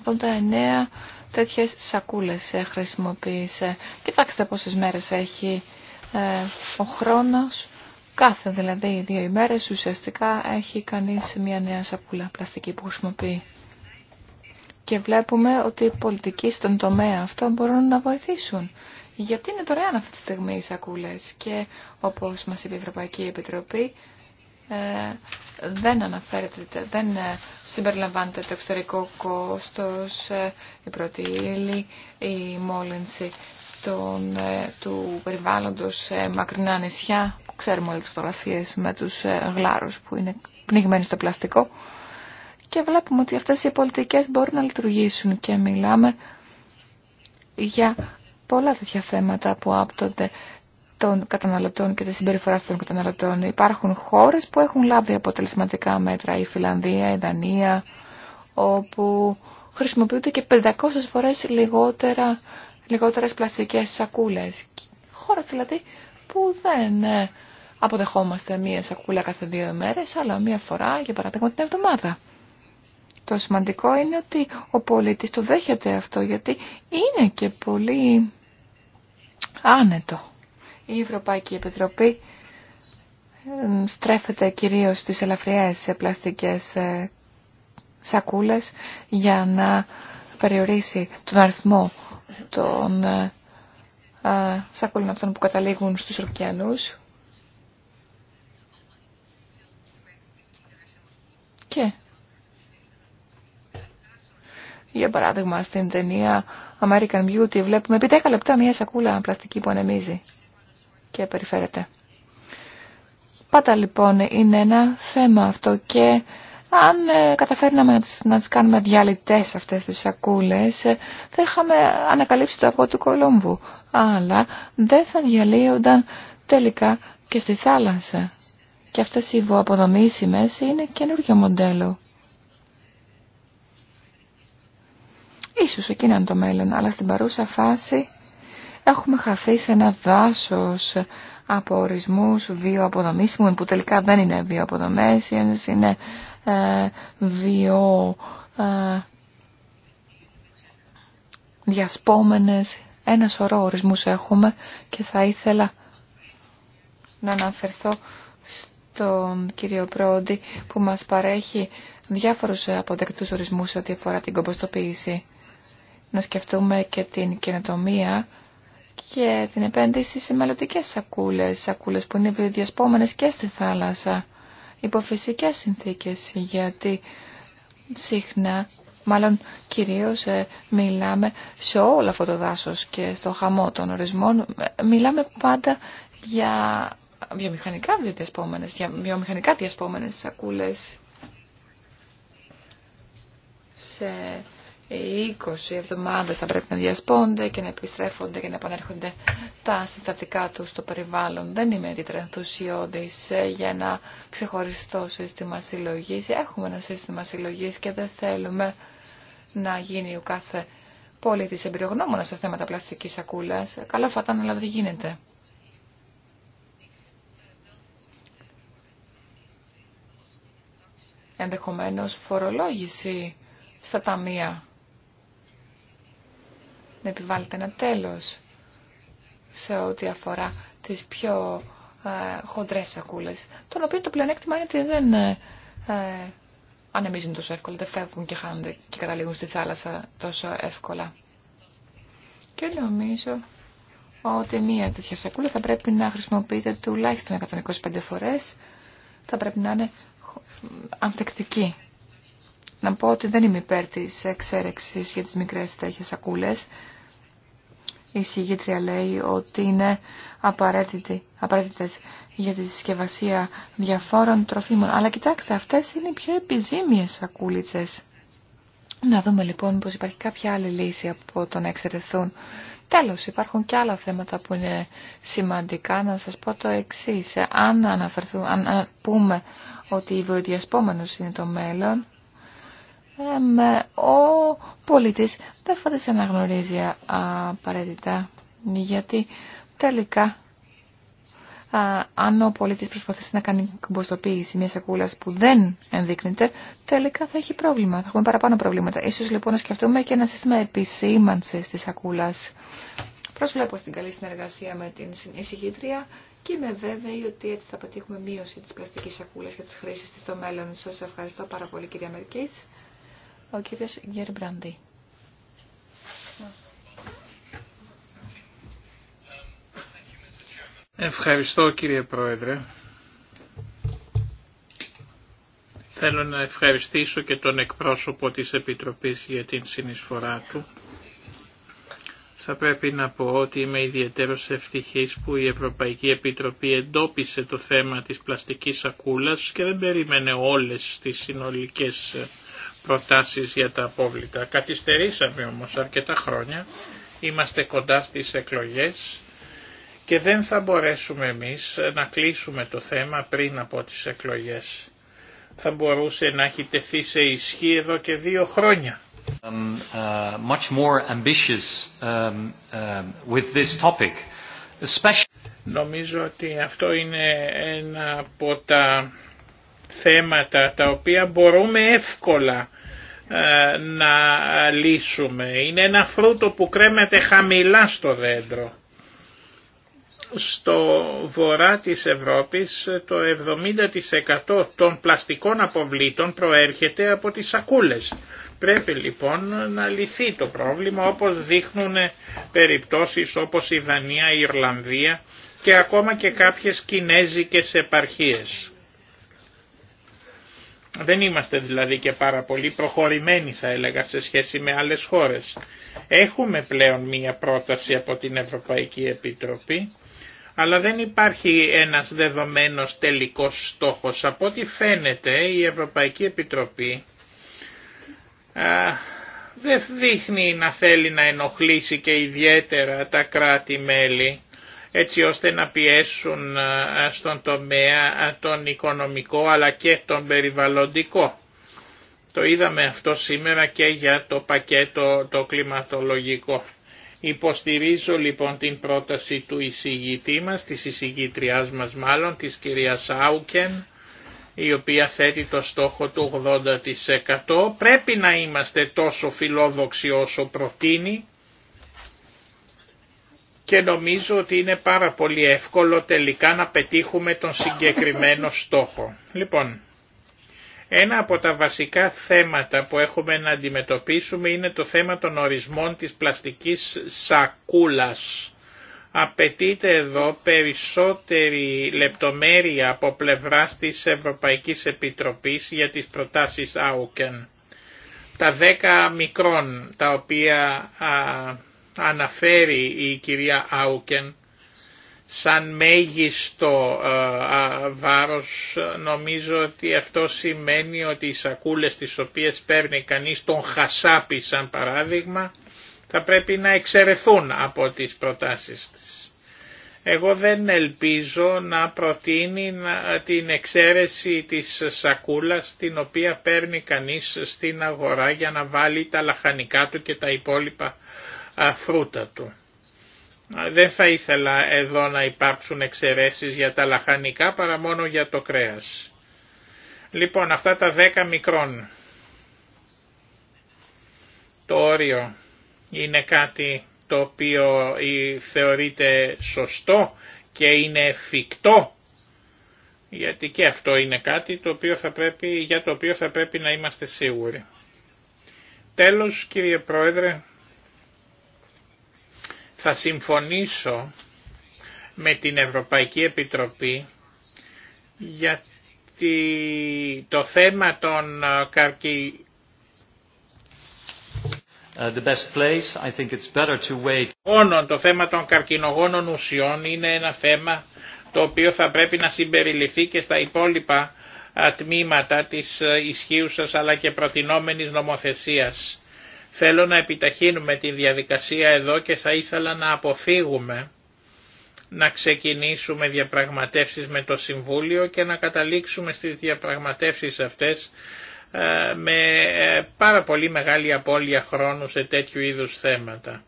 189 τέτοιες σακούλες ε, χρησιμοποίησε. Κοιτάξτε πόσες μέρες έχει ο χρόνος Κάθε δηλαδή δύο ημέρες ουσιαστικά έχει κανείς μια νέα σακούλα πλαστική που χρησιμοποιεί. Και βλέπουμε ότι οι πολιτικοί στον τομέα αυτό μπορούν να βοηθήσουν. Γιατί είναι δωρεάν αυτή τη στιγμή οι σακούλες και όπως μα είπε η Ευρωπαϊκή Επιτροπή ε, δεν αναφέρεται, δεν ε, συμπεριλαμβάνεται το εξωτερικό κόστος, ε, η πρώτη ύλη, η μόλυνση των, του περιβάλλοντος σε μακρινά νησιά. Ξέρουμε όλες τις φωτογραφίες με τους ε, γλάρους που είναι πνιγμένοι στο πλαστικό. Και βλέπουμε ότι αυτές οι πολιτικές μπορούν να λειτουργήσουν και μιλάμε για πολλά τέτοια θέματα που άπτονται των καταναλωτών και τη συμπεριφορά των καταναλωτών. Υπάρχουν χώρες που έχουν λάβει αποτελεσματικά μέτρα, η Φιλανδία, η Δανία, όπου χρησιμοποιούνται και 500 φορές λιγότερα, λιγότερες πλαστικές σακούλες. Χώρες δηλαδή που δεν ε, αποδεχόμαστε μία σακούλα κάθε δύο μέρες, αλλά μία φορά, για παράδειγμα, την εβδομάδα. Το σημαντικό είναι ότι ο πολίτης το δέχεται αυτό, γιατί είναι και πολύ άνετο. Η Ευρωπαϊκή Επιτροπή ε, στρέφεται κυρίως στις ελαφριές ε, πλαστικές σακούλες για να περιορίσει τον αριθμό των σακούλων αυτών που καταλήγουν στους ωκεανούς. Και για παράδειγμα στην ταινία American Beauty βλέπουμε επί 10 λεπτά μια σακούλα πλαστική που ανεμίζει και περιφέρεται. Πάντα λοιπόν είναι ένα θέμα αυτό και αν ε, καταφέρναμε να τις κάνουμε διαλυτές αυτές τις σακούλες, ε, θα είχαμε ανακαλύψει το από του Κολόμβου. Αλλά δεν θα διαλύονταν τελικά και στη θάλασσα. Και αυτές οι βοαποδομήσιμες είναι καινούργιο μοντέλο. Ίσως εκείνα είναι το μέλλον, αλλά στην παρούσα φάση έχουμε χαθεί σε ένα δάσος από ορισμούς βιοαποδομήσιμων που τελικά δεν είναι βιοαποδομές, είναι βιό ε, ε, διασπόμενες, ένα σωρό ορισμούς έχουμε και θα ήθελα να αναφερθώ στον κύριο Πρόντι που μας παρέχει διάφορους αποδεκτούς ορισμούς ό,τι αφορά την κομποστοποίηση. Να σκεφτούμε και την καινοτομία και την επένδυση σε μελλοντικέ σακούλες, σακούλες που είναι βιοδιασπόμενες και στη θάλασσα υποφυσικές συνθήκες, γιατί συχνά, μάλλον κυρίως ε, μιλάμε σε όλο αυτό το δάσος και στο χαμό των ορισμών, μιλάμε πάντα για βιομηχανικά διασπόμενες, για βιομηχανικά σακούλες σε οι 20 εβδομάδες θα πρέπει να διασπώνται και να επιστρέφονται και να επανέρχονται τα συστατικά του στο περιβάλλον. Δεν είμαι ιδιαίτερα ενθουσιώδης για ένα ξεχωριστό σύστημα συλλογή. Έχουμε ένα σύστημα συλλογή και δεν θέλουμε να γίνει ο κάθε πολίτης εμπειρογνώμονα σε θέματα πλαστικής σακούλας. Καλά θα ήταν, αλλά δεν γίνεται. Ενδεχομένως φορολόγηση στα ταμεία να επιβάλλεται ένα τέλος σε ό,τι αφορά τις πιο ε, χοντρές σακούλες, τον οποίων το πλεονέκτημα είναι ότι δεν ε, ε, ανεμίζουν τόσο εύκολα, δεν φεύγουν και χάνονται και καταλήγουν στη θάλασσα τόσο εύκολα. Και νομίζω ότι μία τέτοια σακούλα θα πρέπει να χρησιμοποιείται τουλάχιστον 125 φορές, θα πρέπει να είναι ανθεκτική. Να πω ότι δεν είμαι υπέρ της εξέρεξης για τις μικρές τέτοιες σακούλες, η συγγήτρια λέει ότι είναι απαραίτητες για τη συσκευασία διαφόρων τροφίμων. Αλλά κοιτάξτε, αυτές είναι οι πιο επιζήμιες σακούλιτσες. Να δούμε λοιπόν πως υπάρχει κάποια άλλη λύση από το να εξαιρεθούν. Τέλος, υπάρχουν και άλλα θέματα που είναι σημαντικά. Να σας πω το εξής. Αν, αν πούμε ότι οι βοηδιασπόμενος είναι το μέλλον, ο πολίτης δεν θα να γνωρίζει απαραίτητα γιατί τελικά αν ο πολίτης προσπαθήσει να κάνει κομποστοποίηση μια σακούλας που δεν ενδείκνεται, τελικά θα έχει πρόβλημα, θα έχουμε παραπάνω προβλήματα. Ίσως λοιπόν να σκεφτούμε και ένα σύστημα επισήμανσης της σακούλας. Προσβλέπω στην καλή συνεργασία με την εισηγήτρια και είμαι βέβαιη ότι έτσι θα πετύχουμε μείωση της πλαστικής σακούλας και της χρήσης της στο μέλλον. Σας ευχαριστώ πάρα πολύ κυρία Μερκής ο κύριος Μπραντή. Ευχαριστώ κύριε Πρόεδρε. Θέλω να ευχαριστήσω και τον εκπρόσωπο της Επιτροπής για την συνεισφορά του. Θα πρέπει να πω ότι είμαι ιδιαίτερο ευτυχής που η Ευρωπαϊκή Επιτροπή εντόπισε το θέμα της πλαστικής σακούλας και δεν περίμενε όλες τις συνολικές προτάσεις για τα απόβλητα. Καθυστερήσαμε όμως αρκετά χρόνια, είμαστε κοντά στις εκλογές και δεν θα μπορέσουμε εμείς να κλείσουμε το θέμα πριν από τις εκλογές. Θα μπορούσε να έχει τεθεί σε ισχύ εδώ και δύο χρόνια. Νομίζω ότι αυτό είναι ένα από τα θέματα τα οποία μπορούμε εύκολα ε, να λύσουμε. Είναι ένα φρούτο που κρέμεται χαμηλά στο δέντρο. Στο βορρά της Ευρώπης το 70% των πλαστικών αποβλήτων προέρχεται από τις σακούλες. Πρέπει λοιπόν να λυθεί το πρόβλημα όπως δείχνουν περιπτώσεις όπως η Δανία, η Ιρλανδία και ακόμα και κάποιες κινέζικες επαρχίες. Δεν είμαστε δηλαδή και πάρα πολύ προχωρημένοι θα έλεγα σε σχέση με άλλες χώρες. Έχουμε πλέον μία πρόταση από την Ευρωπαϊκή Επιτροπή, αλλά δεν υπάρχει ένας δεδομένος τελικός στόχος. Από ό,τι φαίνεται η Ευρωπαϊκή Επιτροπή δεν δείχνει να θέλει να ενοχλήσει και ιδιαίτερα τα κράτη-μέλη έτσι ώστε να πιέσουν ε, στον τομέα ε, τον οικονομικό αλλά και τον περιβαλλοντικό. Το είδαμε αυτό σήμερα και για το πακέτο το κλιματολογικό. Υποστηρίζω λοιπόν την πρόταση του εισηγητή μας, της εισηγητριάς μας μάλλον, της κυρίας Άουκεν, η οποία θέτει το στόχο του 80%. Πρέπει να είμαστε τόσο φιλόδοξοι όσο προτείνει και νομίζω ότι είναι πάρα πολύ εύκολο τελικά να πετύχουμε τον συγκεκριμένο στόχο. Λοιπόν, ένα από τα βασικά θέματα που έχουμε να αντιμετωπίσουμε είναι το θέμα των ορισμών της πλαστικής σακούλας. Απαιτείται εδώ περισσότερη λεπτομέρεια από πλευράς της Ευρωπαϊκής Επιτροπής για τις προτάσεις AUKEN. Τα 10 μικρών τα οποία αναφέρει η κυρία Άουκεν σαν μέγιστο ε, βάρος νομίζω ότι αυτό σημαίνει ότι οι σακούλες τις οποίες παίρνει κανείς τον χασάπι σαν παράδειγμα θα πρέπει να εξαιρεθούν από τις προτάσεις της. Εγώ δεν ελπίζω να προτείνει την εξαίρεση της σακούλας την οποία παίρνει κανείς στην αγορά για να βάλει τα λαχανικά του και τα υπόλοιπα αφρούτα του. Δεν θα ήθελα εδώ να υπάρξουν εξαιρέσεις για τα λαχανικά παρά μόνο για το κρέας. Λοιπόν αυτά τα 10 μικρών. Το όριο είναι κάτι το οποίο θεωρείται σωστό και είναι εφικτό γιατί και αυτό είναι κάτι το οποίο θα πρέπει, για το οποίο θα πρέπει να είμαστε σίγουροι. Τέλος κύριε Πρόεδρε, θα συμφωνήσω με την Ευρωπαϊκή Επιτροπή για το θέμα των καρκι... Το θέμα των καρκινογόνων ουσιών είναι ένα θέμα το οποίο θα πρέπει να συμπεριληφθεί και στα υπόλοιπα τμήματα της ε, ισχύουσας αλλά και προτινόμενης νομοθεσίας. Θέλω να επιταχύνουμε τη διαδικασία εδώ και θα ήθελα να αποφύγουμε να ξεκινήσουμε διαπραγματεύσεις με το Συμβούλιο και να καταλήξουμε στις διαπραγματεύσεις αυτές ε, με ε, πάρα πολύ μεγάλη απώλεια χρόνου σε τέτοιου είδους θέματα.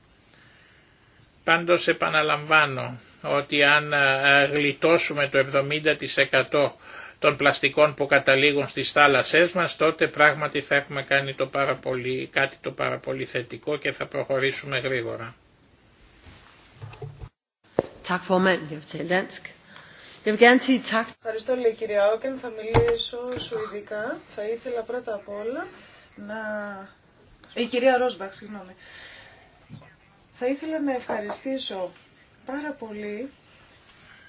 Πάντως επαναλαμβάνω ότι αν ε, γλιτώσουμε το 70% των πλαστικών που καταλήγουν στις θάλασσές μας, τότε πράγματι θα έχουμε κάνει το πάρα πολύ, κάτι το πάρα πολύ θετικό και θα προχωρήσουμε γρήγορα. Er Ευχαριστώ λέει κυρία Όκεν, θα μιλήσω σουηδικά. Θα ήθελα πρώτα απ' όλα να... Η κυρία Ρόσμπαχ, συγγνώμη. Θα ήθελα να ευχαριστήσω πάρα πολύ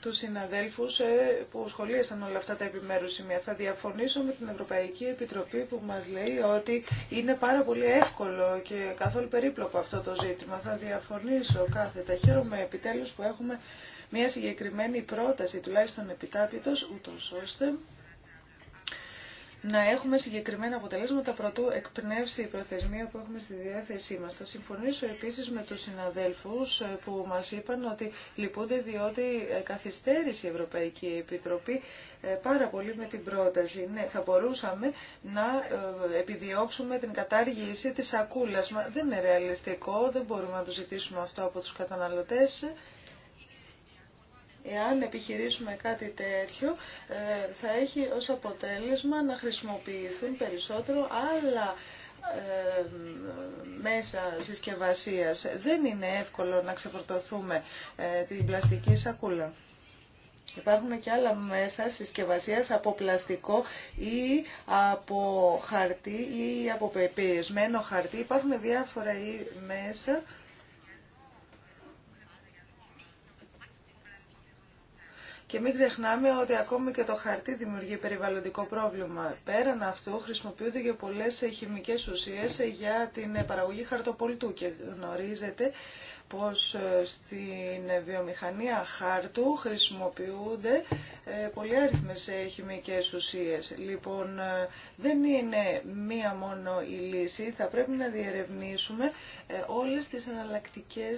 τους συναδέλφους ε, που σχολίασαν όλα αυτά τα επιμέρους σημεία. Θα διαφωνήσω με την Ευρωπαϊκή Επιτροπή που μας λέει ότι είναι πάρα πολύ εύκολο και καθόλου περίπλοκο αυτό το ζήτημα. Θα διαφωνήσω κάθετα. Χαίρομαι επιτέλους που έχουμε μια συγκεκριμένη πρόταση, τουλάχιστον επιτάπητος, ούτως ώστε να έχουμε συγκεκριμένα αποτελέσματα πρωτού εκπνεύσει η προθεσμία που έχουμε στη διάθεσή μας. Θα συμφωνήσω επίσης με τους συναδέλφους ε, που μας είπαν ότι λυπούνται διότι ε, καθυστέρησε η Ευρωπαϊκή Επιτροπή ε, πάρα πολύ με την πρόταση. Ναι, θα μπορούσαμε να επιδιώξουμε την κατάργηση της σακούλας. Μα δεν είναι ρεαλιστικό, δεν μπορούμε να το ζητήσουμε αυτό από τους καταναλωτές. Εάν επιχειρήσουμε κάτι τέτοιο, ε, θα έχει ως αποτέλεσμα να χρησιμοποιηθούν περισσότερο άλλα ε, μέσα συσκευασία. Δεν είναι εύκολο να ξεφορτωθούμε ε, την πλαστική σακούλα. Υπάρχουν και άλλα μέσα συσκευασία από πλαστικό ή από χαρτί ή από πεπιεσμένο χαρτί. Υπάρχουν διάφορα μέσα Και μην ξεχνάμε ότι ακόμη και το χαρτί δημιουργεί περιβαλλοντικό πρόβλημα. Πέραν αυτού χρησιμοποιούνται και πολλές χημικέ ουσίε για την παραγωγή χαρτοπολιτού. και γνωρίζετε πως ε, στην βιομηχανία χάρτου χρησιμοποιούνται ε, πολλοί άριθμες ε, χημικές ουσίες. Λοιπόν, δεν είναι μία μόνο η λύση. Θα πρέπει να διερευνήσουμε όλες τι εναλλακτικέ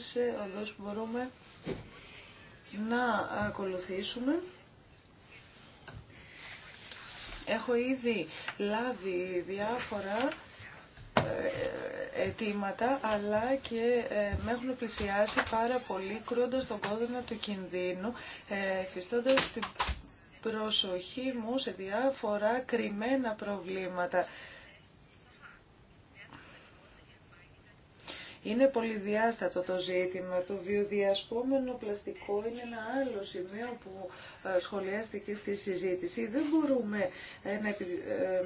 οδού που μπορούμε να ακολουθήσουμε. Έχω ήδη λάβει διάφορα ε, αιτήματα, αλλά και ε, με έχουν πλησιάσει πάρα πολύ κρούντας τον κόδωνα του κινδύνου, ε, φυστώντας την προσοχή μου σε διάφορα κρυμμένα προβλήματα. Είναι πολυδιάστατο το ζήτημα. Το βιοδιασπόμενο πλαστικό είναι ένα άλλο σημείο που ε, σχολιάστηκε στη συζήτηση. Δεν μπορούμε ε, να ε,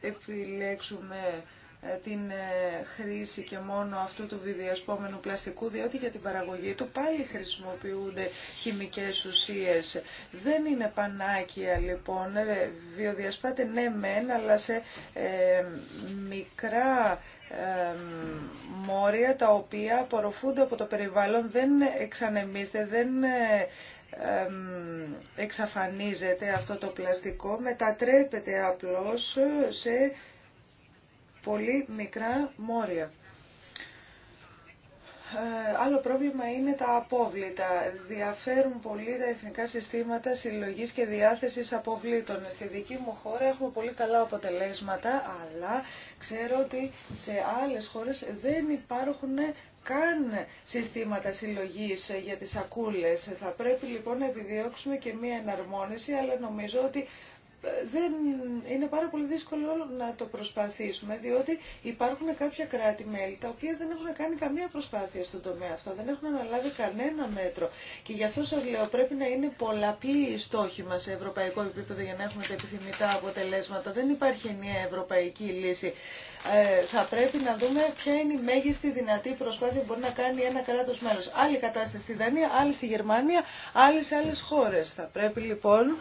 επιλέξουμε ε, την ε, χρήση και μόνο αυτού του βιδιασπόμενου πλαστικού, διότι για την παραγωγή του πάλι χρησιμοποιούνται χημικές ουσίες. Δεν είναι πανάκια λοιπόν, ε, βιοδιασπάται ναι μεν, αλλά σε μικρά μόρια τα οποία απορροφούνται από το περιβάλλον, δεν εξανεμίζεται, δεν ε, εξαφανίζεται αυτό το πλαστικό, μετατρέπεται απλώς σε πολύ μικρά μόρια. Ε, άλλο πρόβλημα είναι τα απόβλητα. Διαφέρουν πολύ τα εθνικά συστήματα συλλογής και διάθεσης αποβλήτων. Στη δική μου χώρα έχουμε πολύ καλά αποτελέσματα, αλλά ξέρω ότι σε άλλες χώρες δεν υπάρχουν καν συστήματα συλλογής για τις ακούλες Θα πρέπει λοιπόν να επιδιώξουμε και μία εναρμόνιση, αλλά νομίζω ότι δεν είναι πάρα πολύ δύσκολο να το προσπαθήσουμε, διότι υπάρχουν κάποια κράτη-μέλη τα οποία δεν έχουν κάνει καμία προσπάθεια στον τομέα αυτό, δεν έχουν αναλάβει κανένα μέτρο. Και γι' αυτό σας λέω πρέπει να είναι πολλαπλή η στόχη μας σε ευρωπαϊκό επίπεδο για να έχουμε τα επιθυμητά αποτελέσματα. Δεν υπάρχει ενιαία ευρωπαϊκή λύση. Ε, θα πρέπει να δούμε ποια είναι η μέγιστη δυνατή προσπάθεια που μπορεί να κάνει ένα κράτος μέλος. Άλλη κατάσταση στη Δανία, άλλη στη Γερμανία, άλλη σε άλλες χώρες. Θα πρέπει λοιπόν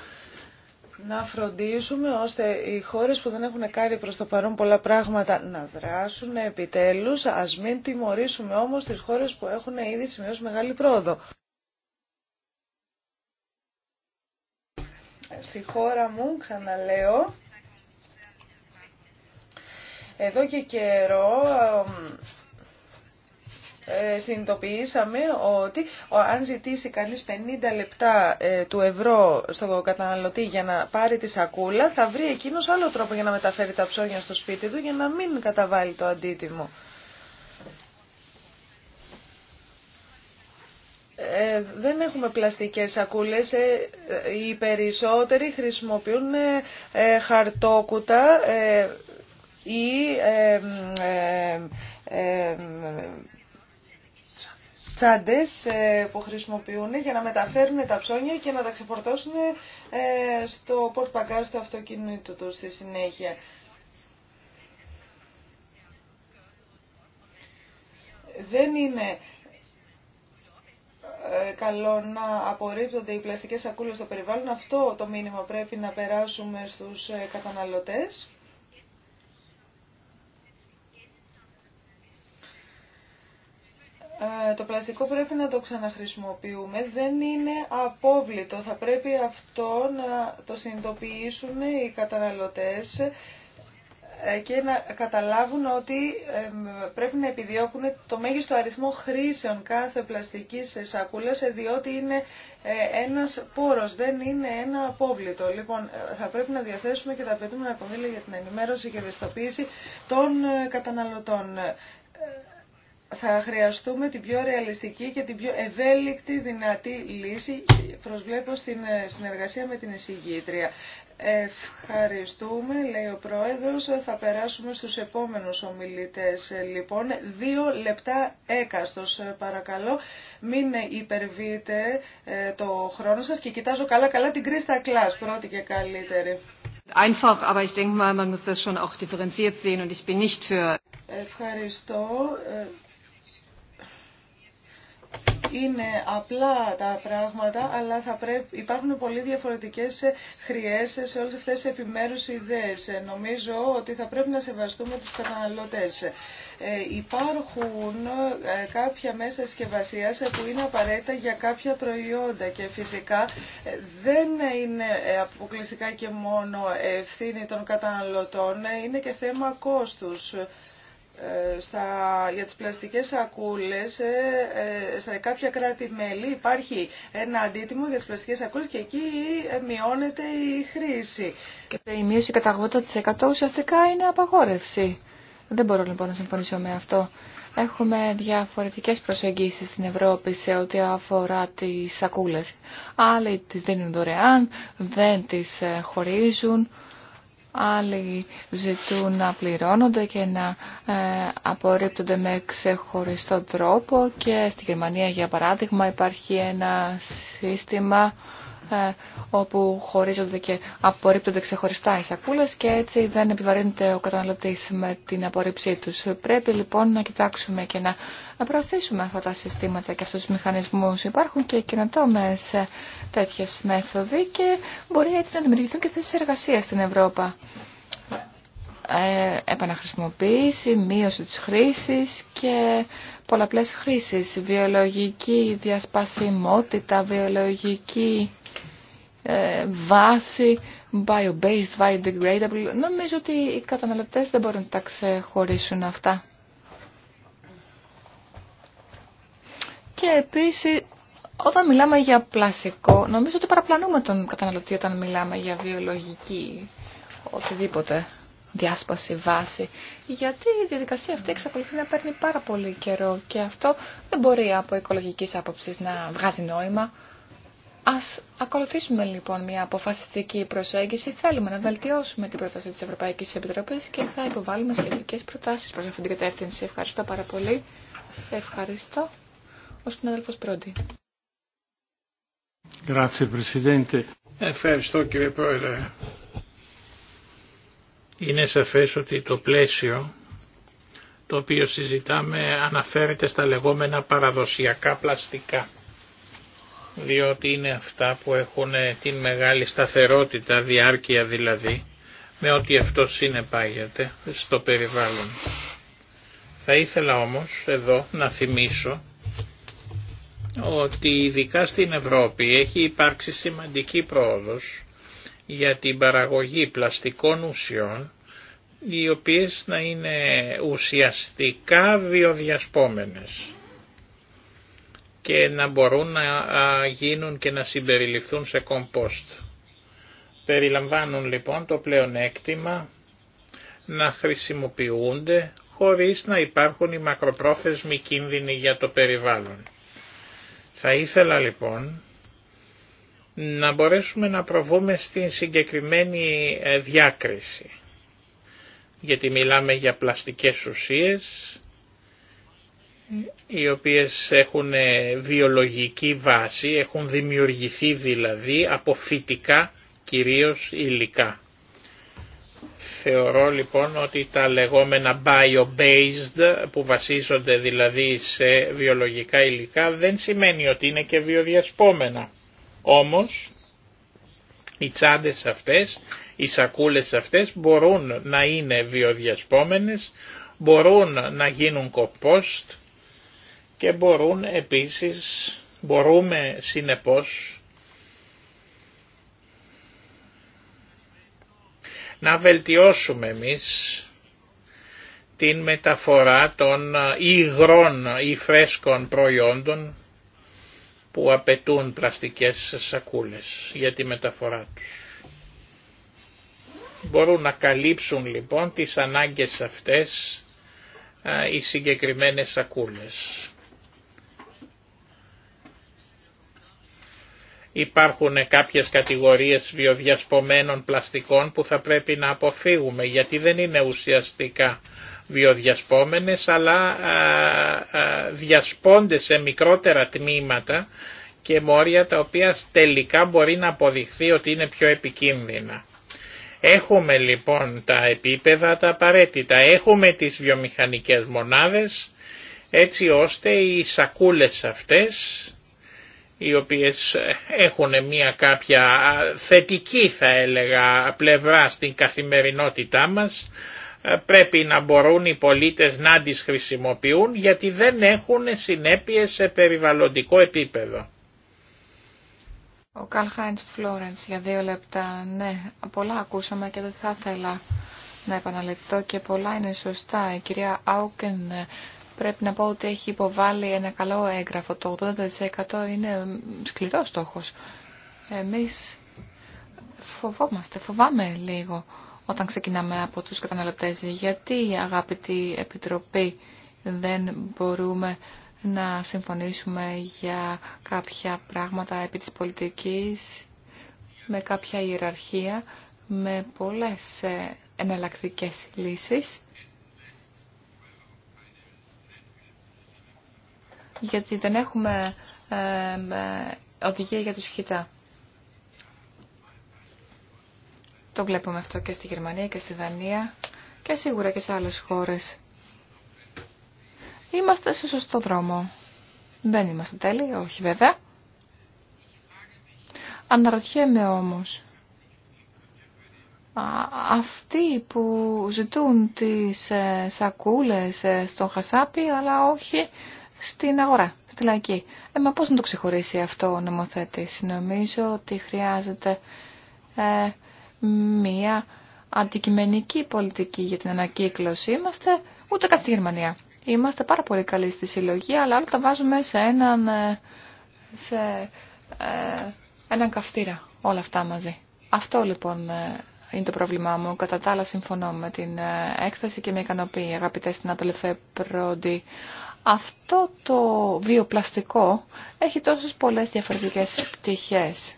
να φροντίσουμε ώστε οι χώρες που δεν έχουν κάνει προς το παρόν πολλά πράγματα να δράσουν επιτέλους. Ας μην τιμωρήσουμε όμως τις χώρες που έχουν ήδη σημειώσει μεγάλη πρόοδο. Στη χώρα μου, ξαναλέω, εδώ και καιρό ε, συνειδητοποιήσαμε ότι αν ζητήσει κανείς 50 λεπτά ε, του ευρώ στο καταναλωτή για να πάρει τη σακούλα, θα βρει εκείνος άλλο τρόπο για να μεταφέρει τα ψώνια στο σπίτι του για να μην καταβάλει το αντίτιμο. Ε, δεν έχουμε πλαστικές σακούλες, ε, ε οι περισσότεροι χρησιμοποιούν ε, χαρτόκουτα ή τσάντες ε, που χρησιμοποιούν για να μεταφέρουν τα ψώνια και να τα ξεφορτώσουν ε, στο παγκάζ του αυτοκινήτου τους στη συνέχεια. Δεν είναι ε, καλό να απορρίπτονται οι πλαστικές σακούλες στο περιβάλλον. Αυτό το μήνυμα πρέπει να περάσουμε στους καταναλωτές. Ε, το πλαστικό πρέπει να το ξαναχρησιμοποιούμε, δεν είναι απόβλητο. Θα πρέπει αυτό να το συνειδητοποιήσουν οι καταναλωτές ε, και να καταλάβουν ότι πρέπει να επιδιώκουν το μέγιστο αριθμό χρήσεων κάθε πλαστικής σακούλας διότι είναι ε, ένας πόρος, δεν είναι ένα απόβλητο. Λοιπόν, θα πρέπει να διαθέσουμε και τα να κονδύλια για την ενημέρωση και ευαισθητοποίηση των καταναλωτών θα χρειαστούμε την πιο ρεαλιστική και την πιο ευέλικτη δυνατή λύση. Προσβλέπω στην ε, συνεργασία με την εισηγήτρια. Ευχαριστούμε, λέει ο Πρόεδρος. Θα περάσουμε στους επόμενους ομιλητές, ε, λοιπόν. Δύο λεπτά έκαστος, ε, παρακαλώ. Μην υπερβείτε το χρόνο σας και κοιτάζω καλά-καλά την Κρίστα Κλάς, πρώτη και καλύτερη. denke man muss schon auch differenziert sehen und ich Ευχαριστώ είναι απλά τα πράγματα, αλλά θα πρέπει, υπάρχουν πολύ διαφορετικές χρειές σε όλες αυτές τις επιμέρους ιδέες. Νομίζω ότι θα πρέπει να σεβαστούμε τους καταναλωτές. Ε, υπάρχουν ε, κάποια μέσα συσκευασία που είναι απαραίτητα για κάποια προϊόντα και φυσικά ε, δεν είναι αποκλειστικά και μόνο ευθύνη των καταναλωτών, είναι και θέμα κόστους. Ε, στα, για τις πλαστικές σακούλες σε ε, κάποια κράτη-μέλη υπάρχει ένα αντίτιμο για τις πλαστικές σακούλες και εκεί ε, μειώνεται η χρήση. Και η μείωση κατά 80% ουσιαστικά είναι απαγόρευση. Δεν μπορώ λοιπόν να συμφωνήσω με αυτό. Έχουμε διαφορετικές προσεγγίσεις στην Ευρώπη σε ό,τι αφορά τις σακούλες. Άλλοι τις δίνουν δωρεάν, δεν τις χωρίζουν. Άλλοι ζητούν να πληρώνονται και να ε, απορρίπτονται με ξεχωριστό τρόπο και στη Γερμανία για παράδειγμα υπάρχει ένα σύστημα ε, όπου χωρίζονται και απορρίπτονται ξεχωριστά οι σακούλες και έτσι δεν επιβαρύνεται ο καταναλωτής με την απορρίψή τους. Πρέπει λοιπόν να κοιτάξουμε και να προωθήσουμε αυτά τα συστήματα και αυτούς τους μηχανισμούς. Υπάρχουν και καινοτόμες ε, τέτοιες μέθοδοι και μπορεί έτσι να δημιουργηθούν και θέσεις εργασία στην Ευρώπη. Ε, επαναχρησιμοποίηση, μείωση της χρήσης και πολλαπλές χρήσεις, βιολογική διασπασιμότητα, βιολογική ε, βάση bio-based, biodegradable. Νομίζω ότι οι καταναλωτές δεν μπορούν να τα ξεχωρίσουν αυτά. Και επίσης, όταν μιλάμε για πλασικό, νομίζω ότι παραπλανούμε τον καταναλωτή όταν μιλάμε για βιολογική οτιδήποτε διάσπαση, βάση. Γιατί η διαδικασία αυτή εξακολουθεί να παίρνει πάρα πολύ καιρό και αυτό δεν μπορεί από οικολογικής άποψης να βγάζει νόημα. Ας ακολουθήσουμε λοιπόν μια αποφασιστική προσέγγιση. Θέλουμε να βελτιώσουμε την πρόταση της Ευρωπαϊκής Επιτροπής και θα υποβάλουμε σχετικές προτάσεις προς αυτήν την κατεύθυνση. Ευχαριστώ πάρα πολύ. Ευχαριστώ. Ο συνάδελφος πρώτη. Ευχαριστώ κύριε Πρόεδρε. Είναι σαφές ότι το πλαίσιο το οποίο συζητάμε αναφέρεται στα λεγόμενα παραδοσιακά πλαστικά διότι είναι αυτά που έχουν ε, την μεγάλη σταθερότητα, διάρκεια δηλαδή, με ό,τι αυτό συνεπάγεται στο περιβάλλον. Θα ήθελα όμως εδώ να θυμίσω ότι ειδικά στην Ευρώπη έχει υπάρξει σημαντική πρόοδος για την παραγωγή πλαστικών ουσιών οι οποίες να είναι ουσιαστικά βιοδιασπόμενες και να μπορούν να γίνουν και να συμπεριληφθούν σε κομπόστ. Περιλαμβάνουν λοιπόν το πλεονέκτημα να χρησιμοποιούνται χωρίς να υπάρχουν οι μακροπρόθεσμοι κίνδυνοι για το περιβάλλον. Θα ήθελα λοιπόν να μπορέσουμε να προβούμε στην συγκεκριμένη ε, διάκριση. Γιατί μιλάμε για πλαστικές ουσίες, οι οποίες έχουν ε, βιολογική βάση, έχουν δημιουργηθεί δηλαδή από φυτικά κυρίως υλικά. Θεωρώ λοιπόν ότι τα λεγόμενα bio-based που βασίζονται δηλαδή σε βιολογικά υλικά δεν σημαίνει ότι είναι και βιοδιασπόμενα. Όμως οι τσάντες αυτές, οι σακούλες αυτές μπορούν να είναι βιοδιασπόμενες, μπορούν να γίνουν κοπόστ, και μπορούν επίσης, μπορούμε συνεπώς να βελτιώσουμε εμείς την μεταφορά των υγρών ή φρέσκων προϊόντων που απαιτούν πλαστικές σακούλες για τη μεταφορά τους. Μπορούν να καλύψουν λοιπόν τις ανάγκες αυτές οι συγκεκριμένες σακούλες. Υπάρχουν κάποιες κατηγορίες βιοδιασπομένων πλαστικών που θα πρέπει να αποφύγουμε γιατί δεν είναι ουσιαστικά βιοδιασπόμενες αλλά διασπώνται σε μικρότερα τμήματα και μόρια τα οποία τελικά μπορεί να αποδειχθεί ότι είναι πιο επικίνδυνα. Έχουμε λοιπόν τα επίπεδα τα απαραίτητα, έχουμε τις βιομηχανικές μονάδες έτσι ώστε οι σακούλες αυτές οι οποίες ε, έχουν μια κάποια θετική θα έλεγα πλευρά στην καθημερινότητά μας ε, πρέπει να μπορούν οι πολίτες να τις χρησιμοποιούν γιατί δεν έχουν συνέπειες σε περιβαλλοντικό επίπεδο. Ο Καλ Χάιντς για δύο λεπτά. Ναι, πολλά ακούσαμε και δεν θα ήθελα να επαναληφθώ και πολλά είναι σωστά. Η κυρία Άουκεν ε, πρέπει να πω ότι έχει υποβάλει ένα καλό έγγραφο. Το 80% είναι σκληρό στόχος. Εμείς φοβόμαστε, φοβάμαι λίγο όταν ξεκινάμε από τους καταναλωτές. Γιατί, αγαπητή Επιτροπή, δεν μπορούμε να συμφωνήσουμε για κάποια πράγματα επί της πολιτικής, με κάποια ιεραρχία, με πολλές ε, εναλλακτικές λύσεις γιατί δεν έχουμε ε, ε, οδηγία για τους χιτά. Το βλέπουμε αυτό και στη Γερμανία και στη Δανία και σίγουρα και σε άλλες χώρες. Είμαστε στο σωστό δρόμο. Δεν είμαστε τέλειοι, όχι βέβαια. Αναρωτιέμαι όμως, αυτοί που ζητούν τις ε, σακούλες στον χασάπι, αλλά όχι στην αγορά, στη λαϊκή. Ε, μα πώς να το ξεχωρίσει αυτό ο νομοθέτης. Νομίζω ότι χρειάζεται ε, μία αντικειμενική πολιτική για την ανακύκλωση. Είμαστε ούτε καν στη Γερμανία. Είμαστε πάρα πολύ καλοί στη συλλογή, αλλά όλα τα βάζουμε σε έναν, ε, σε, ε, έναν καυστήρα όλα αυτά μαζί. Αυτό λοιπόν ε, είναι το πρόβλημά μου. Κατά τα άλλα συμφωνώ με την έκθεση και με ικανοποιεί αγαπητέ στην Πρόντι. Αυτό το βιοπλαστικό έχει τόσες πολλές διαφορετικές πτυχές.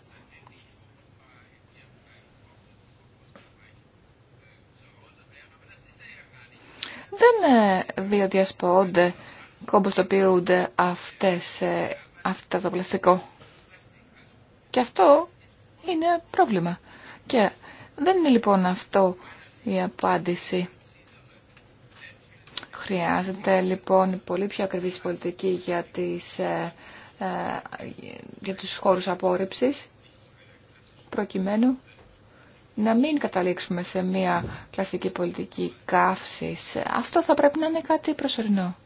Δεν ε, βιοδιασποώνται, κομποστοποιούνται αυτές, ε, αυτά το πλαστικό. Και αυτό είναι πρόβλημα. Και δεν είναι λοιπόν αυτό η απάντηση Χρειάζεται λοιπόν πολύ πιο ακριβής πολιτική για, τις, ε, ε, για τους χώρους απόρριψης προκειμένου να μην καταλήξουμε σε μια κλασική πολιτική καύσης. Αυτό θα πρέπει να είναι κάτι προσωρινό.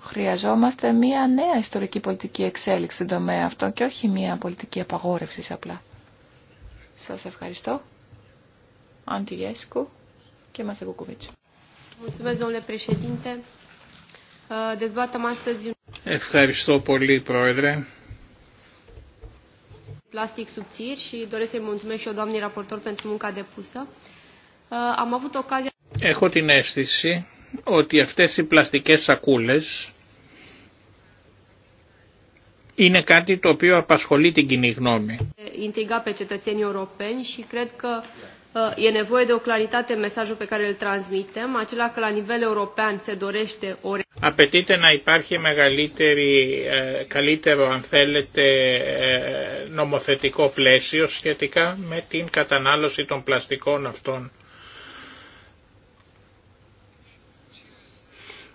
Χρειαζόμαστε μια νέα ιστορική πολιτική εξέλιξη στον τομέα αυτό και όχι μια πολιτική απαγόρευση απλά. Σας ευχαριστώ. Αντιγέσκου και Ευχαριστώ πολύ, Πρόεδρε. Plastic subțiri și doresc să-i mulțumesc și eu, doamnei raportor, pentru munca depusă. Am avut ocazia... Έχω την αίσθηση ότι αυτές οι πλαστικές σακούλες είναι κάτι το οποίο απασχολεί την κοινή Intriga pe cetățenii europeni și cred că Απαιτείται να υπάρχει μεγαλύτερη, καλύτερο αν θέλετε νομοθετικό πλαίσιο σχετικά με την κατανάλωση των πλαστικών αυτών.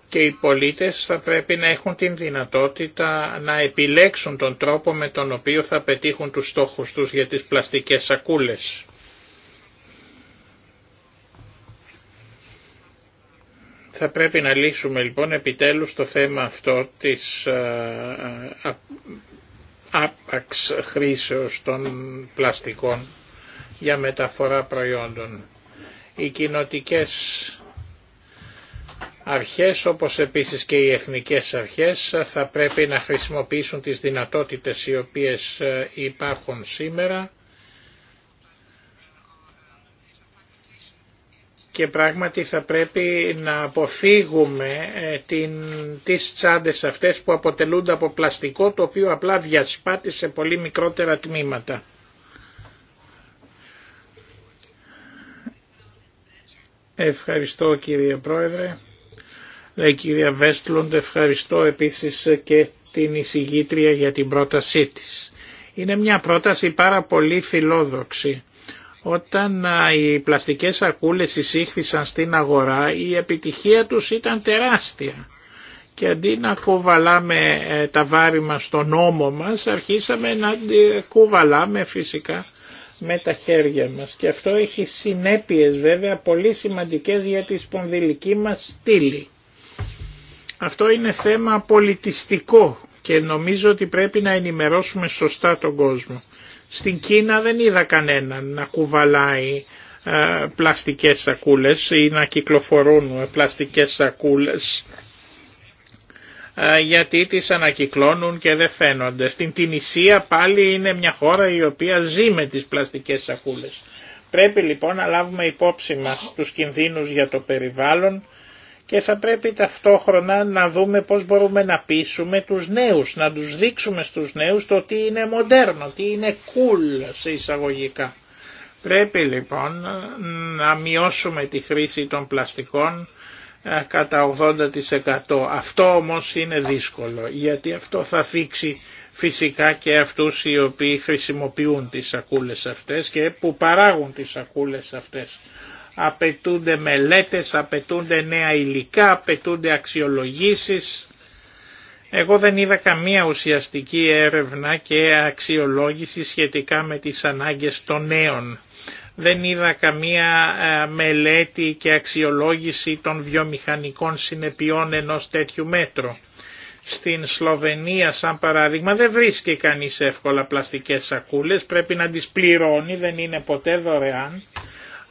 και οι πολίτες θα πρέπει να έχουν την δυνατότητα να επιλέξουν τον τρόπο με τον οποίο θα πετύχουν τους στόχους τους για τις πλαστικές σακούλες. Θα πρέπει να λύσουμε λοιπόν επιτέλους το θέμα αυτό της ε, ε, άπαξ χρήσεως των πλαστικών για μεταφορά προϊόντων. Οι κοινοτικές αρχές όπως επίσης και οι εθνικές αρχές θα πρέπει να χρησιμοποιήσουν τις δυνατότητες οι οποίες ε, υπάρχουν σήμερα και πράγματι θα πρέπει να αποφύγουμε ε, την, τις τσάντες αυτές που αποτελούνται από πλαστικό το οποίο απλά διασπάται σε πολύ μικρότερα τμήματα. Ευχαριστώ κύριε Πρόεδρε. Λέει κυρία Βέστλοντ, ευχαριστώ επίσης και την εισηγήτρια για την πρότασή της. Είναι μια πρόταση πάρα πολύ φιλόδοξη όταν οι πλαστικές σακούλες εισήχθησαν στην αγορά η επιτυχία τους ήταν τεράστια και αντί να κουβαλάμε ε, τα βάρη μας στον ώμο μας αρχίσαμε να κουβαλάμε φυσικά με τα χέρια μας και αυτό έχει συνέπειες βέβαια πολύ σημαντικές για τη σπονδυλική μας στήλη. Αυτό είναι θέμα πολιτιστικό και νομίζω ότι πρέπει να ενημερώσουμε σωστά τον κόσμο. Στην Κίνα δεν είδα κανέναν να κουβαλάει ε, πλαστικές σακούλες ή να κυκλοφορούν ε, πλαστικές σακούλες ε, γιατί τις ανακυκλώνουν και δεν φαίνονται. Στην Τινησία πάλι είναι μια χώρα η οποία ζει με τις πλαστικές σακούλες. Πρέπει λοιπόν να λάβουμε υπόψη μας τους κινδύνους για το περιβάλλον και θα πρέπει ταυτόχρονα να δούμε πώς μπορούμε να πείσουμε τους νέους, να τους δείξουμε στους νέους το τι είναι μοντέρνο, τι είναι cool σε εισαγωγικά. Πρέπει λοιπόν να μειώσουμε τη χρήση των πλαστικών ε, κατά 80%. Αυτό όμως είναι δύσκολο γιατί αυτό θα θίξει φυσικά και αυτούς οι οποίοι χρησιμοποιούν τις σακούλες αυτές και που παράγουν τις σακούλες αυτές απαιτούνται μελέτες, απαιτούνται νέα υλικά, απαιτούνται αξιολογήσεις. Εγώ δεν είδα καμία ουσιαστική έρευνα και αξιολόγηση σχετικά με τις ανάγκες των νέων. Δεν είδα καμία ε, μελέτη και αξιολόγηση των βιομηχανικών συνεπειών ενός τέτοιου μέτρου. Στην Σλοβενία σαν παράδειγμα δεν βρίσκει κανείς εύκολα πλαστικές σακούλες, πρέπει να τις πληρώνει, δεν είναι ποτέ δωρεάν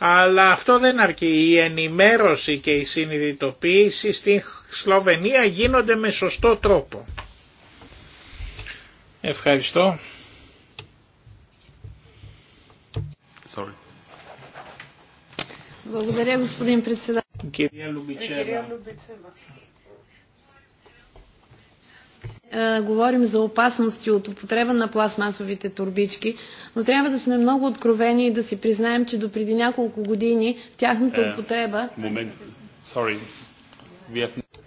αλλά αυτό δεν αρκεί. Η ενημέρωση και η συνειδητοποίηση στην Σλοβενία γίνονται με σωστό τρόπο. Ευχαριστώ. Sorry. Благодаря, господин председател. Κυρία Λουμπιτσέβα говорим за опасности от употреба на пластмасовите турбички, но трябва да сме много откровени и да си признаем, че до преди няколко години тяхната употреба...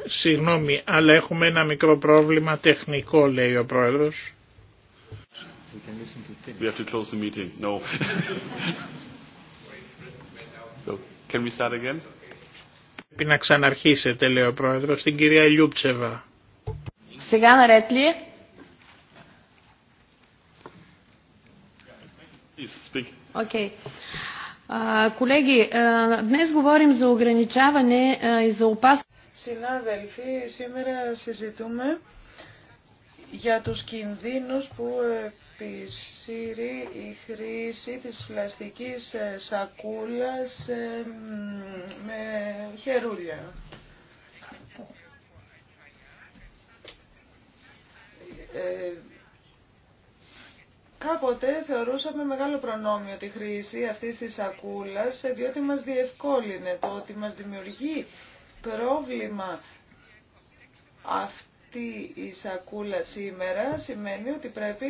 Συγγνώμη, αλλά έχουμε ένα μικρό πρόβλημα τεχνικό, λέει ο πρόεδρος. We have to close the meeting. No. so, can we start again? Πρέπει να ξαναρχίσετε, λέει ο πρόεδρος, την κυρία Λιούπτσεβα. Сега наред ли е? Okay. Колеги, а, днес говорим за ограничаване а, и за опасност. Συνάδελφοι, σήμερα συζητούμε για τους κινδύνους που επισύρει η χρήση της πλαστικής ε, σακούλας ε, με χερούλια. Ε, κάποτε θεωρούσαμε μεγάλο προνόμιο τη χρήση αυτή της σακούλα, διότι μας διευκόλυνε το ότι μας δημιουργεί πρόβλημα αυτή η σακούλα σήμερα, σημαίνει ότι πρέπει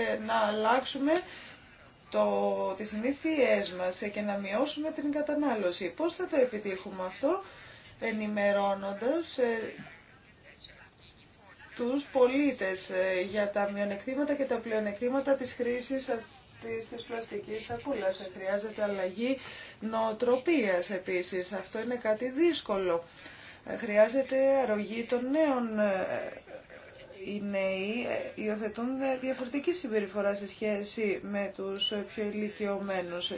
ε, ε, να αλλάξουμε το, τις συνήθειές μας και να μειώσουμε την κατανάλωση. Πώς θα το επιτύχουμε αυτό, ενημερώνοντας τους πολίτες ε, για τα μειονεκτήματα και τα πλεονεκτήματα της χρήσης αυτής της πλαστικής σακούλας. Χρειάζεται αλλαγή νοοτροπίας επίσης. Αυτό είναι κάτι δύσκολο. Ε, χρειάζεται αρρωγή των νέων. Ε, οι νέοι υιοθετούν διαφορετική συμπεριφορά σε σχέση με τους πιο ηλικιωμένους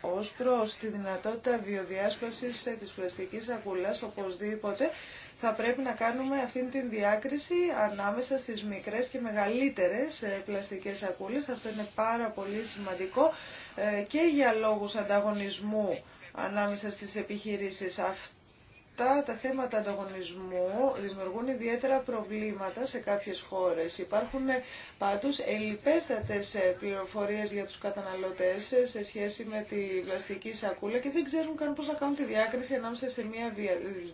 ως προς τη δυνατότητα βιοδιάσπασης της πλαστικής σακούλας οπωσδήποτε θα πρέπει να κάνουμε αυτή την διάκριση ανάμεσα στις μικρές και μεγαλύτερες ε, πλαστικές σακούλες. Αυτό είναι πάρα πολύ σημαντικό ε, και για λόγους ανταγωνισμού ανάμεσα στις επιχειρήσεις. αυτές τα θέματα ανταγωνισμού δημιουργούν ιδιαίτερα προβλήματα σε κάποιες χώρες. Υπάρχουν πάντως ελιπέστατες πληροφορίες για τους καταναλωτές σε σχέση με τη βλαστική σακούλα και δεν ξέρουν καν πώς να κάνουν τη διάκριση ανάμεσα σε μια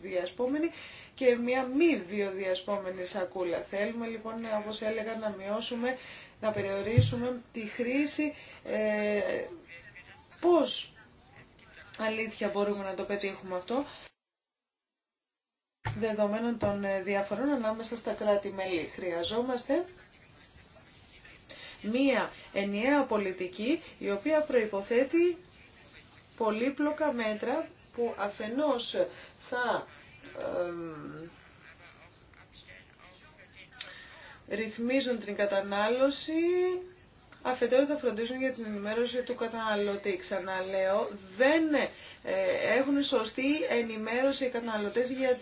διασπόμενη και μια μη βιοδιασπόμενη σακούλα. Θέλουμε λοιπόν, όπως έλεγα, να μειώσουμε, να περιορίσουμε τη χρήση ε, πώς αλήθεια μπορούμε να το πετύχουμε αυτό δεδομένων των ε, διαφορών ανάμεσα στα κράτη-μέλη. Χρειαζόμαστε μία ενιαία πολιτική η οποία προϋποθέτει πολύπλοκα μέτρα που αφενός θα ρυθμίζουν την κατανάλωση αφετέρου θα φροντίζουν για την ενημέρωση του καταναλωτή. Ξαναλέω, δεν ε, έχουν σωστή ενημέρωση οι καταναλωτές για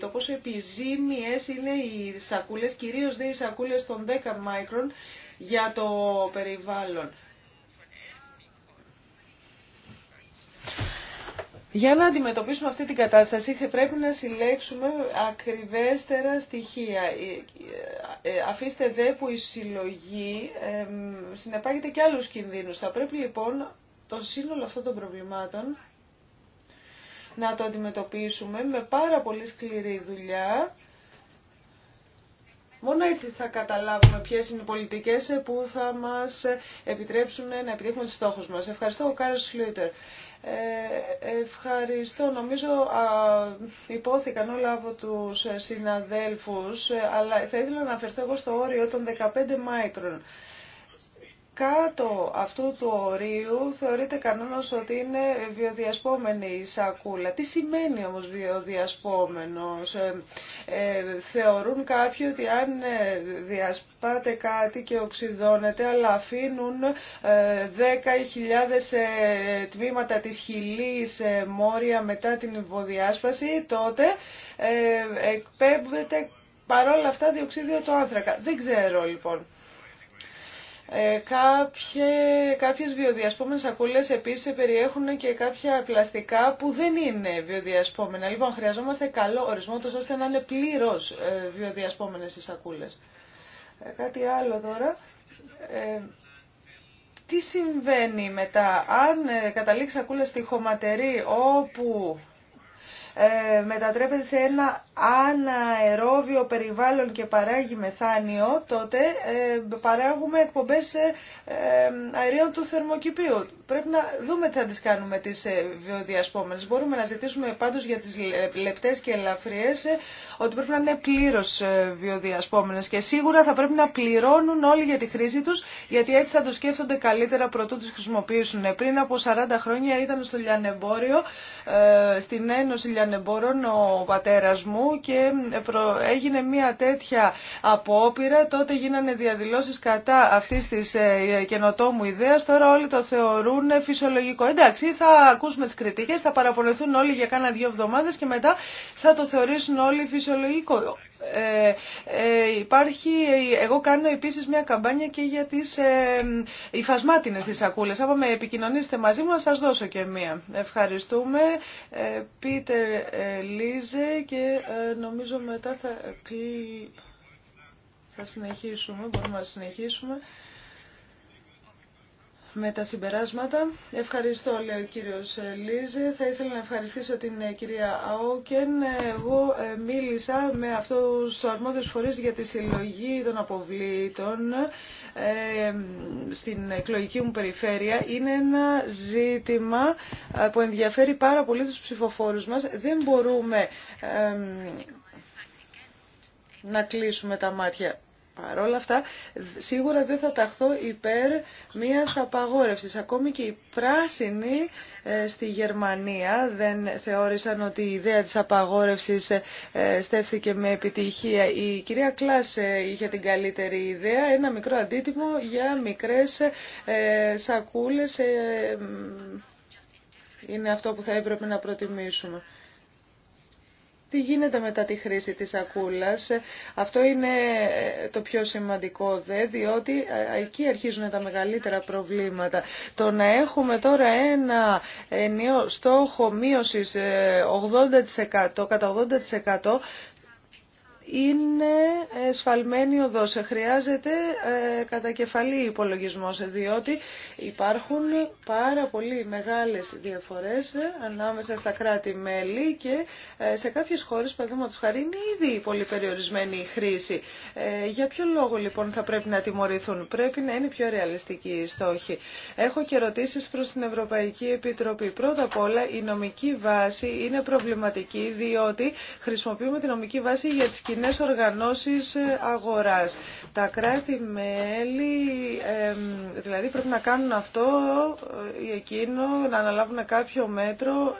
το πόσο επιζήμιες είναι οι σακούλες, κυρίως δε οι σακούλες των 10 μάικρων για το περιβάλλον. Για να αντιμετωπίσουμε αυτή την κατάσταση πρέπει να συλλέξουμε ακριβέστερα στοιχεία. Ε, ε, ε, αφήστε δε που η συλλογή συνεπάγεται και άλλους κινδύνους. Θα πρέπει λοιπόν το σύνολο αυτών των προβλημάτων να το αντιμετωπίσουμε με πάρα πολύ σκληρή δουλειά. Μόνο έτσι θα καταλάβουμε ποιες είναι οι πολιτικές που θα μας επιτρέψουν να επιτύχουμε τους στόχους μας. Ευχαριστώ ο Κάρος Σλούτερ. Ε, ευχαριστώ. Νομίζω α, υπόθηκαν όλα από τους συναδέλφους, ε, αλλά θα ήθελα να αναφερθώ εγώ στο όριο των 15 μάικρων κάτω αυτού του ορίου θεωρείται κανόνας ότι είναι βιοδιασπόμενη η σακούλα. Τι σημαίνει όμως βιοδιασπόμενος. Ε, ε θεωρούν κάποιοι ότι αν ε, διασπάτε κάτι και οξυδώνεται αλλά αφήνουν ε, 10.000 ε, τμήματα της χιλής μόρια μετά την υποδιάσπαση τότε εκπέμπεται παρόλα αυτά διοξίδιο του άνθρακα. Δεν ξέρω λοιπόν. Ε, κάποιε κάποιες βιοδιασπόμενες σακούλες επίσης περιέχουν και κάποια πλαστικά που δεν είναι βιοδιασπόμενα. Λοιπόν, χρειαζόμαστε καλό ορισμό τόσο ώστε να είναι πλήρως ε, βιοδιασπόμενες οι σακούλες. Ε, κάτι άλλο τώρα. τι συμβαίνει μετά αν ε, καταλήξει σακούλα στη χωματερή όπου ε, μετατρέπεται σε ένα αναερόβιο περιβάλλον και παράγει μεθάνιο, τότε ε, παράγουμε εκπομπές ε, αερίων του θερμοκηπίου. Πρέπει να δούμε τι θα τι κάνουμε τις ε, βιοδιασπόμενες. Μπορούμε να ζητήσουμε πάντως για τις λεπτές και ελαφριές ε, ότι πρέπει να είναι πλήρως ε, βιοδιασπόμενες και σίγουρα θα πρέπει να πληρώνουν όλοι για τη χρήση τους γιατί έτσι θα το σκέφτονται καλύτερα πρωτού τους χρησιμοποιήσουν. Πριν από 40 χρόνια ήταν στο λιανεμπόριο, στην Ένωση Λιανεμπόρων ο πατέρας μου και έγινε μια τέτοια απόπειρα. Τότε γίνανε διαδηλώσεις κατά αυτής της καινοτόμου ιδέας. Τώρα όλοι το θεωρούν είναι φυσιολογικό. Εντάξει, θα ακούσουμε τι κριτικέ, θα παραπονεθούν όλοι για κάνα δύο εβδομάδε και μετά θα το θεωρήσουν όλοι φυσιολογικό. Ε, ε υπάρχει, εγώ κάνω επίση μια καμπάνια και για τι ε, υφασμάτινε τις σακούλες. άμα με επικοινωνήσετε μαζί μου, να σας δώσω και μία. Ευχαριστούμε. Ε, Πίτερ ε, Λίζε και νομίζω μετά θα, θα συνεχίσουμε, μπορούμε να συνεχίσουμε με τα συμπεράσματα. Ευχαριστώ, λέει ο κύριος Λίζε. Θα ήθελα να ευχαριστήσω την ε, κυρία Αόκεν. Εγώ ε, μίλησα με αυτούς τους αρμόδιους φορείς για τη συλλογή των αποβλήτων ε, στην εκλογική μου περιφέρεια. Είναι ένα ζήτημα που ενδιαφέρει πάρα πολύ τους ψηφοφόρους μας. Δεν μπορούμε να κλείσουμε τα μάτια Παρ' όλα αυτά, σίγουρα δεν θα ταχθώ υπέρ μιας απαγόρευσης. Ακόμη και οι πράσινοι ε, στη Γερμανία δεν θεώρησαν ότι η ιδέα της απαγόρευσης ε, στέφθηκε με επιτυχία. Η κυρία Κλάς ε, είχε την καλύτερη ιδέα, ένα μικρό αντίτιμο για μικρές σακούλες. Είναι αυτό που θα έπρεπε να προτιμήσουμε. Τι γίνεται μετά τη χρήση της σακούλας. Αυτό είναι το πιο σημαντικό δε, διότι ε, εκεί αρχίζουν τα μεγαλύτερα προβλήματα. Το να έχουμε τώρα ένα νέο στόχο μείωσης 80%, ε, κατά 80% είναι σφαλμένη οδός. Χρειάζεται ε, κατακεφαλή υπολογισμό, διότι υπάρχουν πάρα πολύ μεγάλες διαφορές ε, ανάμεσα στα κράτη-μέλη και ε, σε κάποιες χώρες, παραδείγματο χαρή, είναι ήδη πολύ περιορισμένη η χρήση. Για ποιο λόγο λοιπόν θα πρέπει να τιμωρηθούν. Πρέπει να είναι πιο ρεαλιστική η στόχη. Έχω και ερωτήσει προ την Ευρωπαϊκή Επιτροπή. Πρώτα απ' όλα η νομική βάση είναι προβληματική διότι χρησιμοποιούμε τη νομική βάση για τις είναι οργανώσεις ε, αγοράς. Τα κράτη-μέλη δηλαδή πρέπει να κάνουν αυτό ε, ή εκείνο, να αναλάβουν κάποιο μέτρο.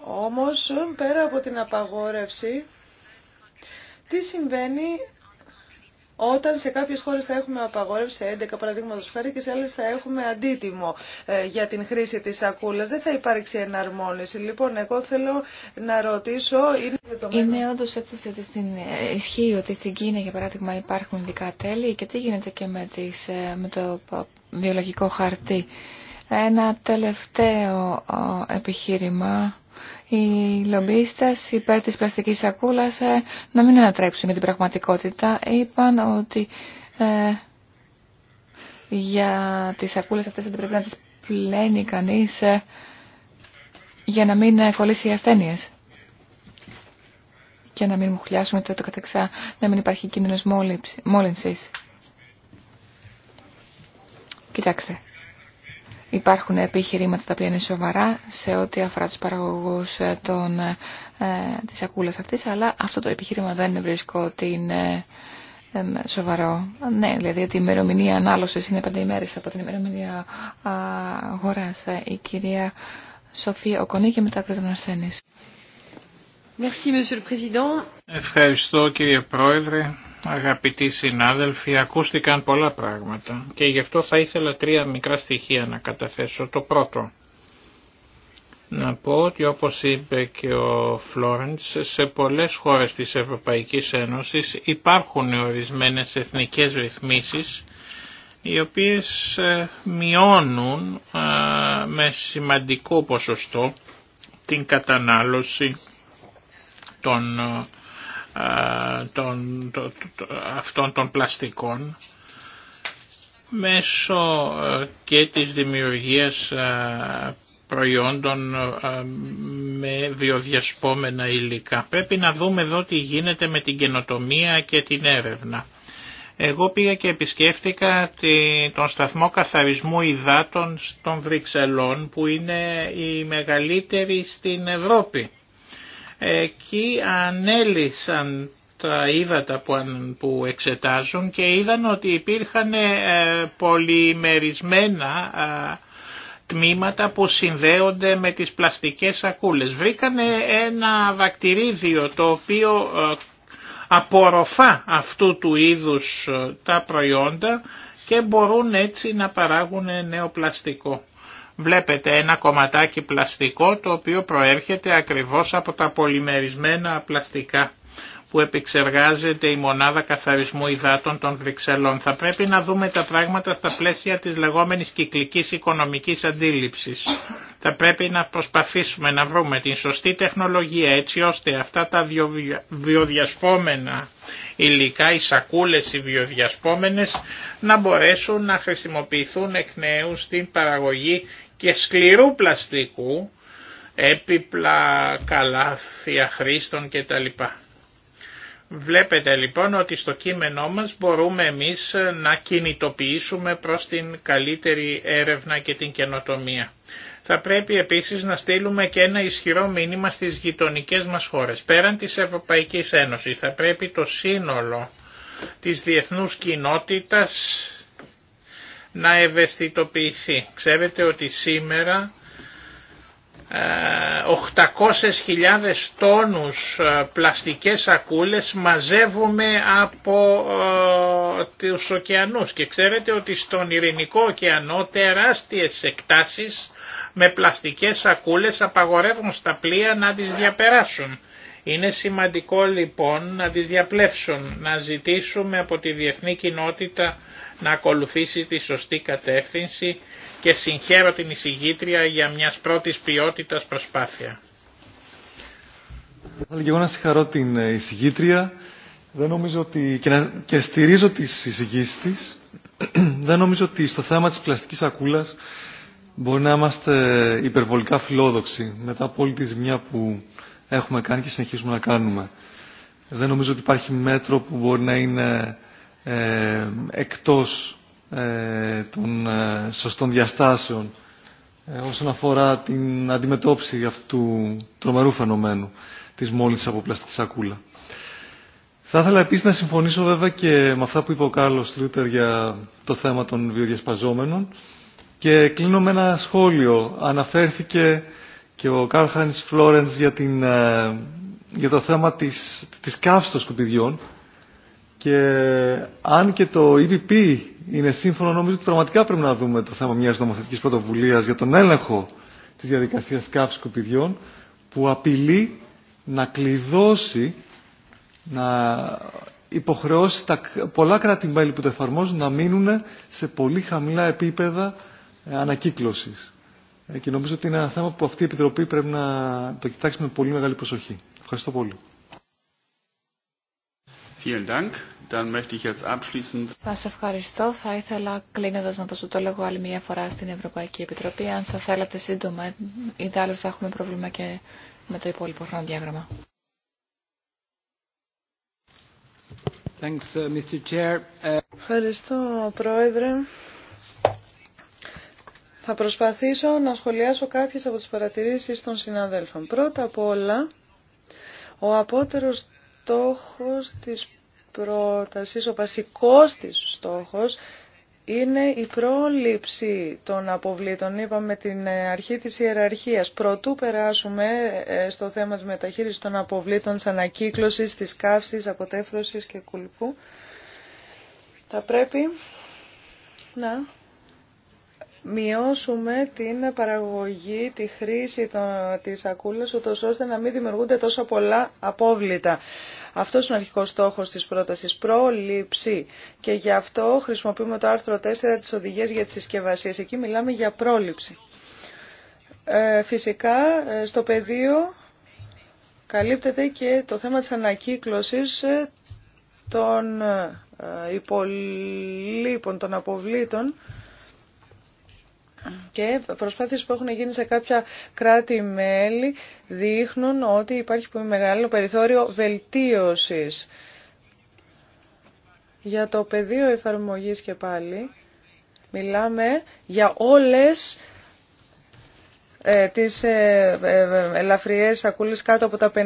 Όμως πέρα από την απαγόρευση, τι συμβαίνει όταν σε κάποιες χώρες θα έχουμε απαγόρευση 11 παραδείγματο χάρη και σε άλλες θα έχουμε αντίτιμο ε, για την χρήση της σακούλα. δεν θα υπάρξει εναρμόνιση. Λοιπόν, εγώ θέλω να ρωτήσω... Είναι, είναι όντω έτσι ότι στην, ε, ισχύει ότι στην Κίνα, για παράδειγμα, υπάρχουν ειδικά τέλη και τι γίνεται και με, τις, ε, με το βιολογικό χαρτί. Ένα τελευταίο επιχείρημα οι λομπίστες υπέρ της πλαστικής σακούλας ε, να μην ανατρέψουν για την πραγματικότητα. Είπαν ότι ε, για τις σακούλες αυτές δεν πρέπει να τις πλένει κανείς ε, για να μην κολλήσει οι ασθένειες και να μην μου χλιάσουμε το καθεξά, να μην υπάρχει κίνδυνος μόλυνσης. Κοιτάξτε, Υπάρχουν επιχειρήματα τα οποία είναι σοβαρά σε ό,τι αφορά τους παραγωγούς ε, των, ε, της σακούλας αυτής, αλλά αυτό το επιχείρημα δεν βρίσκω ότι είναι ε, σοβαρό. Ναι, δηλαδή ότι η ημερομηνία ανάλωσης είναι πέντε ημέρες από την ημερομηνία αγοράς. Ε, η κυρία Σοφία Οκονή και μετά τον Αρσένης. Ευχαριστώ κύριε Πρόεδρε. Αγαπητοί συνάδελφοι, ακούστηκαν πολλά πράγματα και γι' αυτό θα ήθελα τρία μικρά στοιχεία να καταθέσω. Το πρώτο, να πω ότι όπως είπε και ο Φλόρεντς, σε πολλές χώρες της Ευρωπαϊκής Ένωσης υπάρχουν ορισμένες εθνικές ρυθμίσεις οι οποίες ε, μειώνουν ε, με σημαντικό ποσοστό την κατανάλωση των ε, ε, των, αυτών των πλαστικών μέσω ε, και της δημιουργίας ε, προϊόντων με βιοδιασπόμενα υλικά. Πρέπει να δούμε εδώ τι γίνεται με την καινοτομία και την έρευνα. Εγώ πήγα και επισκέφτηκα τον σταθμό καθαρισμού υδάτων των Βρυξελών που είναι η μεγαλύτερη στην Ευρώπη Εκεί ανέλησαν τα ύδατα που εξετάζουν και είδαν ότι υπήρχαν ε, πολυμερισμένα τμήματα που συνδέονται με τις πλαστικές σακούλες. Βρήκανε ένα βακτηρίδιο το οποίο ε, απορροφά αυτού του είδους ε, τα προϊόντα και μπορούν έτσι να παράγουν νέο πλαστικό βλέπετε ένα κομματάκι πλαστικό το οποίο προέρχεται ακριβώς από τα πολυμερισμένα πλαστικά που επεξεργάζεται η μονάδα καθαρισμού υδάτων των Βρυξελών. Θα πρέπει να δούμε τα πράγματα στα πλαίσια της λεγόμενης κυκλικής οικονομικής αντίληψης. Θα πρέπει να προσπαθήσουμε να βρούμε την σωστή τεχνολογία έτσι ώστε αυτά τα βιοδιασπόμενα υλικά, οι σακούλες οι βιοδιασπόμενες να μπορέσουν να χρησιμοποιηθούν εκ νέου στην παραγωγή και σκληρού πλαστικού, έπιπλα, καλάθια, χρήστων κτλ. Βλέπετε λοιπόν ότι στο κείμενό μας μπορούμε εμείς να κινητοποιήσουμε προς την καλύτερη έρευνα και την καινοτομία. Θα πρέπει επίσης να στείλουμε και ένα ισχυρό μήνυμα στις γειτονικές μας χώρες. Πέραν της Ευρωπαϊκής Ένωσης θα πρέπει το σύνολο της διεθνούς κοινότητας να ευαισθητοποιηθεί. Ξέρετε ότι σήμερα 800.000 ε, τόνους ε, πλαστικές σακούλες μαζεύουμε από ε, τους ωκεανούς και ξέρετε ότι στον Ειρηνικό ωκεανό τεράστιες εκτάσεις με πλαστικές σακούλες απαγορεύουν στα πλοία να τις διαπεράσουν. Είναι σημαντικό λοιπόν να τις διαπλέψουν, να ζητήσουμε από τη διεθνή κοινότητα να ακολουθήσει τη σωστή κατεύθυνση και συγχαίρω την εισηγήτρια για μιας πρώτης ποιότητας προσπάθεια. Θα και εγώ να συγχαρώ την ε, εισηγήτρια δεν νομίζω ότι... και, να... στηρίζω τις εισηγήσεις της. δεν νομίζω ότι στο θέμα της πλαστικής σακούλας μπορεί να είμαστε υπερβολικά φιλόδοξοι μετά από όλη τη ζημιά που έχουμε κάνει και συνεχίζουμε να κάνουμε. Δεν νομίζω ότι υπάρχει μέτρο που μπορεί να είναι ε, εκτός ε, των ε, σωστών διαστάσεων όσον αφορά την αντιμετώπιση αυτού του τρομερού φαινομένου της μόλυνσης από πλαστική σακούλα. Θα ήθελα επίσης να συμφωνήσω βέβαια και με αυτά που είπε ο Κάρλος Λούτερ για το θέμα των βιοδιασπαζόμενων και κλείνω με ένα σχόλιο. Αναφέρθηκε και ο Κάρλ Χάνις Φλόρενς για, την, για το θέμα της, της καύσης των σκουπιδιών και αν και το EPP είναι σύμφωνο, νομίζω ότι πραγματικά πρέπει να δούμε το θέμα μιας νομοθετικής πρωτοβουλίας για τον έλεγχο της διαδικασίας καύση σκουπιδιών, που απειλεί να κλειδώσει, να υποχρεώσει τα πολλά κράτη-μέλη που το εφαρμόζουν να μείνουν σε πολύ χαμηλά επίπεδα ε, ανακύκλωσης. Ε, και νομίζω ότι είναι ένα θέμα που αυτή η Επιτροπή πρέπει να το κοιτάξει με πολύ μεγάλη προσοχή. Ευχαριστώ πολύ. Σα ευχαριστώ. Θα ήθελα κλείνοντας να δώσω το λόγο άλλη μια φορά στην Ευρωπαϊκή Επιτροπή. Αν θα θέλατε σύντομα, ή θα έχουμε πρόβλημα και με το υπόλοιπο χρονοδιάγραμμα. Uh, ε, ευχαριστώ, Πρόεδρε. Θα προσπαθήσω να σχολιάσω κάποιες από τις παρατηρήσεις των συναδέλφων. Πρώτα απ' όλα, ο απότερος στόχος της πρότασης, ο βασικός της στόχος είναι η πρόληψη των αποβλήτων, είπαμε την ε, αρχή της ιεραρχίας. Προτού περάσουμε ε, στο θέμα της μεταχείρισης των αποβλήτων, της ανακύκλωσης, της καύσης, αποτέφρωσης και κουλπού, θα πρέπει να μειώσουμε την παραγωγή, τη χρήση των, της σακούλας, ώστε να μην δημιουργούνται τόσο πολλά απόβλητα. Αυτός είναι ο αρχικός στόχος της πρότασης, πρόληψη. Και γι' αυτό χρησιμοποιούμε το άρθρο 4 της Οδηγίας για τις Συσκευασίε. Εκεί μιλάμε για πρόληψη. Ε, φυσικά, ε, στο πεδίο καλύπτεται και το θέμα της ανακύκλωσης ε, των υπολείπων των αποβλήτων και προσπάθειες που έχουν γίνει σε κάποια κράτη-μέλη δείχνουν ότι υπάρχει μεγάλο περιθώριο βελτίωσης. Για το πεδίο εφαρμογής και πάλι μιλάμε για όλες ε, τις ε, ε, ελαφριές σακούλες κάτω από τα 50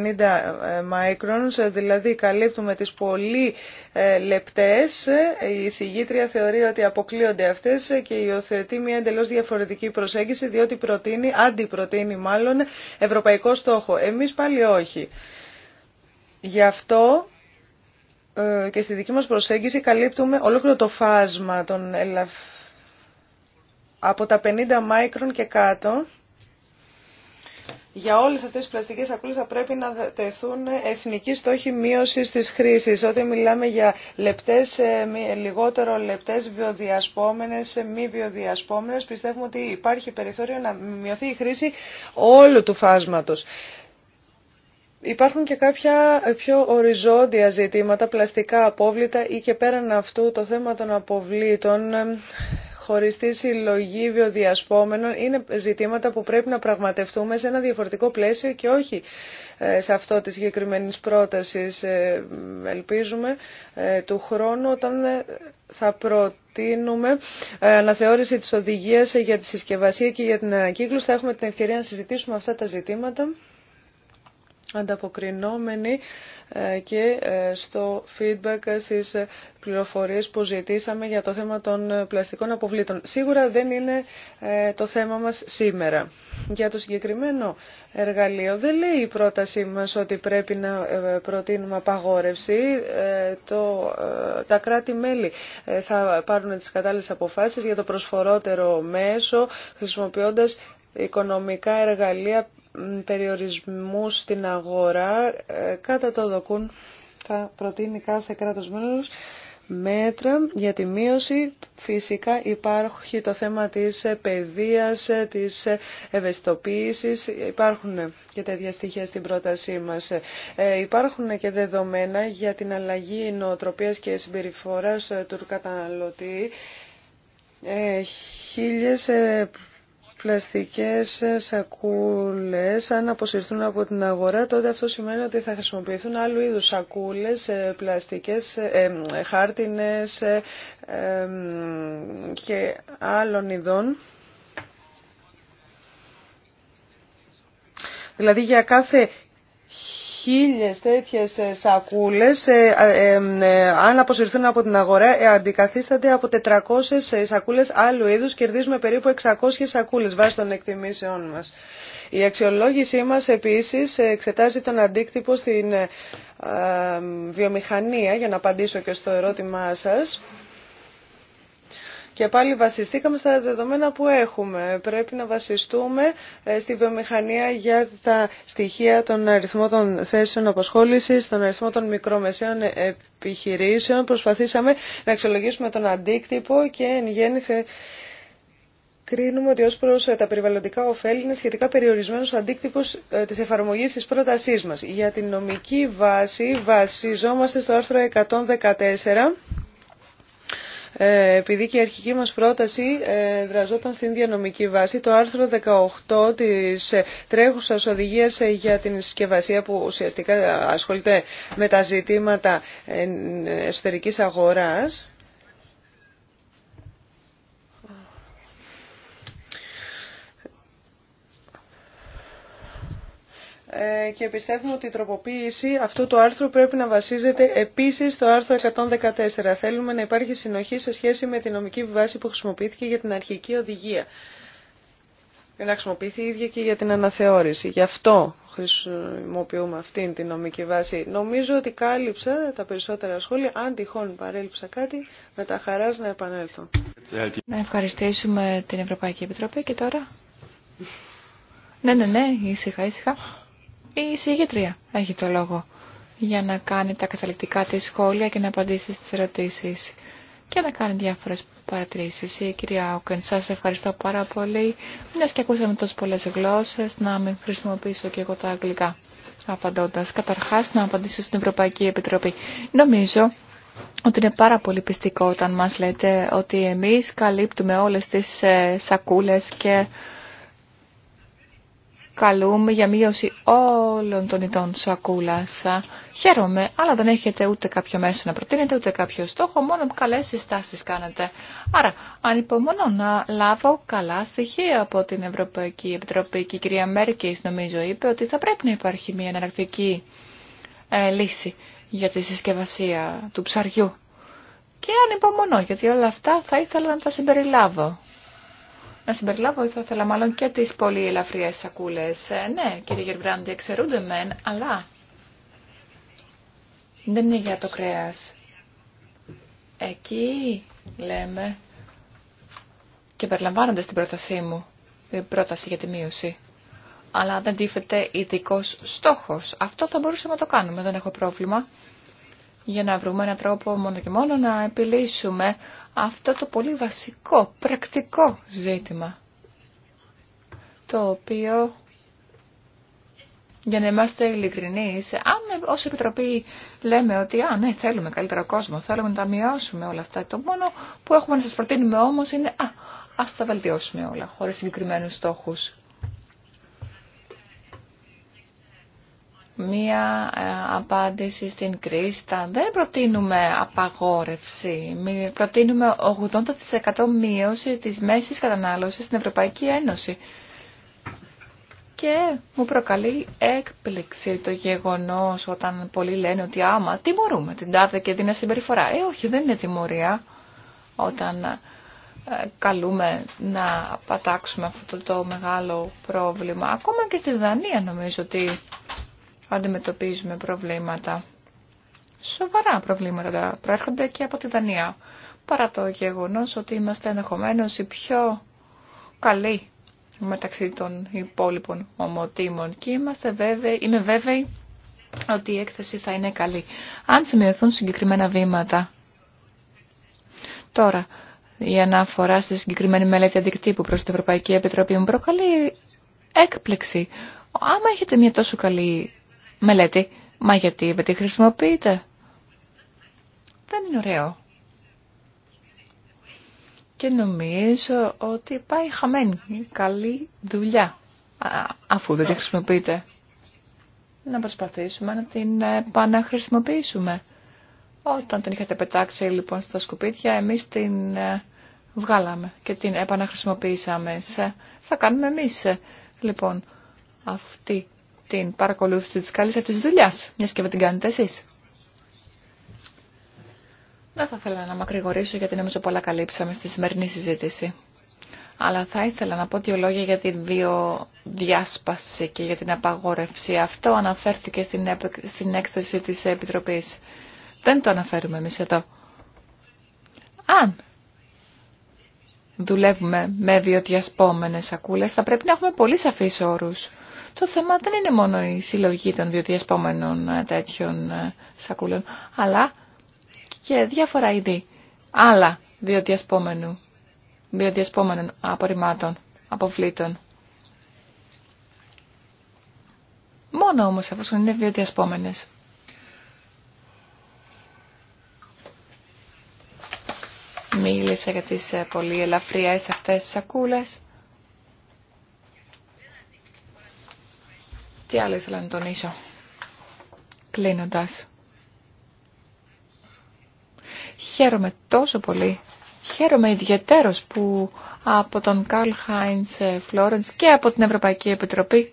microns, δηλαδή καλύπτουμε τις πολύ λεπτές. Η συγγήτρια θεωρεί ότι αποκλείονται αυτές και υιοθετεί μια εντελώς διαφορετική προσέγγιση, διότι προτείνει, αντιπροτείνει μάλλον, ευρωπαϊκό στόχο. Εμείς πάλι όχι. Γι' αυτό και στη δική μας προσέγγιση καλύπτουμε ολόκληρο το φάσμα των ελαφ... από τα 50 μάικρον και κάτω για όλες αυτές τις πλαστικές σακούλες θα πρέπει να τεθούν εθνικοί στόχοι μείωσης της χρήσης. Όταν μιλάμε για λεπτές, ε, λιγότερο λεπτές βιοδιασπόμενες, ε, μη βιοδιασπόμενες, πιστεύουμε ότι υπάρχει περιθώριο να μειωθεί η χρήση όλου του φάσματος. Υπάρχουν και κάποια πιο οριζόντια ζητήματα, πλαστικά απόβλητα ή και πέραν αυτού το θέμα των αποβλήτων ε, Οριστή συλλογή βιοδιασπόμενων είναι ζητήματα που πρέπει να πραγματευτούμε σε ένα διαφορετικό πλαίσιο και όχι ε, σε αυτό της συγκεκριμένη πρότασης. Ε, ελπίζουμε ε, του χρόνου όταν θα προτείνουμε αναθεώρηση της οδηγίας για τη συσκευασία και για την ανακύκλωση θα έχουμε την ευκαιρία να συζητήσουμε αυτά τα ζητήματα ανταποκρινόμενοι ε, και ε, στο feedback στις ε, πληροφορίες που ζητήσαμε για το θέμα των πλαστικών αποβλήτων. Σίγουρα δεν είναι το θέμα μας σήμερα. Για το συγκεκριμένο εργαλείο δεν λέει η πρότασή μας ότι πρέπει να προτείνουμε απαγόρευση. Το, τα κράτη-μέλη θα πάρουν τις κατάλληλες αποφάσεις για το προσφορότερο μέσο χρησιμοποιώντας οικονομικά εργαλεία περιορισμούς στην αγορά ε, κατά το δοκούν θα προτείνει κάθε κράτος μέλος μέτρα για τη μείωση. Φυσικά υπάρχει το θέμα της ε, παιδείας, ε, της ευαισθητοποίησης. Υπάρχουν και τέτοια στοιχεία στην πρότασή μας. υπάρχουν και δεδομένα για την αλλαγή νοοτροπίας και συμπεριφοράς του καταναλωτή. Ε, χίλιες πλαστικές ε, σακούλες αν αποσυρθούν από την αγορά τότε αυτό σημαίνει ότι θα χρησιμοποιηθούν άλλου είδους σακούλες, ε, πλαστικές, ε, χάρτινες και άλλων ειδών. Δηλαδή για κάθε χίλιες τέτοιες ε, σακούλες ε, ε, αν αποσυρθούν από την αγορά αντικαθίστανται από 400 σακούλες άλλου είδους κερδίζουμε περίπου 600 σακούλες βάσει των εκτιμήσεών μας. Η αξιολόγησή μας επίσης εξετάζει τον αντίκτυπο στην βιομηχανία για να απαντήσω και στο ερώτημά σας. Και πάλι βασιστήκαμε στα δεδομένα που έχουμε. Πρέπει να βασιστούμε ε, στη βιομηχανία για τα στοιχεία των αριθμών των θέσεων απασχόλησης, των αριθμό των μικρομεσαίων επιχειρήσεων. Προσπαθήσαμε να αξιολογήσουμε τον αντίκτυπο και εν γέννη κρίνουμε ότι ω προ ε, τα περιβαλλοντικά ωφέλη είναι σχετικά περιορισμένο ο αντίκτυπος ε, της εφαρμογής της πρότασή μα. Για την νομική βάση βασιζόμαστε στο άρθρο 114 ε, επειδή και η αρχική μας πρόταση ε, δραζόταν στην διανομική βάση, το άρθρο 18 της ε, τρέχουσας οδηγίας για την συσκευασία που ουσιαστικά ασχολείται με τα ζητήματα εσωτερικής αγοράς, Ε, και πιστεύουμε ότι η τροποποίηση αυτού του άρθρου πρέπει να βασίζεται επίση στο άρθρο 114. Θέλουμε να υπάρχει συνοχή σε σχέση με τη νομική βάση που χρησιμοποιήθηκε για την αρχική οδηγία. Και να χρησιμοποιηθεί η ίδια και για την αναθεώρηση. Γι' αυτό χρησιμοποιούμε αυτήν την νομική βάση. Νομίζω ότι κάλυψα τα περισσότερα σχόλια. Αν τυχόν παρέλειψα κάτι, με τα χαρά να επανέλθω. Να ευχαριστήσουμε την Ευρωπαϊκή Επιτροπή και τώρα... Ναι, ναι, ναι, ήσυχα, ήσυχα. Η συγγετρία έχει το λόγο για να κάνει τα καταληκτικά της σχόλια και να απαντήσει στις ερωτήσεις και να κάνει διάφορες παρατηρήσεις. Η κυρία Όκεν, σας ευχαριστώ πάρα πολύ. Μια και ακούσαμε τόσες πολλές γλώσσες, να μην χρησιμοποιήσω και εγώ τα αγγλικά. Απαντώντας, καταρχάς να απαντήσω στην Ευρωπαϊκή Επιτροπή. Νομίζω ότι είναι πάρα πολύ πιστικό όταν μας λέτε ότι εμείς καλύπτουμε όλες τις ε, σακούλες και καλούμε για μείωση όλων των ειδών σακούλα. Χαίρομαι, αλλά δεν έχετε ούτε κάποιο μέσο να προτείνετε, ούτε κάποιο στόχο, μόνο καλέ συστάσεις κάνετε. Άρα, ανυπομονώ να λάβω καλά στοιχεία από την Ευρωπαϊκή Επιτροπή και η κυρία Μέρκη, νομίζω, είπε ότι θα πρέπει να υπάρχει μια εναλλακτική ε, λύση για τη συσκευασία του ψαριού. Και ανυπομονώ, γιατί όλα αυτά θα ήθελα να τα συμπεριλάβω να συμπεριλάβω, θα ήθελα μάλλον και τι πολύ ελαφριές σακούλες. Ε, ναι, κύριε Γερμπράντη, εξαιρούνται μεν, αλλά δεν είναι για το κρέα. Εκεί λέμε και περιλαμβάνονται στην πρότασή μου, η πρόταση για τη μείωση. Αλλά δεν τύφεται ειδικό στόχο. Αυτό θα μπορούσαμε να το κάνουμε, δεν έχω πρόβλημα για να βρούμε έναν τρόπο μόνο και μόνο να επιλύσουμε αυτό το πολύ βασικό, πρακτικό ζήτημα, το οποίο, για να είμαστε ειλικρινεί, αν ω Επιτροπή λέμε ότι «Α, ναι, θέλουμε καλύτερο κόσμο, θέλουμε να τα μειώσουμε όλα αυτά», το μόνο που έχουμε να σας προτείνουμε όμως είναι «Α, ας τα βελτιώσουμε όλα, χωρίς συγκεκριμένου στόχου. μία ε, απάντηση στην κρίστα. Δεν προτείνουμε απαγόρευση. Προτείνουμε 80% μείωση της μέσης κατανάλωσης στην Ευρωπαϊκή Ένωση. Και μου προκαλεί έκπληξη το γεγονός όταν πολλοί λένε ότι άμα τιμωρούμε την τάδε και την συμπεριφορά. Ε, όχι, δεν είναι τιμωρία όταν ε, καλούμε να πατάξουμε αυτό το μεγάλο πρόβλημα. Ακόμα και στη Δανία νομίζω ότι αντιμετωπίζουμε προβλήματα. Σοβαρά προβλήματα προέρχονται και από τη Δανία. Παρά το γεγονός ότι είμαστε ενδεχομένω οι πιο καλοί μεταξύ των υπόλοιπων ομοτήμων και είμαστε βέβαιοι, είμαι βέβαιη ότι η έκθεση θα είναι καλή. Αν σημειωθούν συγκεκριμένα βήματα. Τώρα, η αναφορά στη συγκεκριμένη μελέτη αντικτύπου προς την Ευρωπαϊκή Επιτροπή μου προκαλεί έκπληξη. Άμα έχετε μια τόσο καλή μελέτη. Μα γιατί με τη χρησιμοποιείτε. Δεν είναι ωραίο. Και νομίζω ότι πάει χαμένη καλή δουλειά αφού δεν τη χρησιμοποιείτε. Να προσπαθήσουμε να την επαναχρησιμοποιήσουμε. Όταν την είχατε πετάξει λοιπόν στα σκουπίδια, εμείς την ε, βγάλαμε και την επαναχρησιμοποιήσαμε. Θα κάνουμε εμείς ε, λοιπόν αυτή την παρακολούθηση της καλής αυτής της δουλειάς, μιας και με την κάνετε εσείς. Δεν θα ήθελα να μακρηγορήσω γιατί νομίζω πολλά καλύψαμε στη σημερινή συζήτηση. Αλλά θα ήθελα να πω δύο λόγια για την βιοδιάσπαση και για την απαγόρευση. Αυτό αναφέρθηκε στην έκθεση της Επιτροπής. Δεν το αναφέρουμε εμείς εδώ. Αν δουλεύουμε με βιοδιασπόμενες σακούλες, θα πρέπει να έχουμε πολύ σαφείς όρους το θέμα δεν είναι μόνο η συλλογή των βιοδιασπόμενων ε, τέτοιων ε, σακούλων, αλλά και διάφορα είδη άλλα βιοδιασπόμενου, βιοδιασπόμενων απορριμμάτων, αποβλήτων. Μόνο όμως αφού είναι βιοδιασπόμενες. Μίλησα για τις ε, πολύ ελαφριές αυτές σακούλες. Τι άλλο ήθελα να τονίσω, κλείνοντας. Χαίρομαι τόσο πολύ, χαίρομαι ιδιαίτερος που από τον Καρλ Χάινς ε, Φλόρενς και από την Ευρωπαϊκή Επιτροπή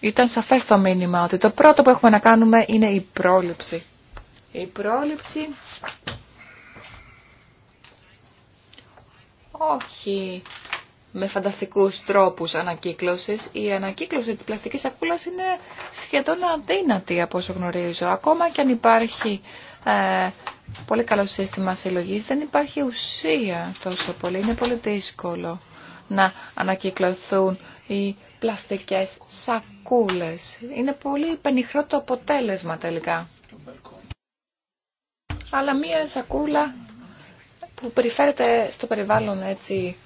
ήταν σαφές το μήνυμα ότι το πρώτο που έχουμε να κάνουμε είναι η πρόληψη. Η πρόληψη όχι με φανταστικούς τρόπους ανακύκλωσης. Η ανακύκλωση της πλαστικής σακούλας είναι σχεδόν αδύνατη από όσο γνωρίζω. Ακόμα και αν υπάρχει ε, πολύ καλό σύστημα συλλογής, δεν υπάρχει ουσία τόσο πολύ. Είναι πολύ δύσκολο να ανακυκλωθούν οι πλαστικές σακούλες. Είναι πολύ πενιχρό το αποτέλεσμα τελικά. Αλλά μία σακούλα που περιφέρεται στο περιβάλλον έτσι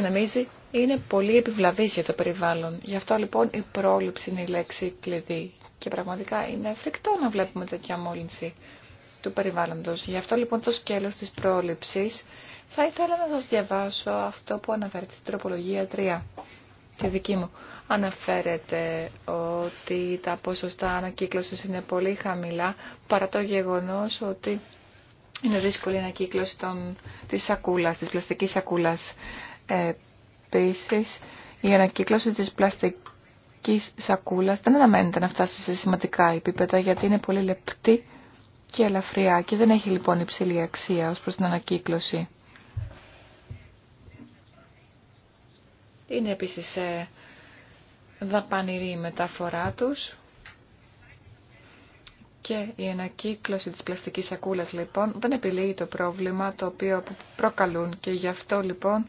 και είναι πολύ επιβλαβής για το περιβάλλον. Γι' αυτό λοιπόν η πρόληψη είναι η λέξη κλειδί και πραγματικά είναι φρικτό να βλέπουμε τέτοια μόλυνση του περιβάλλοντος. Γι' αυτό λοιπόν το σκέλος της πρόληψης θα ήθελα να σας διαβάσω αυτό που αναφέρεται στην τροπολογία 3 Και δική μου. Αναφέρεται ότι τα ποσοστά ανακύκλωσης είναι πολύ χαμηλά παρά το γεγονός ότι είναι δύσκολη η ανακύκλωση των, της σακούλας, της πλαστικής σακούλας. Επίσης, η ανακύκλωση της πλαστικής σακούλας δεν αναμένεται να φτάσει σε σημαντικά επίπεδα γιατί είναι πολύ λεπτή και ελαφριά και δεν έχει λοιπόν υψηλή αξία ως προς την ανακύκλωση. Είναι επίσης δαπανηρή η μεταφορά τους και η ανακύκλωση της πλαστικής σακούλας λοιπόν δεν επιλύει το πρόβλημα το οποίο προκαλούν και γι' αυτό λοιπόν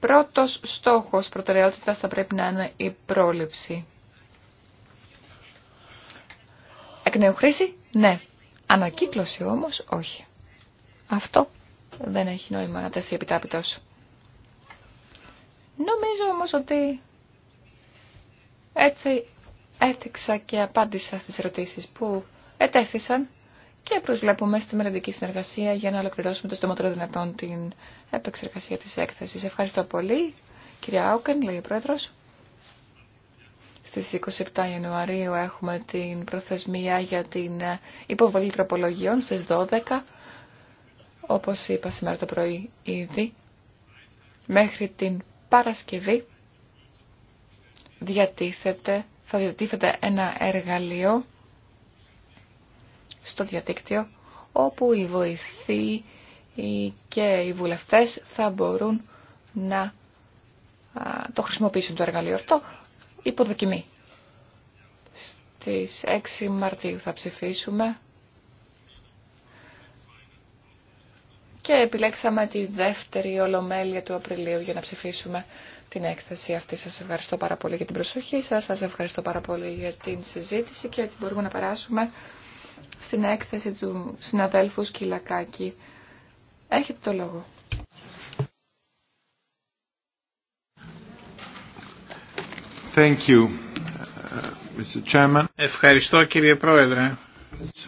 πρώτος στόχος προτεραιότητα θα πρέπει να είναι η πρόληψη. Εκ νέου χρήση, ναι. Ανακύκλωση όμως, όχι. Αυτό δεν έχει νόημα να τεθεί επιτάπητος. Νομίζω όμως ότι έτσι έθιξα και απάντησα στις ερωτήσεις που ετέθησαν και προσβλέπουμε στη μελλοντική συνεργασία για να ολοκληρώσουμε το στομότερο δυνατόν την επεξεργασία της έκθεσης. Ευχαριστώ πολύ. Κυρία Άουκεν, λέει ο Πρόεδρος. Στις 27 Ιανουαρίου έχουμε την προθεσμία για την υποβολή τροπολογιών στις 12. Όπως είπα σήμερα το πρωί ήδη, μέχρι την Παρασκευή διατίθεται, θα διατίθεται ένα εργαλείο στο διαδίκτυο όπου οι βοηθοί και οι βουλευτές θα μπορούν να το χρησιμοποιήσουν το εργαλείο αυτό υποδοκιμή. Στις 6 Μαρτίου θα ψηφίσουμε και επιλέξαμε τη δεύτερη ολομέλεια του Απριλίου για να ψηφίσουμε την έκθεση αυτή. Σας ευχαριστώ πάρα πολύ για την προσοχή σας, σας ευχαριστώ πάρα πολύ για την συζήτηση και έτσι μπορούμε να περάσουμε στην έκθεση του συναδέλφου Σκυλακάκη. Έχετε το λόγο. Uh, Ευχαριστώ κύριε Πρόεδρε.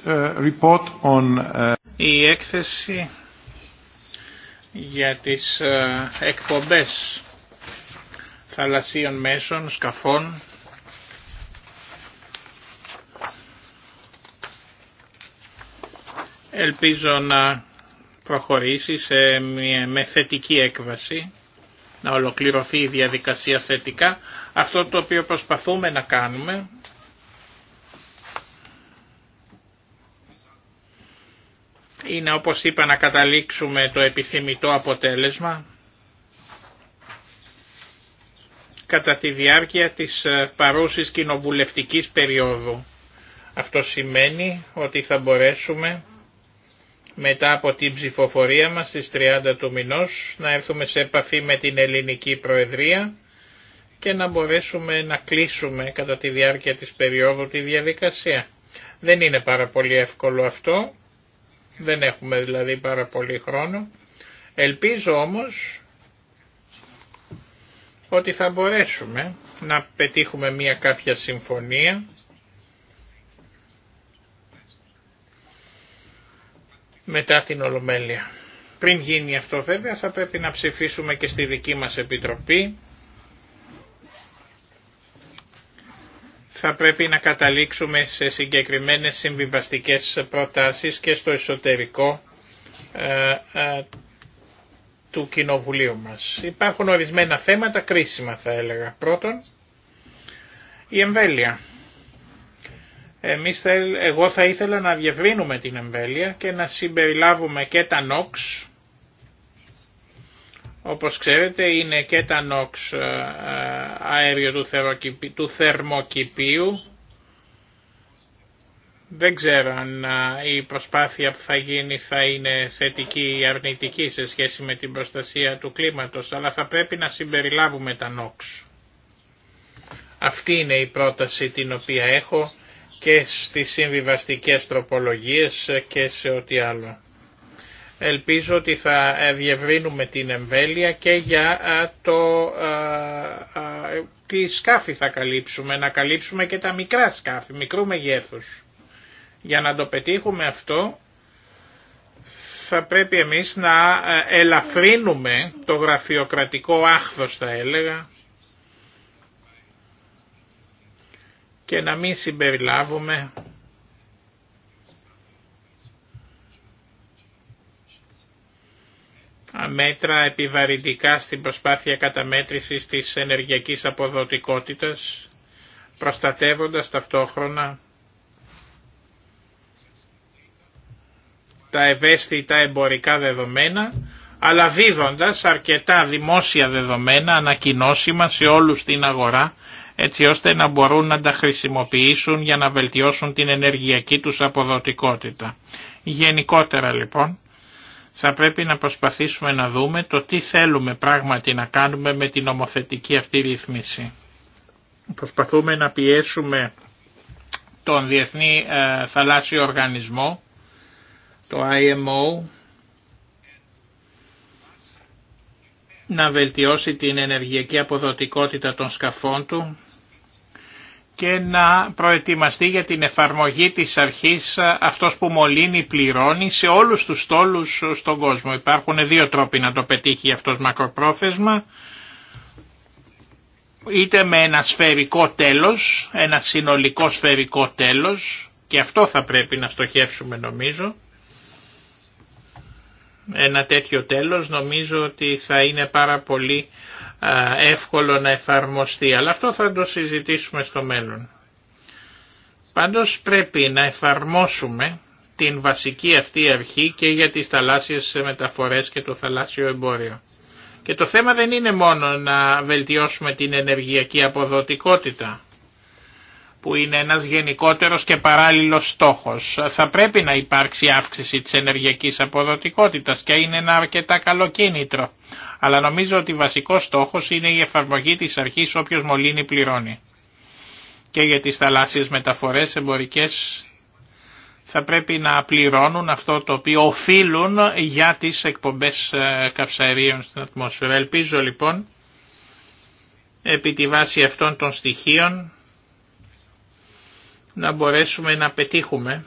Uh, Η έκθεση για τις uh, εκπομπές θαλασσίων μέσων, σκαφών Ελπίζω να προχωρήσει σε μια, με θετική έκβαση, να ολοκληρωθεί η διαδικασία θετικά. Αυτό το οποίο προσπαθούμε να κάνουμε είναι όπως είπα να καταλήξουμε το επιθυμητό αποτέλεσμα κατά τη διάρκεια της ε, παρούσης κοινοβουλευτικής περίοδου. Αυτό σημαίνει ότι θα μπορέσουμε μετά από την ψηφοφορία μας στις 30 του μηνός να έρθουμε σε επαφή με την Ελληνική Προεδρία και να μπορέσουμε να κλείσουμε κατά τη διάρκεια της περίοδου τη διαδικασία. Δεν είναι πάρα πολύ εύκολο αυτό, δεν έχουμε δηλαδή πάρα πολύ χρόνο. Ελπίζω όμως ότι θα μπορέσουμε να πετύχουμε μια κάποια συμφωνία μετά την Ολομέλεια. Πριν γίνει αυτό βέβαια θα πρέπει να ψηφίσουμε και στη δική μας Επιτροπή. Θα πρέπει να καταλήξουμε σε συγκεκριμένες συμβιβαστικές προτάσεις και στο εσωτερικό ε, ε, του Κοινοβουλίου μας. Υπάρχουν ορισμένα θέματα κρίσιμα θα έλεγα. Πρώτον, η εμβέλεια. Εμείς εγώ θα ήθελα να διευρύνουμε την εμβέλεια και να συμπεριλάβουμε και τα νοξ, Όπως ξέρετε είναι και τα νοξ ε, ε, αέριο του, του θερμοκηπίου. Δεν ξέρω αν ε, η προσπάθεια που θα γίνει θα είναι θετική ή αρνητική σε σχέση με την προστασία του κλίματος, αλλά θα πρέπει να συμπεριλάβουμε τα νοξ. Αυτή είναι η πρόταση την οποία έχω και στις συμβιβαστικές τροπολογίες και σε ό,τι άλλο. Ελπίζω ότι θα διευρύνουμε την εμβέλεια και για το τι σκάφη θα καλύψουμε, να καλύψουμε και τα μικρά σκάφη, μικρού μεγέθους. Για να το πετύχουμε αυτό θα πρέπει εμείς να ελαφρύνουμε το γραφειοκρατικό άχθος θα έλεγα και να μην συμπεριλάβουμε μέτρα επιβαρυντικά στην προσπάθεια καταμέτρησης της ενεργειακής αποδοτικότητας, προστατεύοντας ταυτόχρονα τα ευαίσθητα εμπορικά δεδομένα, αλλά δίδοντας αρκετά δημόσια δεδομένα ανακοινώσιμα σε όλους την αγορά έτσι ώστε να μπορούν να τα χρησιμοποιήσουν για να βελτιώσουν την ενεργειακή τους αποδοτικότητα. Γενικότερα λοιπόν θα πρέπει να προσπαθήσουμε να δούμε το τι θέλουμε πράγματι να κάνουμε με την ομοθετική αυτή ρύθμιση. Προσπαθούμε να πιέσουμε τον Διεθνή ε, Θαλάσσιο Οργανισμό, το IMO, να βελτιώσει την ενεργειακή αποδοτικότητα των σκαφών του και να προετοιμαστεί για την εφαρμογή της αρχής ε, αυτός που μολύνει πληρώνει σε όλους τους τόλους ε, στον κόσμο. Υπάρχουν δύο τρόποι να το πετύχει αυτός μακροπρόθεσμα είτε με ένα σφαιρικό τέλος, ένα συνολικό σφαιρικό τέλος και αυτό θα πρέπει να στοχεύσουμε νομίζω. Ένα τέτοιο τέλος νομίζω ότι θα είναι πάρα πολύ εύκολο να εφαρμοστεί, αλλά αυτό θα το συζητήσουμε στο μέλλον. Πάντως πρέπει να εφαρμόσουμε την βασική αυτή αρχή και για τις θαλάσσιες μεταφορές και το θαλάσσιο εμπόριο. Και το θέμα δεν είναι μόνο να βελτιώσουμε την ενεργειακή αποδοτικότητα, που είναι ένας γενικότερος και παράλληλος στόχος. Θα πρέπει να υπάρξει αύξηση της ενεργειακής αποδοτικότητας και είναι ένα αρκετά καλό κίνητρο αλλά νομίζω ότι βασικός στόχος είναι η εφαρμογή της αρχής όποιος μολύνει πληρώνει. Και για τις θαλάσσιες μεταφορές εμπορικές θα πρέπει να πληρώνουν αυτό το οποίο οφείλουν για τις εκπομπές ε, καυσαερίων στην ατμόσφαιρα. Ελπίζω λοιπόν επί τη βάση αυτών των στοιχείων να μπορέσουμε να πετύχουμε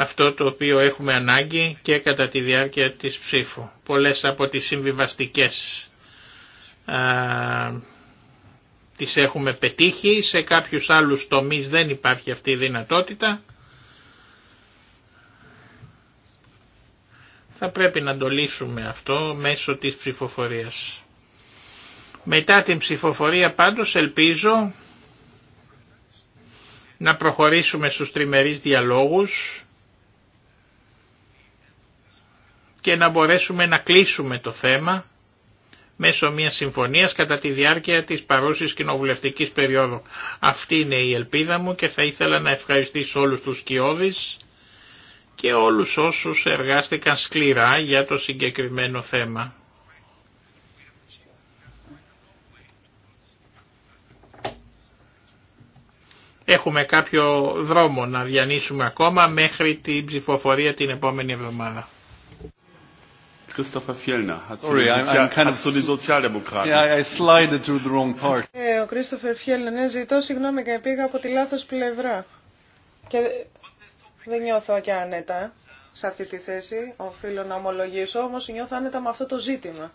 αυτό το οποίο έχουμε ανάγκη και κατά τη διάρκεια της ψήφου. Πολλές από τις συμβιβαστικές α, τις έχουμε πετύχει, σε κάποιους άλλους τομείς δεν υπάρχει αυτή η δυνατότητα. Θα πρέπει να το λύσουμε αυτό μέσω της ψηφοφορίας. Μετά την ψηφοφορία πάντως ελπίζω να προχωρήσουμε στους τριμερείς διαλόγους και να μπορέσουμε να κλείσουμε το θέμα μέσω μιας συμφωνίας κατά τη διάρκεια της παρούσης κοινοβουλευτικής περίοδου. Αυτή είναι η ελπίδα μου και θα ήθελα να ευχαριστήσω όλους τους κοιόδης και όλους όσους εργάστηκαν σκληρά για το συγκεκριμένο θέμα. Έχουμε κάποιο δρόμο να διανύσουμε ακόμα μέχρι την ψηφοφορία την επόμενη εβδομάδα. Christopher Fjellner hat Sorry, zu Sozial I'm kind of zu den Sozialdemokraten. Yeah, I slid to the wrong part. Ε, ο Christopher Fjellner, ναι, ζητώ συγγνώμη και πήγα από τη λάθος πλευρά. Και δεν νιώθω και άνετα σε αυτή τη θέση, οφείλω να ομολογήσω, όμως νιώθω άνετα με αυτό το ζήτημα.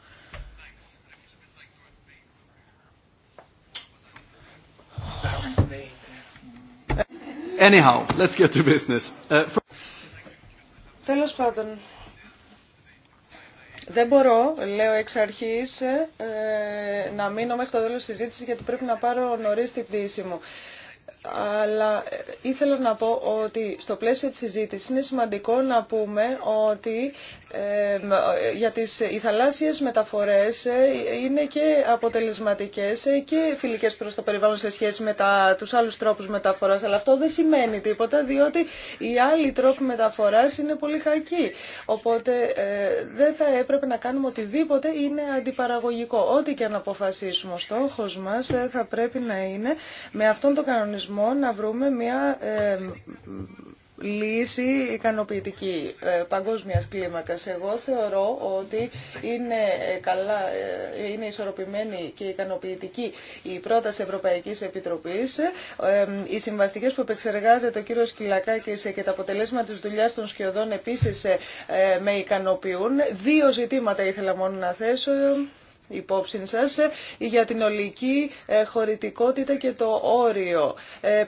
Anyhow, let's get to business. Uh, for... Τέλος πάντων, δεν μπορώ, λέω εξ αρχής, ε, να μείνω μέχρι το τέλο της συζήτηση, γιατί πρέπει να πάρω νωρί την πτήση μου αλλά ε, ήθελα να πω ότι στο πλαίσιο της συζήτησης είναι σημαντικό να πούμε ότι ε, για τις οι θαλάσσιες μεταφορές ε, είναι και αποτελεσματικές και φιλικές προς το περιβάλλον σε σχέση με τα, τους άλλους τρόπους μεταφοράς. Αλλά αυτό δεν σημαίνει τίποτα διότι οι άλλοι τρόποι μεταφοράς είναι πολύ χακοί. Οπότε δεν θα έπρεπε να κάνουμε οτιδήποτε είναι αντιπαραγωγικό. Ό,τι και αν αποφασίσουμε ο στόχος μας θα πρέπει να είναι με αυτόν τον κανονισμό να βρούμε μια ε, λύση ικανοποιητική ε, παγκόσμιας κλίμακας. Εγώ θεωρώ ότι είναι, ε, καλά, είναι ισορροπημένη και ικανοποιητική η πρόταση Ευρωπαϊκής Επιτροπής. Οι συμβαστικές που επεξεργάζεται ο κύριος Κυλακάκης και τα αποτελέσματα της δουλειάς των σκιωδών επίσης με ικανοποιούν. Δύο ζητήματα ήθελα μόνο να θέσω υπόψη σας ε, για την ολική ε, χωρητικότητα και το όριο. 500 ε,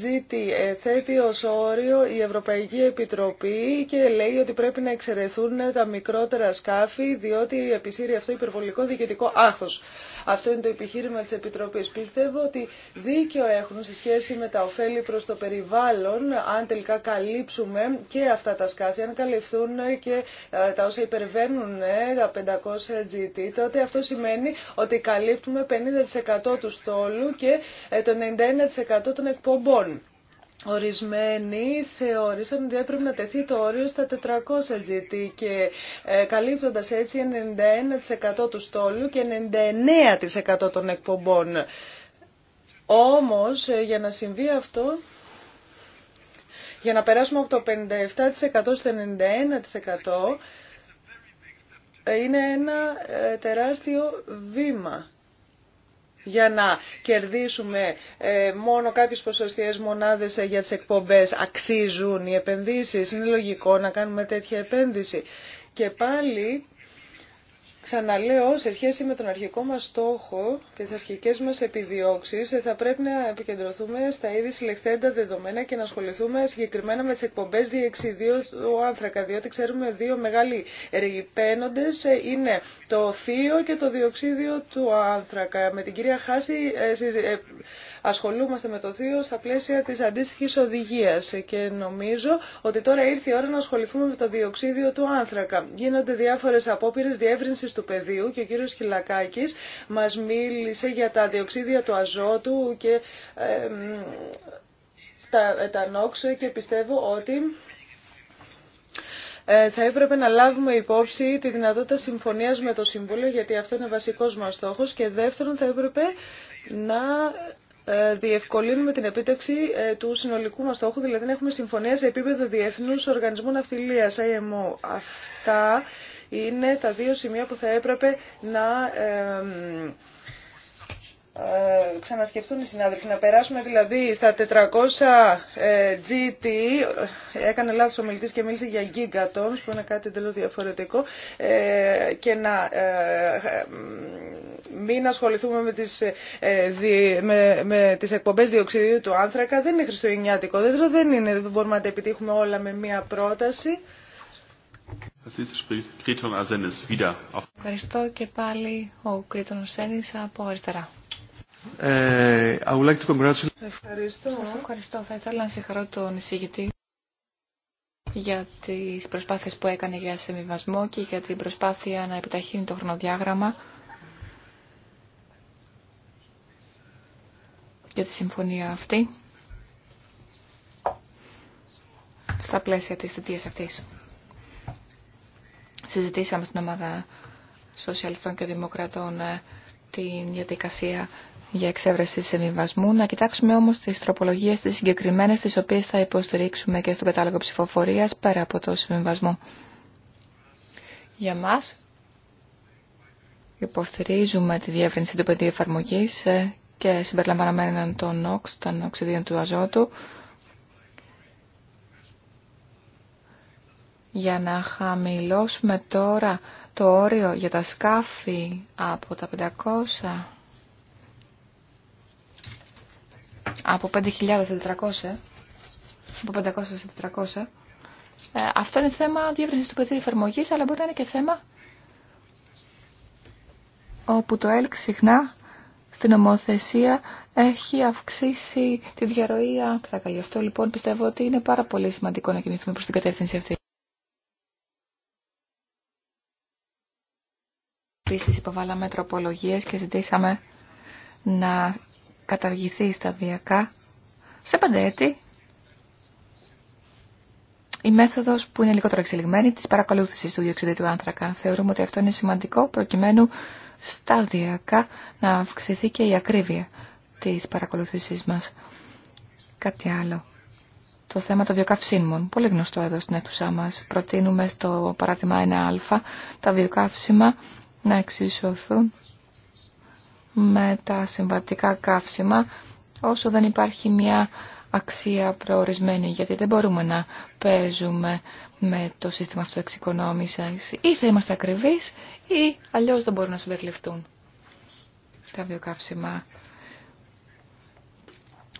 GT θέτει ως όριο η Ευρωπαϊκή Επιτροπή και λέει ότι πρέπει να εξαιρεθούν τα μικρότερα σκάφη διότι επισύρει αυτό υπερβολικό διοικητικό άχθος. Αυτό είναι το επιχείρημα της Επιτροπής. Πιστεύω ότι δίκιο έχουν σε σχέση με τα ωφέλη προς το περιβάλλον, αν τελικά καλύψουμε και αυτά τα σκάφη, αν καλυφθούν και ε, τα όσα υπερβαίνουν ε, τα 500 GT, τότε αυτό σημαίνει ότι καλύπτουμε 50% του στόλου και ε, το 91% των εκπομπών. Ορισμένοι θεώρησαν ότι έπρεπε να τεθεί το όριο στα 400 GT και ε, καλύπτοντας έτσι 91% του στόλου και 99% των εκπομπών. Όμως ε, για να συμβεί αυτό, για να περάσουμε από το 57% στο 91% ε, είναι ένα ε, τεράστιο βήμα για να κερδίσουμε ε, μόνο κάποιες ποσοστιαίες μονάδες ε, για τις εκπομπές. Αξίζουν οι επενδύσεις, είναι λογικό να κάνουμε τέτοια επένδυση. Και πάλι Ξαναλέω, σε σχέση με τον αρχικό μας στόχο και τις αρχικές μας επιδιώξεις, θα πρέπει να επικεντρωθούμε στα ήδη συλλεχθέντα δεδομένα και να ασχοληθούμε συγκεκριμένα με τις εκπομπές διεξιδίου του άνθρακα, διότι ξέρουμε δύο μεγάλοι ρηπαίνοντες ε, είναι το θείο και το διοξίδιο του άνθρακα. Με την κυρία Χάση ε, ε, ασχολούμαστε με το θείο στα πλαίσια της αντίστοιχης οδηγίας και νομίζω ότι τώρα ήρθε η ώρα να ασχοληθούμε με το διοξίδιο του άνθρακα. Γίνονται διάφορες απόπειρες διεύρυνσης του πεδίου και ο κύριος Χιλακάκης μας μίλησε για τα διοξίδια του αζότου και ε, τα, τα και πιστεύω ότι ε, θα έπρεπε να λάβουμε υπόψη τη δυνατότητα συμφωνίας με το Συμβούλιο, γιατί αυτό είναι βασικός μας στόχος. Και δεύτερον, θα έπρεπε να ε, διευκολύνουμε την επίτευξη ε, του συνολικού μας στόχου, δηλαδή να έχουμε συμφωνία σε επίπεδο Διεθνούς Οργανισμού Ναυτιλίας, IMO. Αυτά είναι τα δύο σημεία που θα έπρεπε να ε, ε, ξανασκεφτούν οι συνάδελφοι. Να περάσουμε δηλαδή στα 400 ε, GT. Έκανε λάθος ο μιλητής και μίλησε για gigatons που είναι κάτι εντελώς διαφορετικό ε, και να ε, μην ασχοληθούμε με τις, ε, δι, με, με τις εκπομπές διοξιδίου του άνθρακα. Δεν είναι χριστουγεννιάτικο δέντρο, δεν, είναι, δεν μπορούμε να τα επιτύχουμε όλα με μία πρόταση. Ευχαριστώ και πάλι ο Κρήτον Σένης από αριστερά. Ε, I would like Ευχαριστώ. Σας ευχαριστώ. Θα ήθελα να συγχαρώ τον εισηγητή για τις προσπάθειες που έκανε για συμβιβασμό και για την προσπάθεια να επιταχύνει το χρονοδιάγραμμα για τη συμφωνία αυτή στα πλαίσια της θητείας αυτής. Συζητήσαμε στην ομάδα Σοσιαλιστών και Δημοκρατών ε, την διαδικασία για εξέβρεση συμβιβασμού. Να κοιτάξουμε όμω τι τροπολογίε τις συγκεκριμένε τι οποίε θα υποστηρίξουμε και στον κατάλογο ψηφοφορία πέρα από το συμβιβασμό. Για μα. υποστηρίζουμε τη διεύρυνση του πεδίου εφαρμογή ε, και συμπεριλαμβανομένων των των οξυδίων του αζότου, για να χαμηλώσουμε τώρα το όριο για τα σκάφη από τα 500 από 5.400 από 500 σε 400, ε, αυτό είναι θέμα διεύρυνσης του πεδίου εφαρμογή, αλλά μπορεί να είναι και θέμα όπου το ΕΛΚ συχνά στην ομοθεσία έχει αυξήσει τη διαρροή άνθρακα. Γι' αυτό λοιπόν πιστεύω ότι είναι πάρα πολύ σημαντικό να κινηθούμε προς την κατεύθυνση αυτή. Επίσης υποβάλαμε τροπολογίες και ζητήσαμε να καταργηθεί σταδιακά σε πέντε έτη η μέθοδο που είναι λιγότερο εξελιγμένη της παρακολούθησης του διοξιδίου του άνθρακα. Θεωρούμε ότι αυτό είναι σημαντικό προκειμένου σταδιακά να αυξηθεί και η ακρίβεια της παρακολούθησής μας. Κάτι άλλο. Το θέμα των βιοκαυσίμων, πολύ γνωστό εδώ στην αίθουσά μας. Προτείνουμε στο παράδειγμα 1α τα βιοκαύσιμα να εξισωθούν με τα συμβατικά καύσιμα όσο δεν υπάρχει μια αξία προορισμένη, γιατί δεν μπορούμε να παίζουμε με το σύστημα αυτοεξοικονόμησης. Ή θα είμαστε ακριβείς ή αλλιώς δεν μπορούν να συμπεριληφθούν τα βιοκαύσιμα.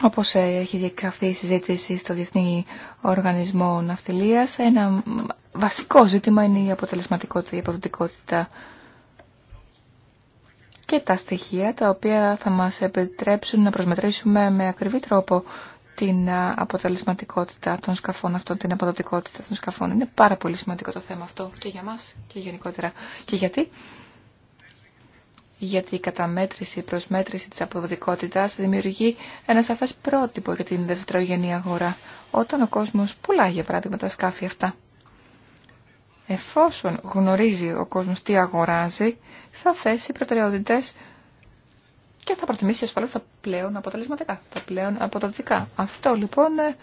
Όπως έχει διακαυθεί η συζήτηση στο Διεθνή Οργανισμό Ναυτιλίας, ένα βασικό ζήτημα είναι η αλλιως δεν μπορουν να συμπεριληφθουν τα βιοκαυσιμα οπως εχει διεκαθει η αποδοτικότητα και τα στοιχεία τα οποία θα μας επιτρέψουν να προσμετρήσουμε με ακριβή τρόπο την αποτελεσματικότητα των σκαφών αυτών, την αποδοτικότητα των σκαφών. Είναι πάρα πολύ σημαντικό το θέμα αυτό και για μας και γενικότερα. Και γιατί? Γιατί η καταμέτρηση, η προσμέτρηση της αποδοτικότητας δημιουργεί ένα σαφές πρότυπο για την δευτερογενή αγορά. Όταν ο κόσμος πουλάει για παράδειγμα τα σκάφη αυτά εφόσον γνωρίζει ο κόσμος τι αγοράζει, θα θέσει προτεραιότητες και θα προτιμήσει ασφαλώς τα πλέον αποτελεσματικά, τα πλέον αποδοτικά. Αυτό λοιπόν ε,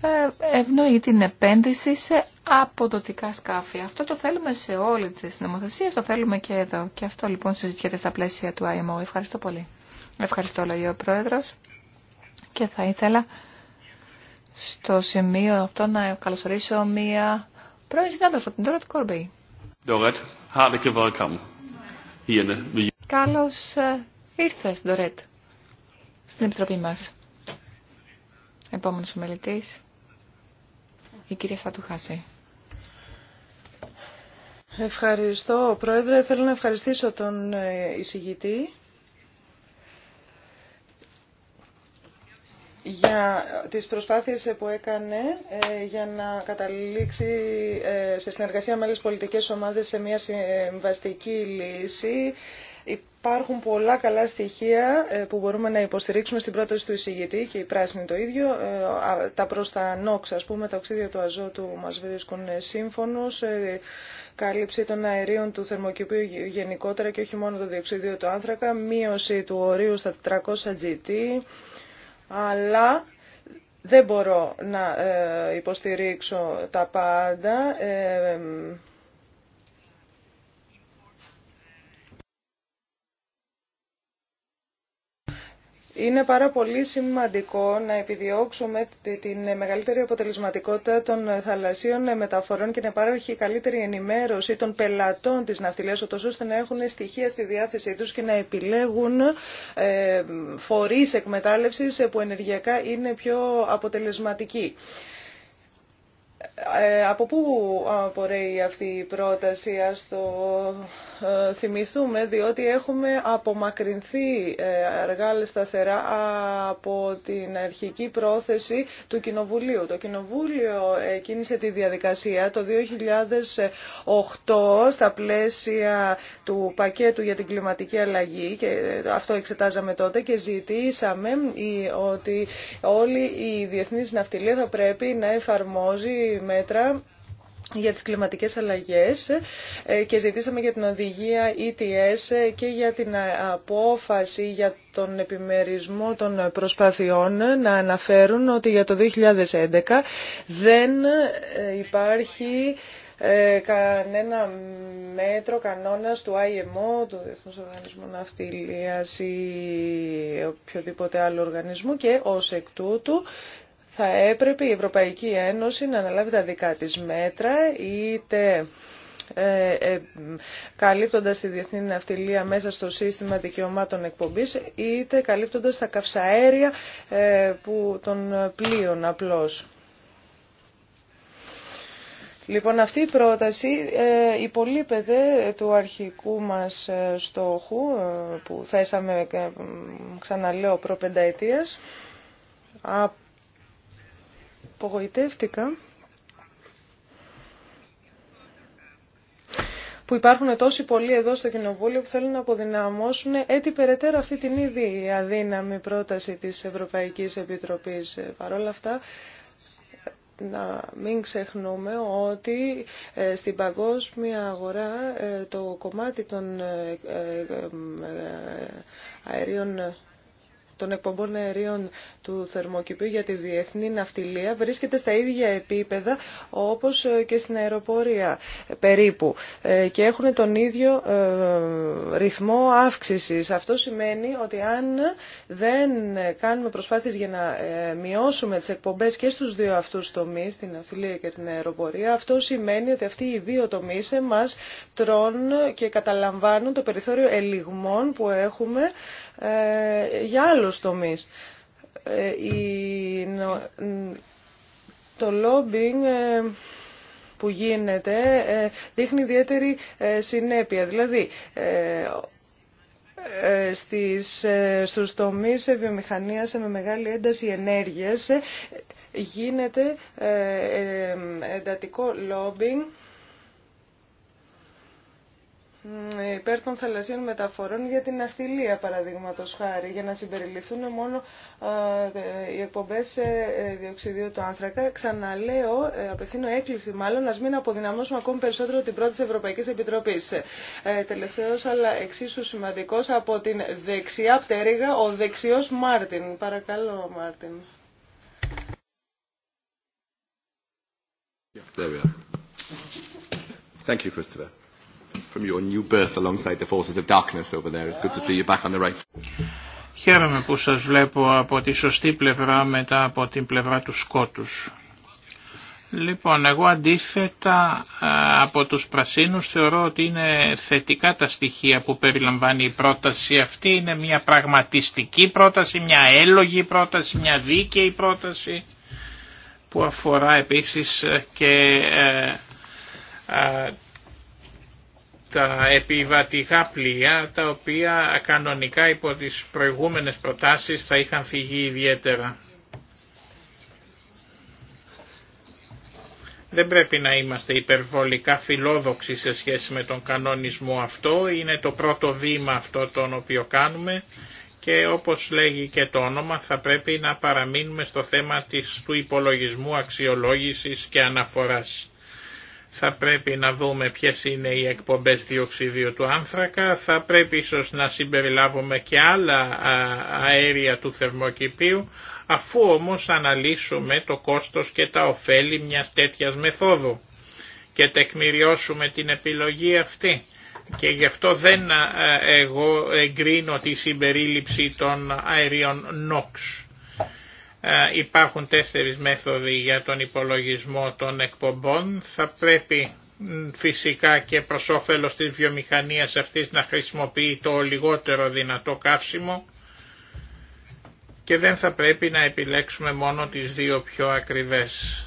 ε, ευνοεί την επένδυση σε αποδοτικά σκάφη. Αυτό το θέλουμε σε όλη τη νομοθεσία, το θέλουμε και εδώ. Και αυτό λοιπόν συζητιέται στα πλαίσια του IMO. Ευχαριστώ πολύ. Ευχαριστώ λέει ο Πρόεδρος και θα ήθελα στο σημείο αυτό να καλωσορίσω μία πρώην συνάδελφο, την Ντόρετ Κόρμπεϊ. Ντόρετ, hartelijk welcome. Καλώ ήρθε, Ντορέτ, στην Επιτροπή μα. Επόμενο ομιλητής, η κυρία Σατουχάση. Ευχαριστώ, Πρόεδρε. Θέλω να ευχαριστήσω τον ε, εισηγητή για τις προσπάθειες που έκανε ε, για να καταλήξει ε, σε συνεργασία με άλλες πολιτικές ομάδες σε μια συμβαστική λύση. Υπάρχουν πολλά καλά στοιχεία ε, που μπορούμε να υποστηρίξουμε στην πρόταση του εισηγητή και η πράσινη το ίδιο. Τα προς τα νόξ, ας πούμε, τα οξύδια του αζότου μας βρίσκουν σύμφωνος. Κάλυψη των αερίων του θερμοκηπίου γενικότερα και όχι μόνο το διοξίδιο του άνθρακα. Μείωση του ορίου στα 400 GT αλλά δεν μπορώ να ε, υποστηρίξω τα πάντα. Ε, Είναι πάρα πολύ σημαντικό να επιδιώξουμε την μεγαλύτερη αποτελεσματικότητα των θαλασσίων μεταφορών και να υπάρχει καλύτερη ενημέρωση των πελατών της ναυτιλίας, ώστε να έχουν στοιχεία στη διάθεσή τους και να επιλέγουν ε, φορείς εκμετάλλευσης που ενεργειακά είναι πιο αποτελεσματικοί. Ε, από πού απορρέει αυτή η πρόταση, το ε, θυμηθούμε διότι έχουμε απομακρυνθεί ε, αργά αλλά σταθερά από την αρχική πρόθεση του Κοινοβουλίου. Το Κοινοβούλιο κίνησε τη διαδικασία το 2008 στα πλαίσια του πακέτου για την κλιματική αλλαγή και αυτό εξετάζαμε τότε και ζητήσαμε ε, ότι όλη η διεθνής ναυτιλία θα πρέπει να εφαρμόζει μέτρα για τις κλιματικές αλλαγές ε, και ζητήσαμε για την οδηγία ETS ε, και για την ε, απόφαση για τον επιμερισμό των προσπαθειών να αναφέρουν ότι για το 2011 δεν υπάρχει κανένα μέτρο, κανόνας του IMO, του Διεθνούς Οργανισμού Ναυτιλίας ή οποιοδήποτε άλλο οργανισμού και ως εκ τούτου θα έπρεπε η Ευρωπαϊκή Ένωση να αναλάβει τα δικά της μέτρα, είτε ε, ε, καλύπτοντας τη διεθνή ναυτιλία μέσα στο σύστημα δικαιωμάτων εκπομπής είτε καλύπτοντας τα καυσαέρια ε, που, των πλοίων απλώς. Λοιπόν, αυτή η πρόταση ε, υπολείπεται του αρχικού μας ε, στόχου που θέσαμε, ξαναλέω, προπενταετίας απογοητεύτηκα που υπάρχουν τόσοι πολλοί εδώ στο Κοινοβούλιο που θέλουν να αποδυναμώσουν έτσι περαιτέρω αυτή την ήδη αδύναμη πρόταση της Ευρωπαϊκής Επιτροπής. Παρ' όλα αυτά, να μην ξεχνούμε ότι ε, στην παγκόσμια αγορά ε, το κομμάτι των ε, αερίων των εκπομπών αερίων του θερμοκηπίου για τη διεθνή ναυτιλία βρίσκεται στα ίδια επίπεδα όπως ε, και στην αεροπορία ε, περίπου ε, και έχουν τον ίδιο ρυθμό αύξησης. Αυτό σημαίνει ότι αν δεν κάνουμε προσπάθειες για να μειώσουμε τις εκπομπές και στους δύο αυτούς τομείς, την ναυτιλία και την αεροπορία, αυτό σημαίνει ότι αυτοί οι δύο τομείς μας τρώνε και καταλαμβάνουν το περιθώριο ελιγμών που έχουμε ε, για άλλους τομείς. Ε, το lobbying ε, που γίνεται δείχνει ιδιαίτερη συνέπεια. Δηλαδή, στις, στους τομείς βιομηχανίας με μεγάλη ένταση ενέργειας γίνεται εντατικό lobbying υπέρ των θαλασσίων μεταφορών για την αστυλία παραδείγματος χάρη για να συμπεριληφθούν μόνο οι εκπομπές ε, ε, διοξιδίου του άνθρακα. Ξαναλέω, ε, απευθύνω έκκληση μάλλον, να μην αποδυναμώσουμε ακόμη περισσότερο την πρώτη Ευρωπαϊκής Επιτροπής. Τελευταίος αλλά εξίσου σημαντικός από την δεξιά πτέρυγα, ο δεξιός Μάρτιν. Παρακαλώ Μάρτιν from your new birth alongside the forces of darkness over there. It's good to see you back on the right side. Χαίρομαι που σας βλέπω από τη σωστή πλευρά μετά από την πλευρά του σκότους. Λοιπόν, εγώ αντίθετα ε, από τους πρασίνους θεωρώ ότι είναι θετικά τα στοιχεία που περιλαμβάνει η πρόταση αυτή. Είναι μια πραγματιστική πρόταση, μια έλογη πρόταση, μια δίκαιη πρόταση που αφορά επίσης και ε, ε, τα επιβατικά πλοία τα οποία κανονικά υπό τις προηγούμενες προτάσεις θα είχαν φυγεί ιδιαίτερα. Δεν πρέπει να είμαστε υπερβολικά φιλόδοξοι σε σχέση με τον κανονισμό αυτό. Είναι το πρώτο βήμα αυτό τον οποίο κάνουμε και όπως λέγει και το όνομα θα πρέπει να παραμείνουμε στο θέμα της, του υπολογισμού αξιολόγησης και αναφοράς θα πρέπει να δούμε ποιες είναι οι εκπομπές διοξιδίου του άνθρακα, θα πρέπει ίσως να συμπεριλάβουμε και άλλα αέρια του θερμοκηπίου, αφού όμως αναλύσουμε το κόστος και τα ωφέλη μιας τέτοιας μεθόδου και τεκμηριώσουμε την επιλογή αυτή. Και γι' αυτό δεν εγώ εγκρίνω τη συμπερίληψη των αερίων NOx. Ε, υπάρχουν τέσσερις μέθοδοι για τον υπολογισμό των εκπομπών. Θα πρέπει φυσικά και προς όφελος της βιομηχανίας αυτής να χρησιμοποιεί το λιγότερο δυνατό καύσιμο και δεν θα πρέπει να επιλέξουμε μόνο τις δύο πιο ακριβές.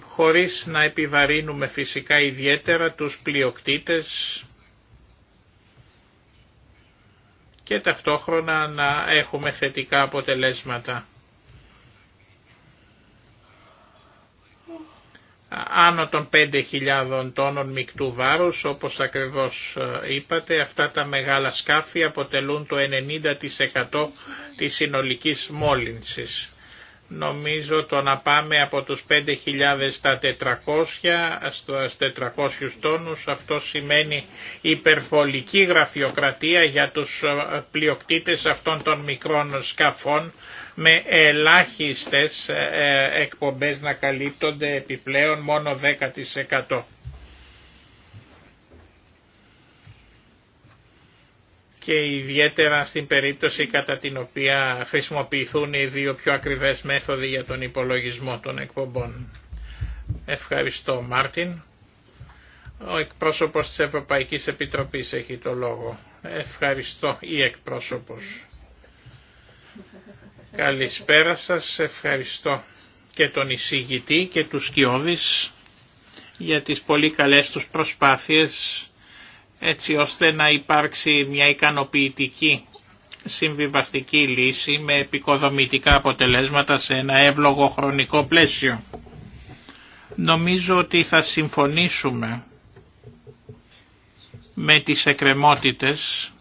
χωρίς να επιβαρύνουμε φυσικά ιδιαίτερα τους πλειοκτήτες και ταυτόχρονα να έχουμε θετικά αποτελέσματα. Άνω των 5.000 τόνων μικτού βάρους, όπως ακριβώς ε, είπατε, αυτά τα μεγάλα σκάφη αποτελούν το 90% της συνολικής μόλυνσης. Νομίζω το να πάμε από τους 5.000 στα 400, στους 400 τόνους, αυτό σημαίνει υπερβολική γραφειοκρατία για τους ε, πλειοκτήτες αυτών των μικρών σκαφών με ελάχιστες ε, ε, εκπομπές να καλύπτονται επιπλέον μόνο 10%. και ιδιαίτερα στην περίπτωση κατά την οποία χρησιμοποιηθούν οι δύο πιο ακριβές μέθοδοι για τον υπολογισμό των εκπομπών. Ευχαριστώ Μάρτιν. Ο εκπρόσωπος της Ευρωπαϊκής Επιτροπής έχει το λόγο. Ευχαριστώ ή εκπρόσωπος. Καλησπέρα σας, ευχαριστώ και τον εισηγητή και τους κοιόδης για τις πολύ καλές τους προσπάθειες έτσι ώστε να υπάρξει μια ικανοποιητική συμβιβαστική λύση με επικοδομητικά αποτελέσματα σε ένα εύλογο χρονικό πλαίσιο. Νομίζω ότι θα συμφωνήσουμε με τις εκκρεμότητες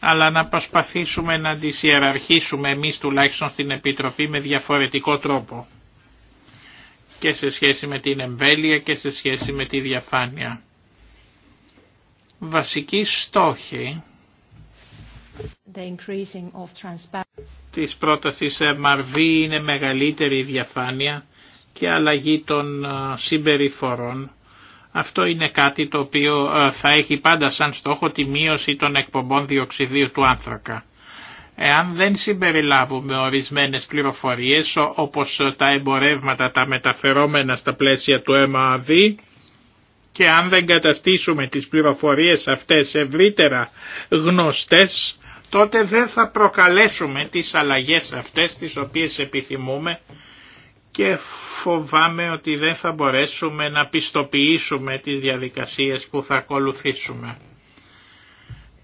αλλά να προσπαθήσουμε να τις ιεραρχήσουμε εμείς τουλάχιστον στην Επιτροπή με διαφορετικό τρόπο και σε σχέση με την εμβέλεια και σε σχέση με τη διαφάνεια βασικοί στόχοι of της πρότασης MRV είναι μεγαλύτερη διαφάνεια και αλλαγή των ε, συμπεριφορών. Αυτό είναι κάτι το οποίο ε, θα έχει πάντα σαν στόχο τη μείωση των εκπομπών διοξιδίου του άνθρακα. Εάν δεν συμπεριλάβουμε ορισμένες πληροφορίες όπως τα εμπορεύματα, τα μεταφερόμενα στα πλαίσια του MRV, και αν δεν καταστήσουμε τις πληροφορίες αυτές ευρύτερα γνωστές, τότε δεν θα προκαλέσουμε τις αλλαγές αυτές τις οποίες επιθυμούμε και φοβάμαι ότι δεν θα μπορέσουμε να πιστοποιήσουμε τις διαδικασίες που θα ακολουθήσουμε.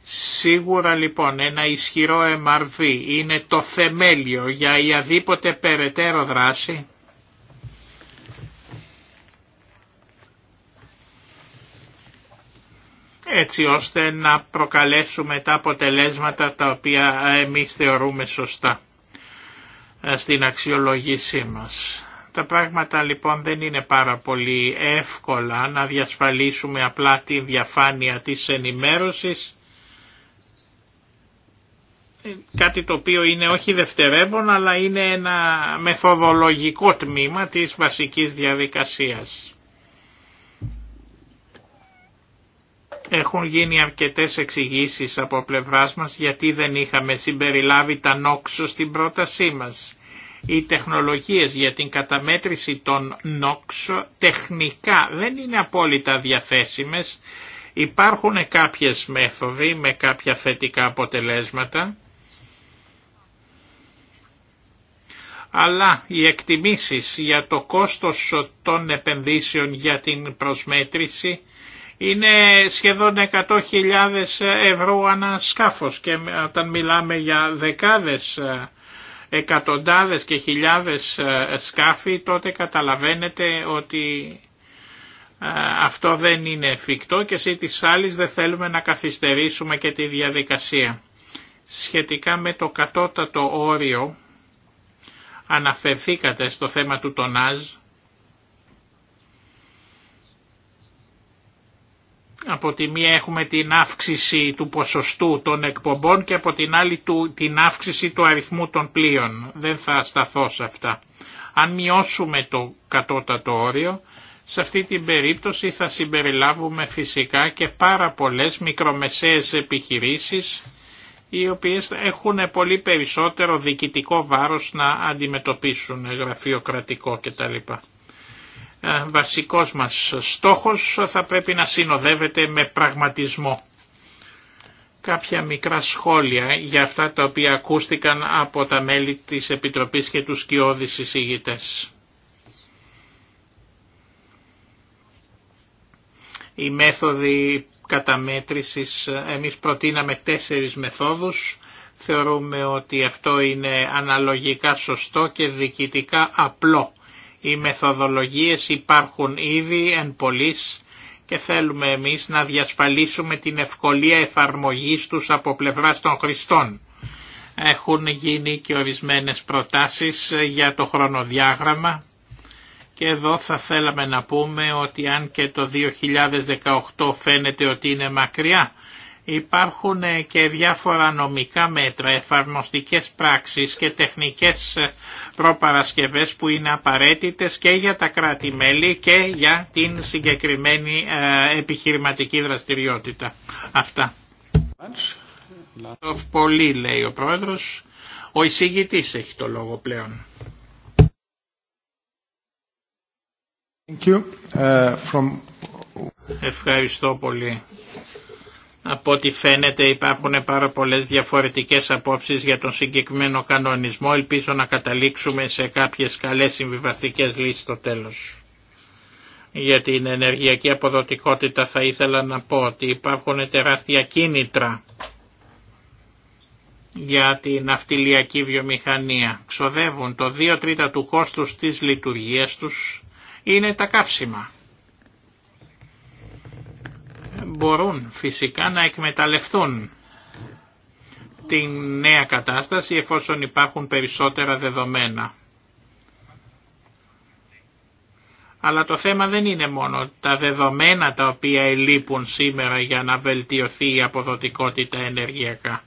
Σίγουρα λοιπόν ένα ισχυρό MRV είναι το θεμέλιο για η αδίποτε περαιτέρω δράση έτσι ώστε να προκαλέσουμε τα αποτελέσματα τα οποία εμείς θεωρούμε σωστά ε, στην αξιολογήσή μας. Τα πράγματα λοιπόν δεν είναι πάρα πολύ εύκολα να διασφαλίσουμε απλά τη διαφάνεια της ενημέρωσης, ε, κάτι το οποίο είναι όχι δευτερεύον αλλά είναι ένα μεθοδολογικό τμήμα της βασικής διαδικασίας. Έχουν γίνει αρκετές εξηγήσει από πλευράς μας γιατί δεν είχαμε συμπεριλάβει τα νόξο στην πρότασή μας. Οι τεχνολογίες για την καταμέτρηση των νόξο τεχνικά δεν είναι απόλυτα διαθέσιμες. Υπάρχουν κάποιες μέθοδοι με κάποια θετικά αποτελέσματα. αλλά οι εκτιμήσεις για το κόστος των επενδύσεων για την προσμέτρηση είναι σχεδόν 100.000 ευρώ ανά σκάφος και όταν μιλάμε για δεκάδες, ε, εκατοντάδες και χιλιάδες ε, σκάφη τότε καταλαβαίνετε ότι ε, αυτό δεν είναι εφικτό και σε της άλλης δεν θέλουμε να καθυστερήσουμε και τη διαδικασία. Σχετικά με το κατώτατο όριο αναφερθήκατε στο θέμα του τονάζ Από τη μία έχουμε την αύξηση του ποσοστού των εκπομπών και από την άλλη την αύξηση του αριθμού των πλοίων. Δεν θα σταθώ σε αυτά. Αν μειώσουμε το κατώτατο όριο, σε αυτή την περίπτωση θα συμπεριλάβουμε φυσικά και πάρα πολλές μικρομεσαίες επιχειρήσεις οι οποίες έχουν πολύ περισσότερο διοικητικό βάρος να αντιμετωπίσουν γραφειοκρατικό κτλ. Ε, βασικός μας στόχος θα πρέπει να συνοδεύεται με πραγματισμό. Κάποια μικρά σχόλια για αυτά τα οποία ακούστηκαν από τα μέλη της Επιτροπής και τους κοιόδης εισηγητές. Οι μέθοδοι καταμέτρησης, εμείς προτείναμε τέσσερις μεθόδους, θεωρούμε ότι αυτό είναι αναλογικά σωστό και διοικητικά απλό οι μεθοδολογίες υπάρχουν ήδη εν πολλής και θέλουμε εμείς να διασφαλίσουμε την ευκολία εφαρμογής τους από πλευράς των χρηστών. Έχουν γίνει και ορισμένες προτάσεις για το χρονοδιάγραμμα και εδώ θα θέλαμε να πούμε ότι αν και το 2018 φαίνεται ότι είναι μακριά, Υπάρχουν ε, και διάφορα νομικά μέτρα, εφαρμοστικές πράξεις και τεχνικές ε, προπαρασκευές που είναι απαραίτητες και για τα κράτη-μέλη και για την συγκεκριμένη ε, επιχειρηματική δραστηριότητα. Αυτά. Πολύ λέει ο Πρόεδρος. Ο εισηγητής έχει το λόγο πλέον. Ευχαριστώ πολύ. Από ό,τι φαίνεται υπάρχουν πάρα πολλές διαφορετικές απόψεις για τον συγκεκριμένο κανονισμό. Ελπίζω να καταλήξουμε σε κάποιες καλές συμβιβαστικές λύσεις στο τέλος. Για την ενεργειακή αποδοτικότητα θα ήθελα να πω ότι υπάρχουν τεράστια κίνητρα για την ναυτιλιακή βιομηχανία. Ξοδεύουν το 2 τρίτα του κόστους της λειτουργίας τους είναι τα καύσιμα μπορούν φυσικά να εκμεταλλευτούν την νέα κατάσταση εφόσον υπάρχουν περισσότερα δεδομένα. Αλλά το θέμα δεν είναι μόνο τα δεδομένα τα οποία ελείπουν σήμερα για να βελτιωθεί η αποδοτικότητα ενεργειακά.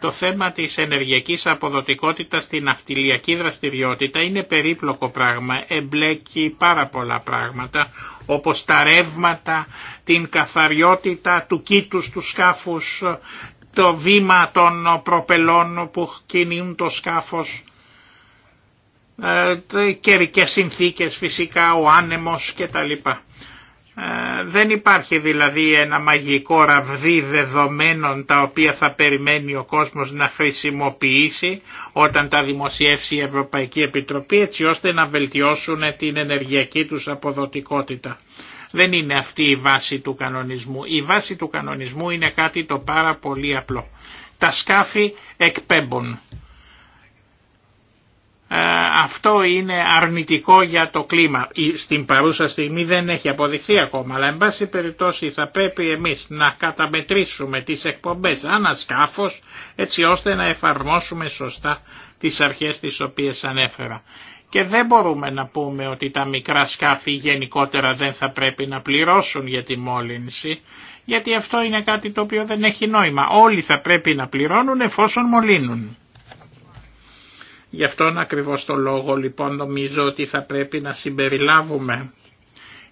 Το θέμα της ενεργειακής αποδοτικότητας στην αυτιλιακή δραστηριότητα είναι περίπλοκο πράγμα, εμπλέκει πάρα πολλά πράγματα, όπως τα ρεύματα, την καθαριότητα του κήτους του σκάφους, το βήμα των προπελών που κινούν το σκάφος, ε, καιρικές συνθήκες φυσικά, ο άνεμος κτλ. Ε, δεν υπάρχει δηλαδή ένα μαγικό ραβδί δεδομένων τα οποία θα περιμένει ο κόσμος να χρησιμοποιήσει όταν τα δημοσιεύσει η Ευρωπαϊκή Επιτροπή έτσι ώστε να βελτιώσουν την ενεργειακή τους αποδοτικότητα. Δεν είναι αυτή η βάση του κανονισμού. Η βάση του κανονισμού είναι κάτι το πάρα πολύ απλό. Τα σκάφη εκπέμπουν. Ε, αυτό είναι αρνητικό για το κλίμα. Στην παρούσα στιγμή δεν έχει αποδειχθεί ακόμα, αλλά εν πάση περιπτώσει θα πρέπει εμείς να καταμετρήσουμε τις εκπομπές ανασκάφος έτσι ώστε να εφαρμόσουμε σωστά τις αρχές τις οποίες ανέφερα. Και δεν μπορούμε να πούμε ότι τα μικρά σκάφη γενικότερα δεν θα πρέπει να πληρώσουν για τη μόλυνση, γιατί αυτό είναι κάτι το οποίο δεν έχει νόημα. Όλοι θα πρέπει να πληρώνουν εφόσον μολύνουν. Γι' αυτόν ακριβώς το λόγο λοιπόν νομίζω ότι θα πρέπει να συμπεριλάβουμε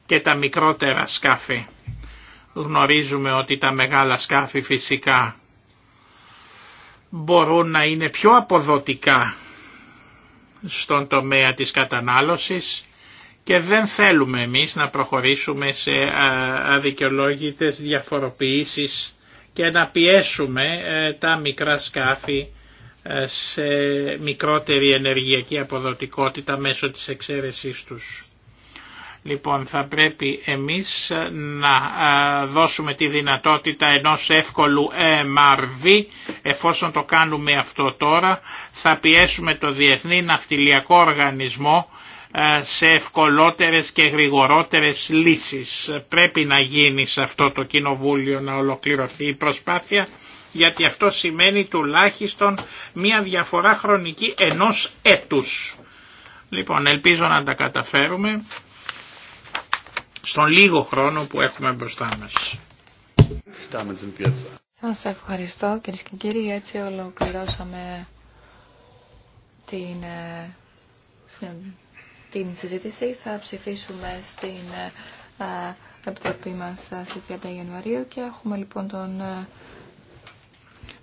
και τα μικρότερα σκάφη. Γνωρίζουμε ότι τα μεγάλα σκάφη φυσικά μπορούν να είναι πιο αποδοτικά στον τομέα της κατανάλωσης και δεν θέλουμε εμείς να προχωρήσουμε σε αδικαιολόγητες διαφοροποιήσεις και να πιέσουμε ε, τα μικρά σκάφη ε, σε μικρότερη ενεργειακή αποδοτικότητα μέσω της εξαίρεσής τους. Λοιπόν, θα πρέπει εμείς να ε, δώσουμε τη δυνατότητα ενός εύκολου MRV, εφόσον το κάνουμε αυτό τώρα, θα πιέσουμε το Διεθνή Ναυτιλιακό Οργανισμό ε, σε ευκολότερες και γρηγορότερες λύσεις. Πρέπει να γίνει σε αυτό το κοινοβούλιο να ολοκληρωθεί η προσπάθεια γιατί αυτό σημαίνει τουλάχιστον μια διαφορά χρονική ενός έτους. Λοιπόν, ελπίζω να τα καταφέρουμε στον λίγο χρόνο που έχουμε μπροστά μας. Σας ευχαριστώ κύριε και κύριοι, έτσι ολοκληρώσαμε την, ε, την συζήτηση. Θα ψηφίσουμε στην ε, ε, Επιτροπή μας στις 30 Ιανουαρίου και έχουμε λοιπόν τον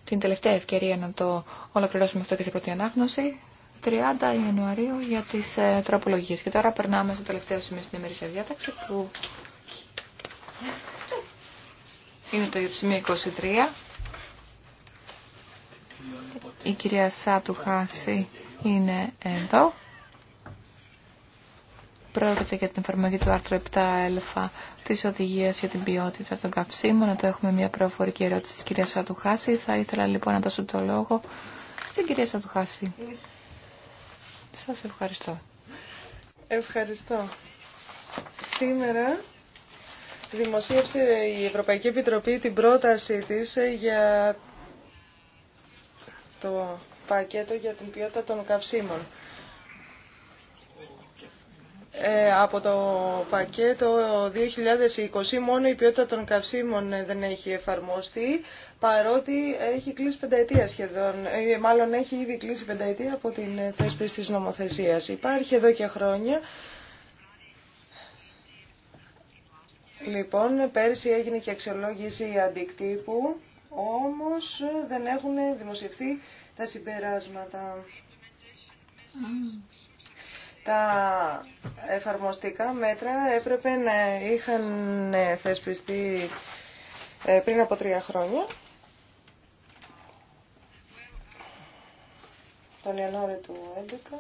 την τελευταία ευκαιρία να το ολοκληρώσουμε αυτό και σε πρώτη ανάγνωση. 30 Ιανουαρίου για τις ε, τροπολογίες. Και τώρα περνάμε στο τελευταίο σημείο στην ημερήσια διάταξη που είναι το σημείο 23. Η κυρία Σάτου Χάση είναι εδώ. Πρόκειται για την εφαρμογή του άρθρου 7α τη Οδηγία για την Ποιότητα των Καυσίμων. το έχουμε μια προφορική ερώτηση της κυρία Σατουχάση. Θα ήθελα λοιπόν να δώσω το λόγο στην κυρία Σατουχάση. Σα ευχαριστώ. Ευχαριστώ. Σήμερα δημοσίευσε η Ευρωπαϊκή Επιτροπή την πρότασή της για το πακέτο για την ποιότητα των καυσίμων. Ε, από το πακέτο 2020 μόνο η ποιότητα των καυσίμων ε, δεν έχει εφαρμοστεί παρότι έχει κλείσει πενταετία σχεδόν, ε, μάλλον έχει ήδη κλείσει πενταετία από την θέσπιση της νομοθεσίας. Υπάρχει εδώ και χρόνια. Λοιπόν, πέρσι έγινε και αξιολόγηση αντικτύπου, όμως δεν έχουν δημοσιευθεί τα συμπεράσματα τα εφαρμοστικά μέτρα έπρεπε να είχαν θεσπιστεί ε, πριν από τρία χρόνια. Τον Ιανουάριο του 2011.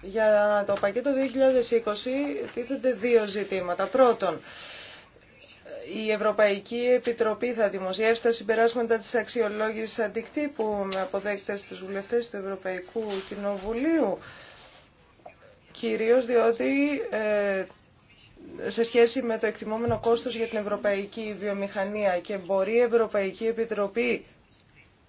Για το πακέτο 2020 τίθενται δύο ζητήματα. Πρώτον, η Ευρωπαϊκή Επιτροπή θα δημοσιεύσει τα συμπεράσματα της αξιολόγησης αντικτύπου με αποδέκτες στους βουλευτές του Ευρωπαϊκού Κοινοβουλίου, κυρίως διότι ε, σε σχέση με το εκτιμόμενο κόστος για την Ευρωπαϊκή Βιομηχανία και μπορεί η Ευρωπαϊκή Επιτροπή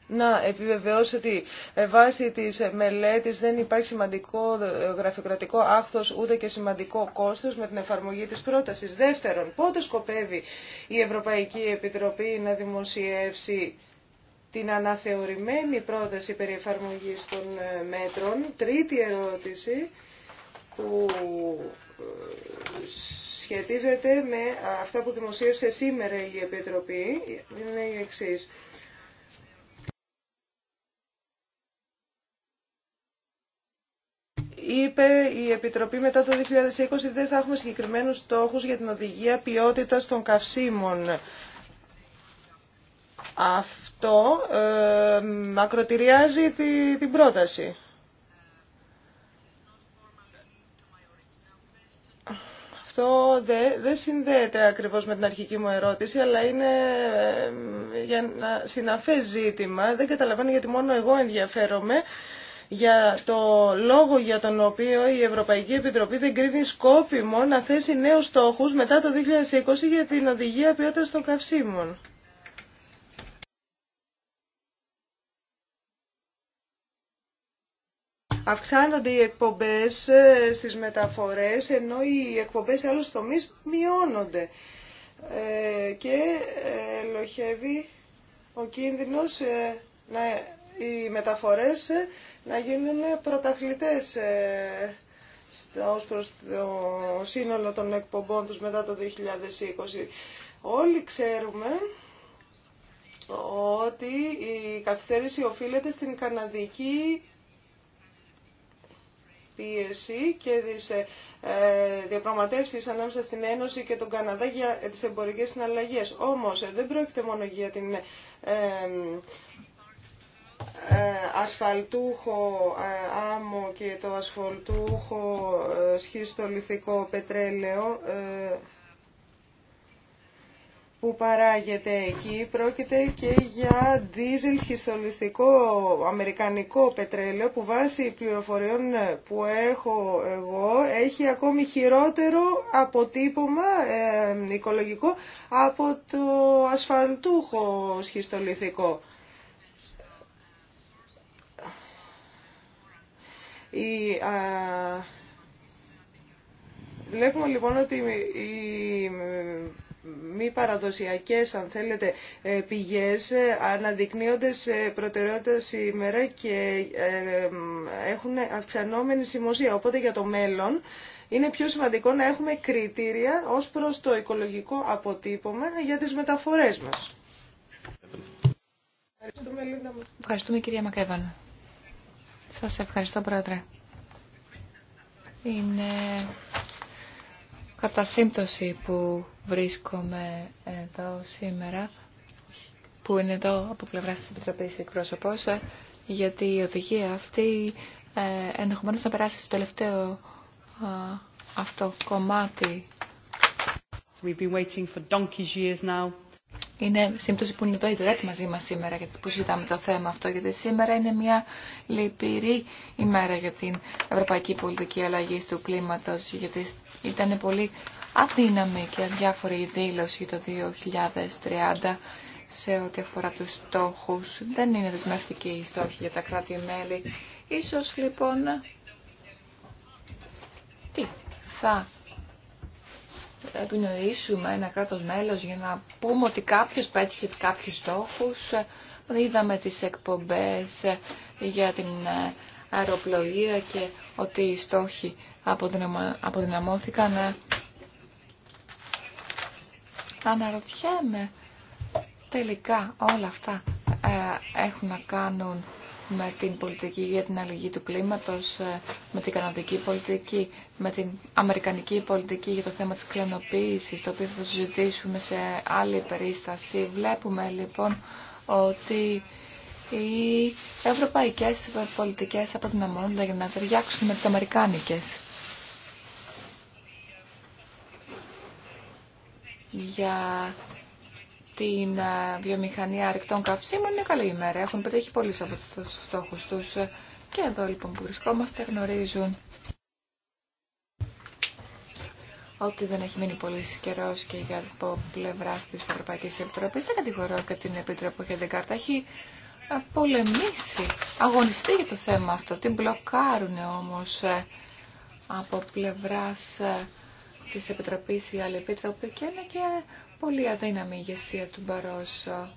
να επιβεβαιώσει ότι ε, βάσει της μελέτης δεν υπάρχει σημαντικό ε, γραφειοκρατικό άχθος ούτε και σημαντικό κόστος με την εφαρμογή της πρότασης. Δεύτερον, πότε σκοπεύει η Ευρωπαϊκή Επιτροπή να δημοσιεύσει την αναθεωρημένη πρόταση περί εφαρμογής των ε, μέτρων. Τρίτη ερώτηση που σχετίζεται με αυτά που δημοσίευσε σήμερα η Επιτροπή είναι η εξής. είπε η Επιτροπή μετά το 2020 δεν θα έχουμε συγκεκριμένους στόχους για την οδηγία ποιότητας των καυσίμων. Αυτό ε, μακροτηριάζει τη, την πρόταση. Αυτό δεν συνδέεται ακριβώς με την αρχική μου ερώτηση, αλλά είναι ε, για να συναφές ζήτημα. Δεν καταλαβαίνω γιατί μόνο εγώ ενδιαφέρομαι για το λόγο για τον οποίο η Ευρωπαϊκή Επιτροπή δεν κρίνει σκόπιμο να θέσει νέους στόχους μετά το 2020 για την οδηγία ποιότητας των καυσίμων. Αυξάνονται οι εκπομπές ε, στις μεταφορές, ενώ οι εκπομπές σε άλλους τομείς μειώνονται. Ε, και ε, ελοχεύει ο κίνδυνος να οι μεταφορές να γίνουν πρωταθλητές ε, ως προς το σύνολο των εκπομπών τους μετά το 2020. Όλοι ξέρουμε ότι η καθυστέρηση οφείλεται στην καναδική πίεση και τις ε, ε, διαπραγματεύσεις ανάμεσα στην Ένωση και τον Καναδά για τις εμπορικές συναλλαγές. Όμως ε, δεν πρόκειται μόνο για την ε, ε, ασφαλτούχο ε, άμμο και το ασφαλτούχο ε, σχιστολιθικό πετρέλαιο που παράγεται εκεί πρόκειται και για δίζελ σχιστολιστικό αμερικανικό πετρέλαιο που βάσει πληροφοριών που έχω εγώ έχει ακόμη χειρότερο αποτύπωμα οικολογικό από το ασφαλτούχο σχιστολιθικό. Η, Βλέπουμε λοιπόν ότι οι μη παραδοσιακές, αν θέλετε, ε, πηγές ε, αναδεικνύονται σε προτεραιότητα σήμερα και ε, έχουν αυξανόμενη σημασία. Οπότε για το μέλλον είναι πιο σημαντικό να έχουμε κριτήρια ως προς το οικολογικό αποτύπωμα για τις μεταφορές μας. Ευχαριστούμε, Ευχαριστούμε κυρία Μακέβανα. Σας ευχαριστώ, Πρόεδρε. Είναι κατά σύμπτωση που βρίσκομαι εδώ σήμερα, που είναι εδώ από πλευρά της Επιτροπής εκπρόσωπος, γιατί η οδηγία αυτή ε, ενδεχομένως να περάσει στο τελευταίο αυτό κομμάτι. been waiting for donkey's years now. Είναι σύμπτωση που είναι εδώ η μαζί μας σήμερα γιατί που συζητάμε το θέμα αυτό, γιατί σήμερα είναι μια λυπηρή ημέρα για την ευρωπαϊκή πολιτική αλλαγή του κλίματος, γιατί ήταν πολύ αδύναμη και αδιάφορη η δήλωση το 2030 σε ό,τι αφορά τους στόχους. Δεν είναι δεσμευτική η στόχη για τα κράτη-μέλη. Ίσως λοιπόν... Τι θα επινοήσουμε ένα κράτος μέλος για να πούμε ότι κάποιος πέτυχε κάποιους στόχους. Είδαμε τις εκπομπές για την αεροπλοεία και ότι οι στόχοι αποδυναμώθηκαν. Αναρωτιέμαι τελικά όλα αυτά ε, έχουν να κάνουν με την πολιτική για την αλληλεγγύη του κλίματος, ε, με την καναδική πολιτική, με την αμερικανική πολιτική για το θέμα της κλωνοποίησης, το οποίο θα το συζητήσουμε σε άλλη περίσταση. Βλέπουμε λοιπόν ότι οι ευρωπαϊκές πολιτικές αποδυναμώνονται για να ταιριάξουν με τις αμερικάνικες. Για την βιομηχανία αρκτών καυσίμων είναι καλή ημέρα. Έχουν πετύχει πολλοί από τους στόχους τους. Και εδώ λοιπόν που βρισκόμαστε γνωρίζουν ότι δεν έχει μείνει πολύ καιρό και για το πλευρά τη Ευρωπαϊκή Επιτροπή. Δεν κατηγορώ και την Επίτροπο Έχει πολεμήσει, αγωνιστεί για το θέμα αυτό. Την μπλοκάρουν όμω ε, από πλευρά ε, τη Επιτροπή ή άλλοι Επίτροποι και είναι και πολύ αδύναμη η ηγεσία του Μπαρόσο.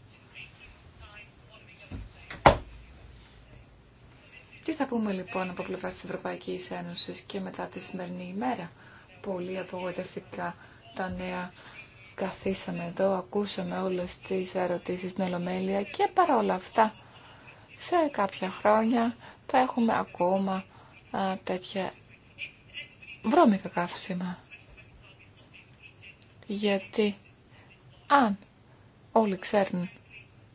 Τι θα πούμε λοιπόν από πλευρά τη ευρωπαϊκή Ένωση και μετά τη σημερινή ημέρα. Πολύ απογοητευτικά τα νέα. Καθίσαμε εδώ, ακούσαμε όλε τι ερωτήσει στην Ολομέλεια και παρόλα αυτά σε κάποια χρόνια θα έχουμε ακόμα α, τέτοια βρώμικα καύσιμα. Γιατί αν όλοι ξέρουν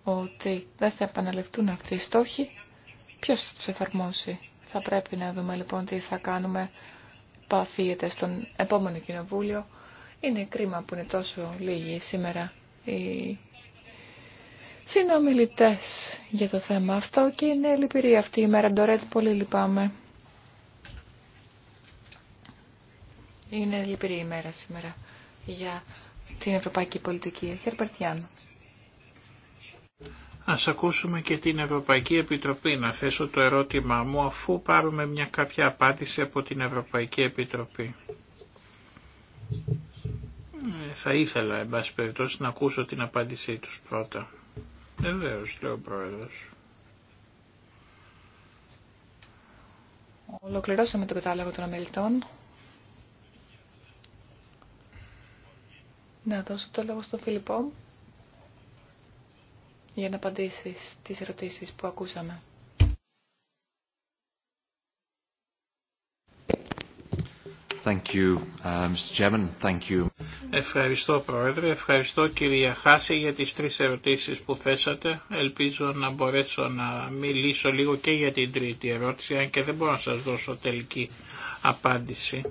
ότι δεν θα επαναληφθούν αυτοί οι στόχοι, ποιος θα τους εφαρμόσει. Θα πρέπει να δούμε λοιπόν τι θα κάνουμε που στον επόμενο κοινοβούλιο. Είναι κρίμα που είναι τόσο λίγοι σήμερα οι συνομιλητές για το θέμα αυτό και είναι λυπηρή αυτή η μέρα. Ντορέτ, πολύ λυπάμαι. Είναι λυπηρή η μέρα σήμερα για την ευρωπαϊκή πολιτική. Χερπερτιάν. Ας ακούσουμε και την Ευρωπαϊκή Επιτροπή να θέσω το ερώτημά μου αφού πάρουμε μια κάποια απάντηση από την Ευρωπαϊκή Επιτροπή. Ε, θα ήθελα, εν πάση περιπτώσει, να ακούσω την απάντησή τους πρώτα. Βεβαίω, λέει ο Πρόεδρος. Ολοκληρώσαμε το κατάλογο των αμελητών Να δώσω το λόγο στον Φιλιππό για να απαντήσει τις ερωτήσεις που ακούσαμε. Thank you, uh, Thank you. Ευχαριστώ Πρόεδρε, ευχαριστώ κυρία Χάση για τις τρεις ερωτήσεις που θέσατε. Ελπίζω να μπορέσω να μιλήσω λίγο και για την τρίτη ερώτηση, αν και δεν μπορώ να σας δώσω τελική απάντηση.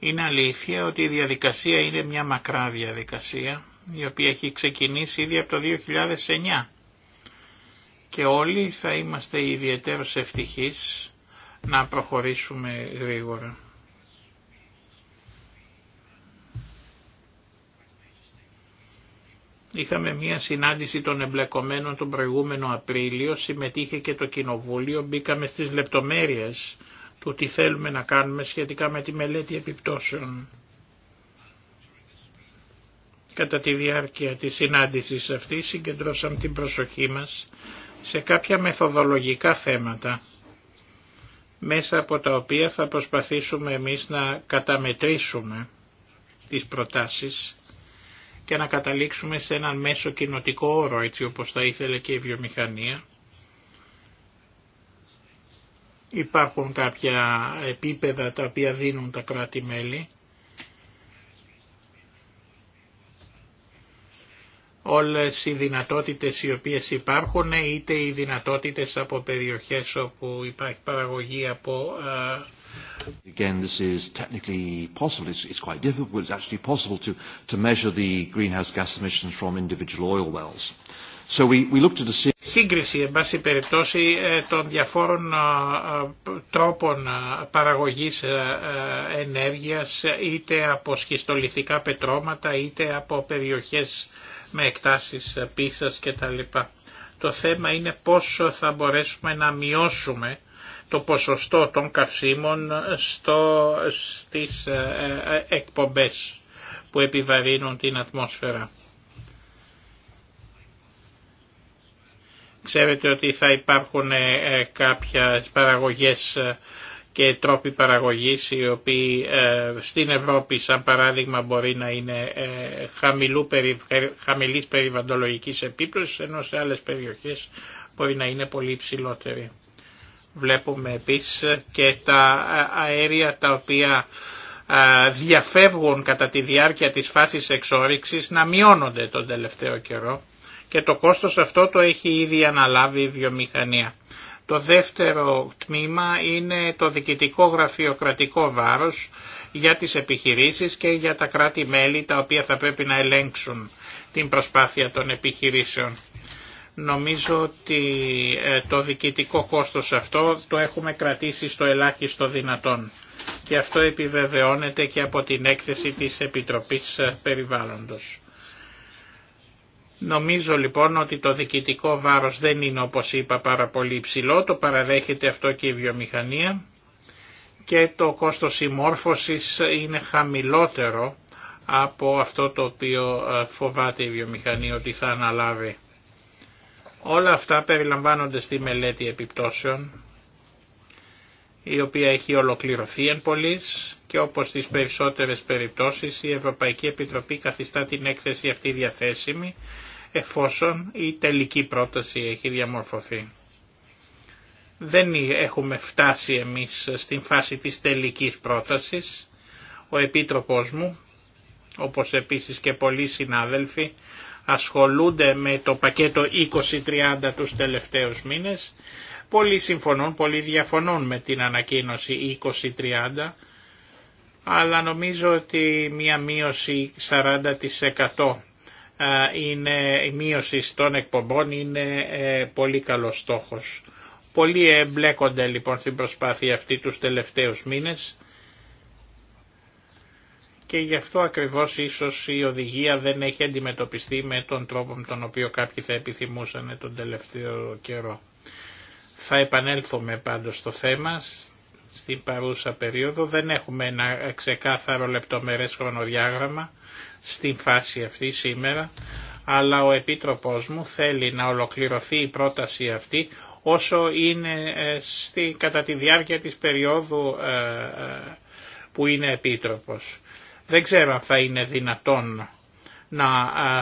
Είναι αλήθεια ότι η διαδικασία είναι μια μακρά διαδικασία, η οποία έχει ξεκινήσει ήδη από το 2009 και όλοι θα είμαστε ιδιαίτερως ευτυχείς να προχωρήσουμε γρήγορα. Είχαμε μία συνάντηση των εμπλεκομένων τον προηγούμενο Απρίλιο, συμμετείχε και το Κοινοβούλιο, μπήκαμε στις λεπτομέρειες του τι θέλουμε να κάνουμε σχετικά με τη μελέτη επιπτώσεων. Κατά τη διάρκεια της συνάντησης αυτής συγκεντρώσαμε την προσοχή μας σε κάποια μεθοδολογικά θέματα, μέσα από τα οποία θα προσπαθήσουμε εμείς να καταμετρήσουμε τις προτάσεις και να καταλήξουμε σε έναν μέσο κοινοτικό όρο, έτσι όπως θα ήθελε και η βιομηχανία, Υπάρχουν κάποια επίπεδα τα οποία δίνουν τα κράτη-μέλη. Όλες οι δυνατότητες οι οποίες υπάρχουν, είτε οι δυνατότητες από περιοχές όπου υπάρχει παραγωγή από Again, this is technically possible. It's, it's quite difficult, but it's actually possible to, to measure the greenhouse gas emissions from individual oil wells. Σύγκριση, εν πάση περιπτώσει, ε, των διαφόρων ε, ε, τρόπων παραγωγής ενέργειας είτε από σχιστολιθικά πετρώματα είτε από περιοχές με εκτάσεις πίσας κτλ. Το θέμα είναι πόσο θα μπορέσουμε να μειώσουμε το ποσοστό των καυσίμων στο, στις εκπομπές που επιβαρύνουν την ατμόσφαιρα. Ξέρετε ότι θα υπάρχουν ε, ε, κάποιες παραγωγές ε, και τρόποι παραγωγής οι οποίοι στην Ευρώπη σαν παράδειγμα μπορεί να είναι χαμηλού, χαμηλής περιβαντολογικής επίπλωσης ενώ σε άλλες περιοχές μπορεί να είναι πολύ υψηλότερη. Βλέπουμε επίσης και τα αέρια τα οποία διαφεύγουν κατά τη διάρκεια της φάσης εξόριξης να μειώνονται τον τελευταίο καιρό και το κόστος αυτό το έχει ήδη αναλάβει η βιομηχανία. Το δεύτερο τμήμα είναι το διοικητικό γραφειοκρατικό βάρος για τις επιχειρήσεις και για τα κράτη-μέλη τα οποία θα πρέπει να ελέγξουν την προσπάθεια των επιχειρήσεων. Νομίζω ότι ε, το διοικητικό κόστος αυτό το έχουμε κρατήσει στο ελάχιστο δυνατόν και αυτό επιβεβαιώνεται και από την έκθεση της Επιτροπής ε, Περιβάλλοντος. Νομίζω λοιπόν ότι το διοικητικό βάρος δεν είναι όπως είπα πάρα πολύ υψηλό, το παραδέχεται αυτό και η βιομηχανία και το κόστος συμμόρφωσης είναι χαμηλότερο από αυτό το οποίο ε, φοβάται η βιομηχανία ότι θα αναλάβει. Όλα αυτά περιλαμβάνονται στη μελέτη επιπτώσεων η οποία έχει ολοκληρωθεί εν πολλής και όπως στις περισσότερες περιπτώσεις η Ευρωπαϊκή Επιτροπή καθιστά την έκθεση αυτή διαθέσιμη εφόσον η τελική πρόταση έχει διαμορφωθεί. Δεν έχουμε φτάσει εμείς στην φάση της τελικής πρότασης. Ο Επίτροπος μου, όπως επίσης και πολλοί συνάδελφοι, ασχολούνται με το πακέτο 20-30 τους τελευταίους μήνες. Πολλοί συμφωνούν, πολλοί διαφωνούν με την ανακοίνωση 20-30, αλλά νομίζω ότι μία μείωση 40% ε, είναι, η μείωση των εκπομπών είναι ε, πολύ καλός στόχος. Πολλοί εμπλέκονται λοιπόν στην προσπάθεια αυτή τους τελευταίους μήνες και γι' αυτό ακριβώς ίσως η οδηγία δεν έχει αντιμετωπιστεί με τον τρόπο με τον οποίο κάποιοι θα επιθυμούσαν τον τελευταίο καιρό. Θα επανέλθουμε πάντως στο θέμα στην παρούσα περίοδο δεν έχουμε ένα ξεκάθαρο λεπτομερές χρονοδιάγραμμα στην φάση αυτή σήμερα, αλλά ο Επίτροπός μου θέλει να ολοκληρωθεί η πρόταση αυτή όσο είναι ε, στη, κατά τη διάρκεια της περίοδου ε, ε, που είναι Επίτροπος. Δεν ξέρω αν θα είναι δυνατόν να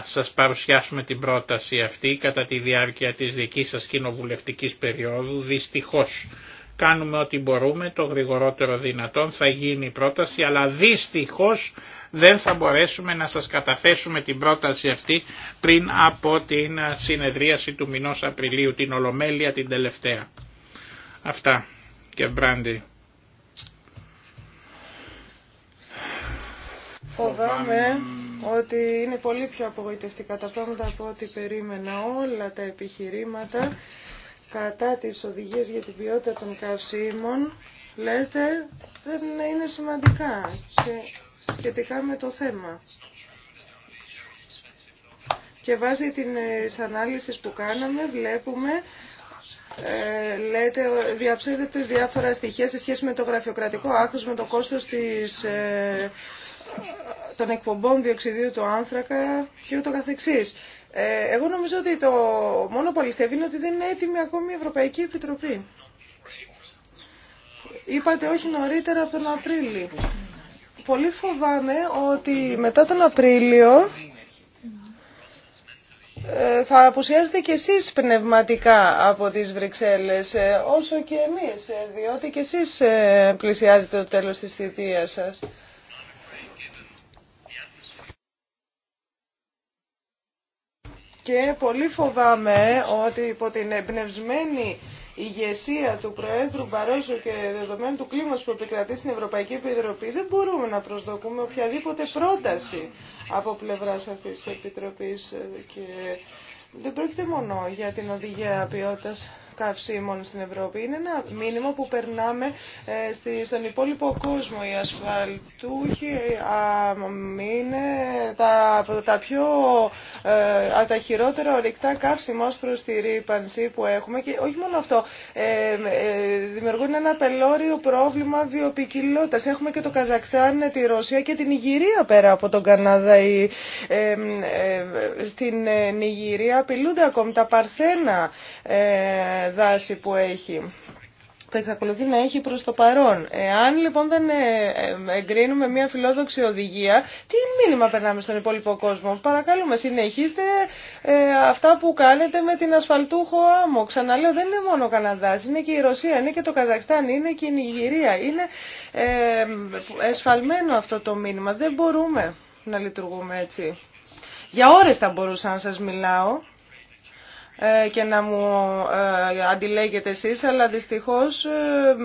σας παρουσιάσουμε την πρόταση αυτή κατά τη διάρκεια της δικής σας κοινοβουλευτικής περίοδου. Δυστυχώς Κάνουμε ό,τι μπορούμε, το γρηγορότερο δυνατόν θα γίνει η πρόταση, αλλά δυστυχώς δεν θα μπορέσουμε να σας καταθέσουμε την πρόταση αυτή πριν από την συνεδρίαση του μηνός Απριλίου, την Ολομέλεια την τελευταία. Αυτά και μπράντι. Φοβάμαι ότι είναι πολύ πιο απογοητευτικά τα πράγματα από ό,τι περίμενα όλα τα επιχειρήματα κατά τις οδηγίες για την ποιότητα των καυσίμων λέτε δεν είναι σημαντικά και σχετικά με το θέμα. Και βάσει την ε, ανάλυση που κάναμε βλέπουμε ε, λέτε, διαψεύδεται διάφορα στοιχεία σε σχέση με το γραφειοκρατικό άχθος, με το κόστος της ε, των εκπομπών διοξιδίου του άνθρακα και ούτω καθεξής. Ε, εγώ νομίζω ότι το μόνο που αληθεύει είναι ότι δεν είναι έτοιμη ακόμη η Ευρωπαϊκή Επιτροπή. Είπατε όχι νωρίτερα από τον Απρίλιο. Πολύ φοβάμαι ότι μετά τον Απρίλιο ε, θα απουσιάζετε κι εσείς πνευματικά από τις Βρυξέλλες, ε, όσο και εμείς, διότι κι εσείς πλησιάζετε το τέλος της θητείας σας. και πολύ φοβάμαι ότι υπό την εμπνευσμένη ηγεσία του Προέδρου Μπαρόζο και δεδομένου του κλίματος που επικρατεί στην Ευρωπαϊκή Επιτροπή δεν μπορούμε να προσδοκούμε οποιαδήποτε πρόταση από πλευράς αυτής της Επιτροπής και δεν πρόκειται μόνο για την οδηγία ποιότητας καυσίμων στην Ευρώπη. Είναι ένα μήνυμα που περνάμε ε, στον υπόλοιπο κόσμο. Οι ασφαλτούχοι είναι τα, τα πιο ε, τα χειρότερα ορυκτά καύσιμα ως προς τη ρήπανση που έχουμε και όχι μόνο αυτό, ε, δημιουργούν ένα πελώριο πρόβλημα βιοπικιλότητας. Έχουμε και το Καζακστάν, τη Ρωσία και την Ιγυρία πέρα από τον Καναδά. στην Νιγηρία απειλούνται ακόμη τα παρθένα δάση που έχει. Θα εξακολουθεί να έχει προς το παρόν. Εάν λοιπόν δεν ε, ε, εγκρίνουμε μια φιλόδοξη οδηγία, τι μήνυμα περνάμε στον υπόλοιπο κόσμο. Παρακαλούμε, συνεχίστε ε, αυτά που κάνετε με την ασφαλτούχο άμμο. Ξαναλέω, δεν είναι μόνο ο Καναδάς, είναι και η Ρωσία, είναι και το Καζακστάν, είναι και η Νιγηρία. Είναι εσφαλμένο αυτό το μήνυμα. Δεν μπορούμε να λειτουργούμε έτσι. Για ώρες θα μπορούσα να σας μιλάω ε, και να μου ε, αντιλέγετε εσείς, αλλά δυστυχώς ε,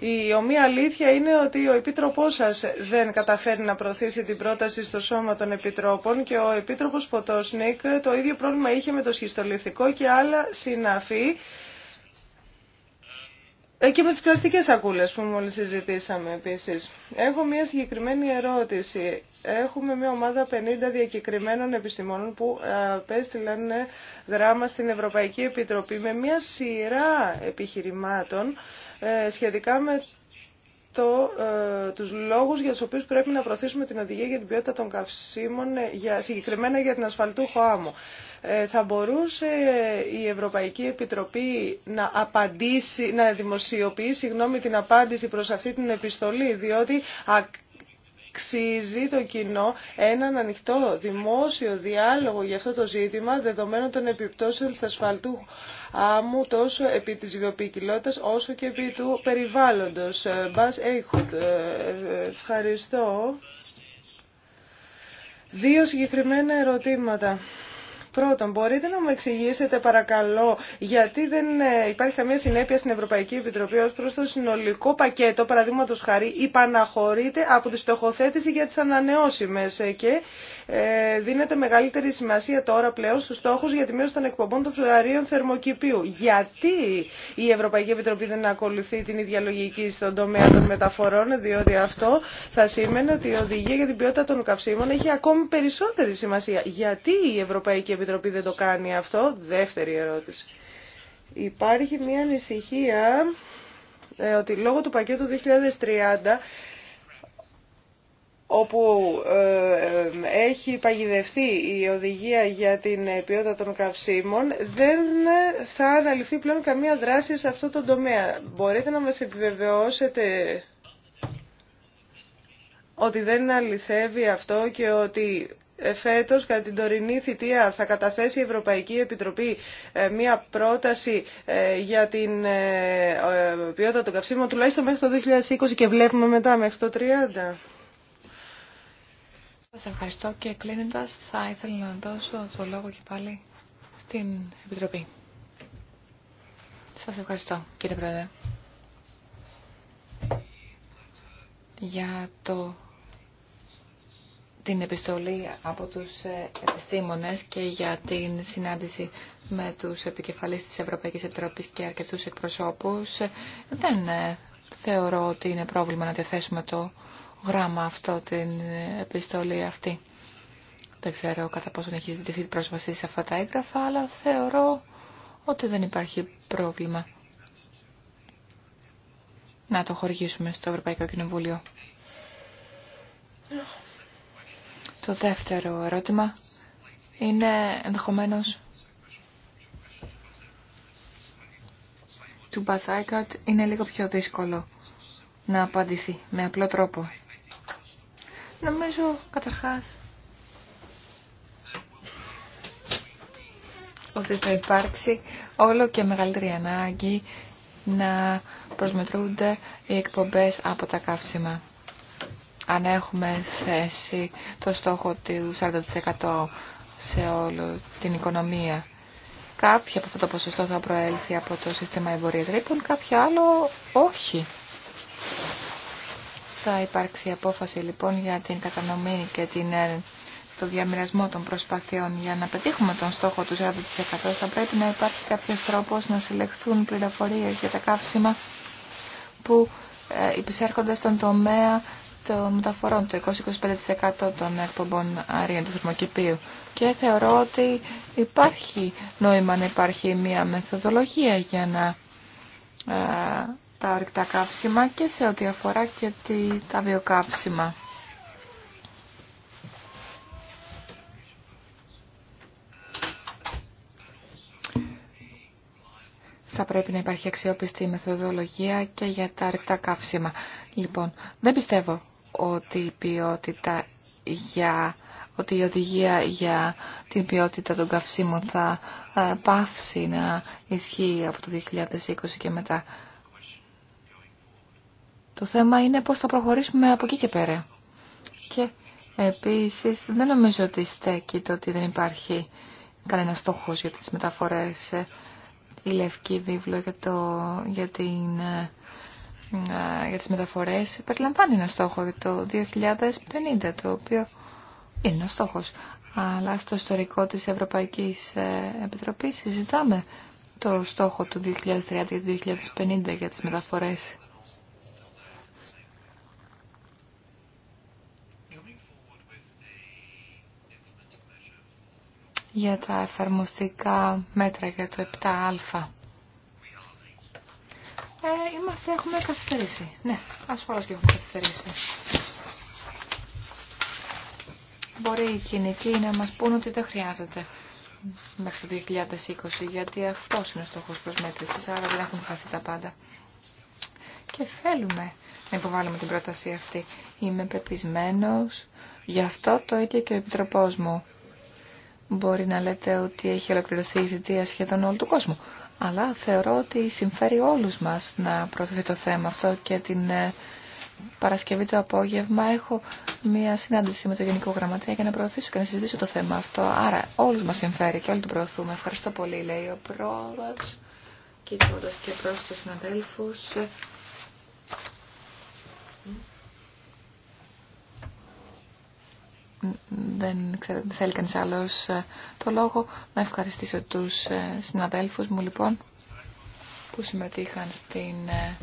Η ομοία αλήθεια είναι ότι ο Επίτροπός σας δεν καταφέρει να προωθήσει την πρόταση στο σώμα των Επιτρόπων και ο Επίτροπος Ποτόσνικ το ίδιο πρόβλημα είχε με το σχιστολιθικό και άλλα συναφή και με τις πλαστικές σακούλες που μόλις συζητήσαμε επίσης. Έχω μια συγκεκριμένη ερώτηση. Έχουμε μια ομάδα 50 διακεκριμένων επιστημόνων που ε, απέστειλαν ε, γράμμα στην Ευρωπαϊκή Επιτροπή με μια σειρά επιχειρημάτων ε, σχετικά με το, ε, τους λόγους για τους οποίους πρέπει να προωθήσουμε την οδηγία για την ποιότητα των καυσίμων, ε, για, συγκεκριμένα για την ασφαλτούχο άμμο. Ε, θα μπορούσε η Ευρωπαϊκή Επιτροπή να, απαντήσει, να δημοσιοποιήσει την απάντηση προς αυτή την επιστολή, διότι αξίζει το κοινό έναν ανοιχτό δημόσιο διάλογο για αυτό το ζήτημα δεδομένων των επιπτώσεων της ασφαλτού άμμου τόσο επί της βιοποικιλότητας όσο και επί του περιβάλλοντος. Ε, Μπάς Έιχουτ, ε, ευχαριστώ. Δύο συγκεκριμένα ερωτήματα. Πρώτον, μπορείτε να μου εξηγήσετε παρακαλώ γιατί δεν ε, υπάρχει καμία συνέπεια στην Ευρωπαϊκή Επιτροπή ω προ το συνολικό πακέτο, παραδείγματο χάρη, υπαναχωρείται από τη στοχοθέτηση για τι ανανεώσιμες ε, και ε, δίνεται μεγαλύτερη σημασία τώρα πλέον στου στόχου για τη μείωση των εκπομπών των φλουαρίων θερμοκηπίου. Γιατί η Ευρωπαϊκή Επιτροπή δεν ακολουθεί την ίδια λογική στον τομέα των μεταφορών, διότι αυτό θα σήμαινε ότι η οδηγία για την ποιότητα των καυσίμων έχει ακόμη περισσότερη σημασία. Γιατί η Ευρωπαϊκή Επιτροπή Επιτροπή δεν το κάνει αυτό. Δεύτερη ερώτηση. Υπάρχει μια ανησυχία ε, ότι λόγω του πακέτου 2030 όπου ε, ε, έχει παγιδευτεί η οδηγία για την ποιότητα των καυσίμων, δεν θα αναλυφθεί πλέον καμία δράση σε αυτό το τομέα. Μπορείτε να μας επιβεβαιώσετε ότι δεν αληθεύει αυτό και ότι ε, Φέτο κατά την τωρινή θητεία θα καταθέσει η Ευρωπαϊκή Επιτροπή ε, μία πρόταση ε, για την ποιότητα του καυσίμων τουλάχιστον μέχρι το 2020 και βλέπουμε μετά μέχρι το 30. Σας ευχαριστώ και κλείνοντας θα ήθελα να δώσω το λόγο και πάλι στην Επιτροπή. Σας ευχαριστώ κύριε Πρόεδρε για το την επιστολή από τους ε, επιστήμονες και για την συνάντηση με τους επικεφαλείς της Ευρωπαϊκής Επιτροπής και αρκετούς εκπροσώπους. Δεν ε, θεωρώ ότι είναι πρόβλημα να διαθέσουμε το γράμμα αυτό, την ε, επιστολή αυτή. Δεν ξέρω κατά πόσον έχει ζητηθεί πρόσβαση σε αυτά τα έγγραφα, αλλά θεωρώ ότι δεν υπάρχει πρόβλημα να το χορηγήσουμε στο Ευρωπαϊκό Κοινοβούλιο. Το δεύτερο ερώτημα είναι ενδεχομένω του Μπασάικατ είναι λίγο πιο δύσκολο να απαντηθεί με απλό τρόπο. Νομίζω καταρχάς ότι θα υπάρξει όλο και μεγαλύτερη ανάγκη να προσμετρούνται οι εκπομπές από τα καύσιμα αν έχουμε θέσει το στόχο του 40% σε όλη την οικονομία. Κάποιο από αυτό το ποσοστό θα προέλθει από το σύστημα εμπορία ρήπων, λοιπόν, κάποιο άλλο όχι. Θα υπάρξει απόφαση λοιπόν για την κατανομή και την, ε, το διαμοιρασμό των προσπαθειών για να πετύχουμε τον στόχο του 40% θα πρέπει να υπάρχει κάποιος τρόπος να συλλεχθούν πληροφορίες για τα καύσιμα που ε, υπησέρχονται στον τομέα των μεταφορών, το 20-25% των εκπομπών αερίων του θερμοκηπίου. Και θεωρώ ότι υπάρχει νόημα να υπάρχει μια μεθοδολογία για να ε, τα ορυκτά κάψιμα και σε ό,τι αφορά και τα βιοκάψιμα θα πρέπει να υπάρχει αξιόπιστη μεθοδολογία και για τα αρκτά καύσιμα. Λοιπόν, δεν πιστεύω ότι η για ότι η οδηγία για την ποιότητα των καυσίμων θα ε, πάυσει να ισχύει από το 2020 και μετά. Το θέμα είναι πώς θα προχωρήσουμε από εκεί και πέρα. Και επίσης δεν νομίζω ότι στέκει το ότι δεν υπάρχει κανένα στόχος για τις μεταφορές ε, η Λευκή Βίβλο για, το, για την ε, για τις μεταφορές περιλαμβάνει ένα στόχο το 2050, το οποίο είναι ο στόχος. Αλλά στο ιστορικό της Ευρωπαϊκής ε, Επιτροπής συζητάμε το στόχο του 2030 και του 2050 για τις μεταφορές. για τα εφαρμοστικά μέτρα για το 7α. Ε, είμαστε, έχουμε καθυστερήσει. Ναι, ασφαλώς και έχουμε καθυστερήσει. Μπορεί οι κοινικοί να μας πούν ότι δεν χρειάζεται μέχρι το 2020, γιατί αυτό είναι ο στόχος μέτρησης, άρα δεν έχουν χαθεί τα πάντα. Και θέλουμε να υποβάλουμε την πρόταση αυτή. Είμαι πεπισμένος, γι' αυτό το ίδιο και ο Επιτροπός μου. Μπορεί να λέτε ότι έχει ολοκληρωθεί η θητεία σχεδόν όλου του κόσμου αλλά θεωρώ ότι συμφέρει όλους μας να προωθηθεί το θέμα αυτό και την ε, Παρασκευή το απόγευμα έχω μία συνάντηση με το Γενικό Γραμματέα για να προωθήσω και να συζητήσω το θέμα αυτό. Άρα όλους μας συμφέρει και όλοι τον προωθούμε. Ευχαριστώ πολύ λέει ο πρόεδρος, κοιτώντας και προς τους συναδέλφους. δεν δεν θέλει κανείς άλλος ε, το λόγο. Να ευχαριστήσω τους ε, συναδέλφους μου λοιπόν που συμμετείχαν στην ε,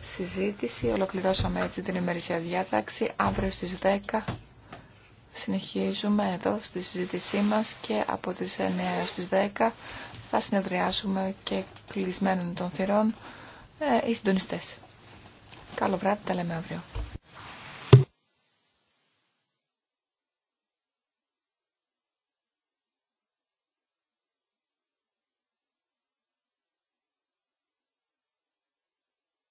συζήτηση. Ολοκληρώσαμε έτσι την ημερησία διάταξη. Αύριο στις 10 συνεχίζουμε εδώ στη συζήτησή μας και από τις 9 έως τις 10 θα συνεδριάσουμε και κλεισμένων των θυρών ε, οι συντονιστές. Καλό βράδυ, τα λέμε αύριο.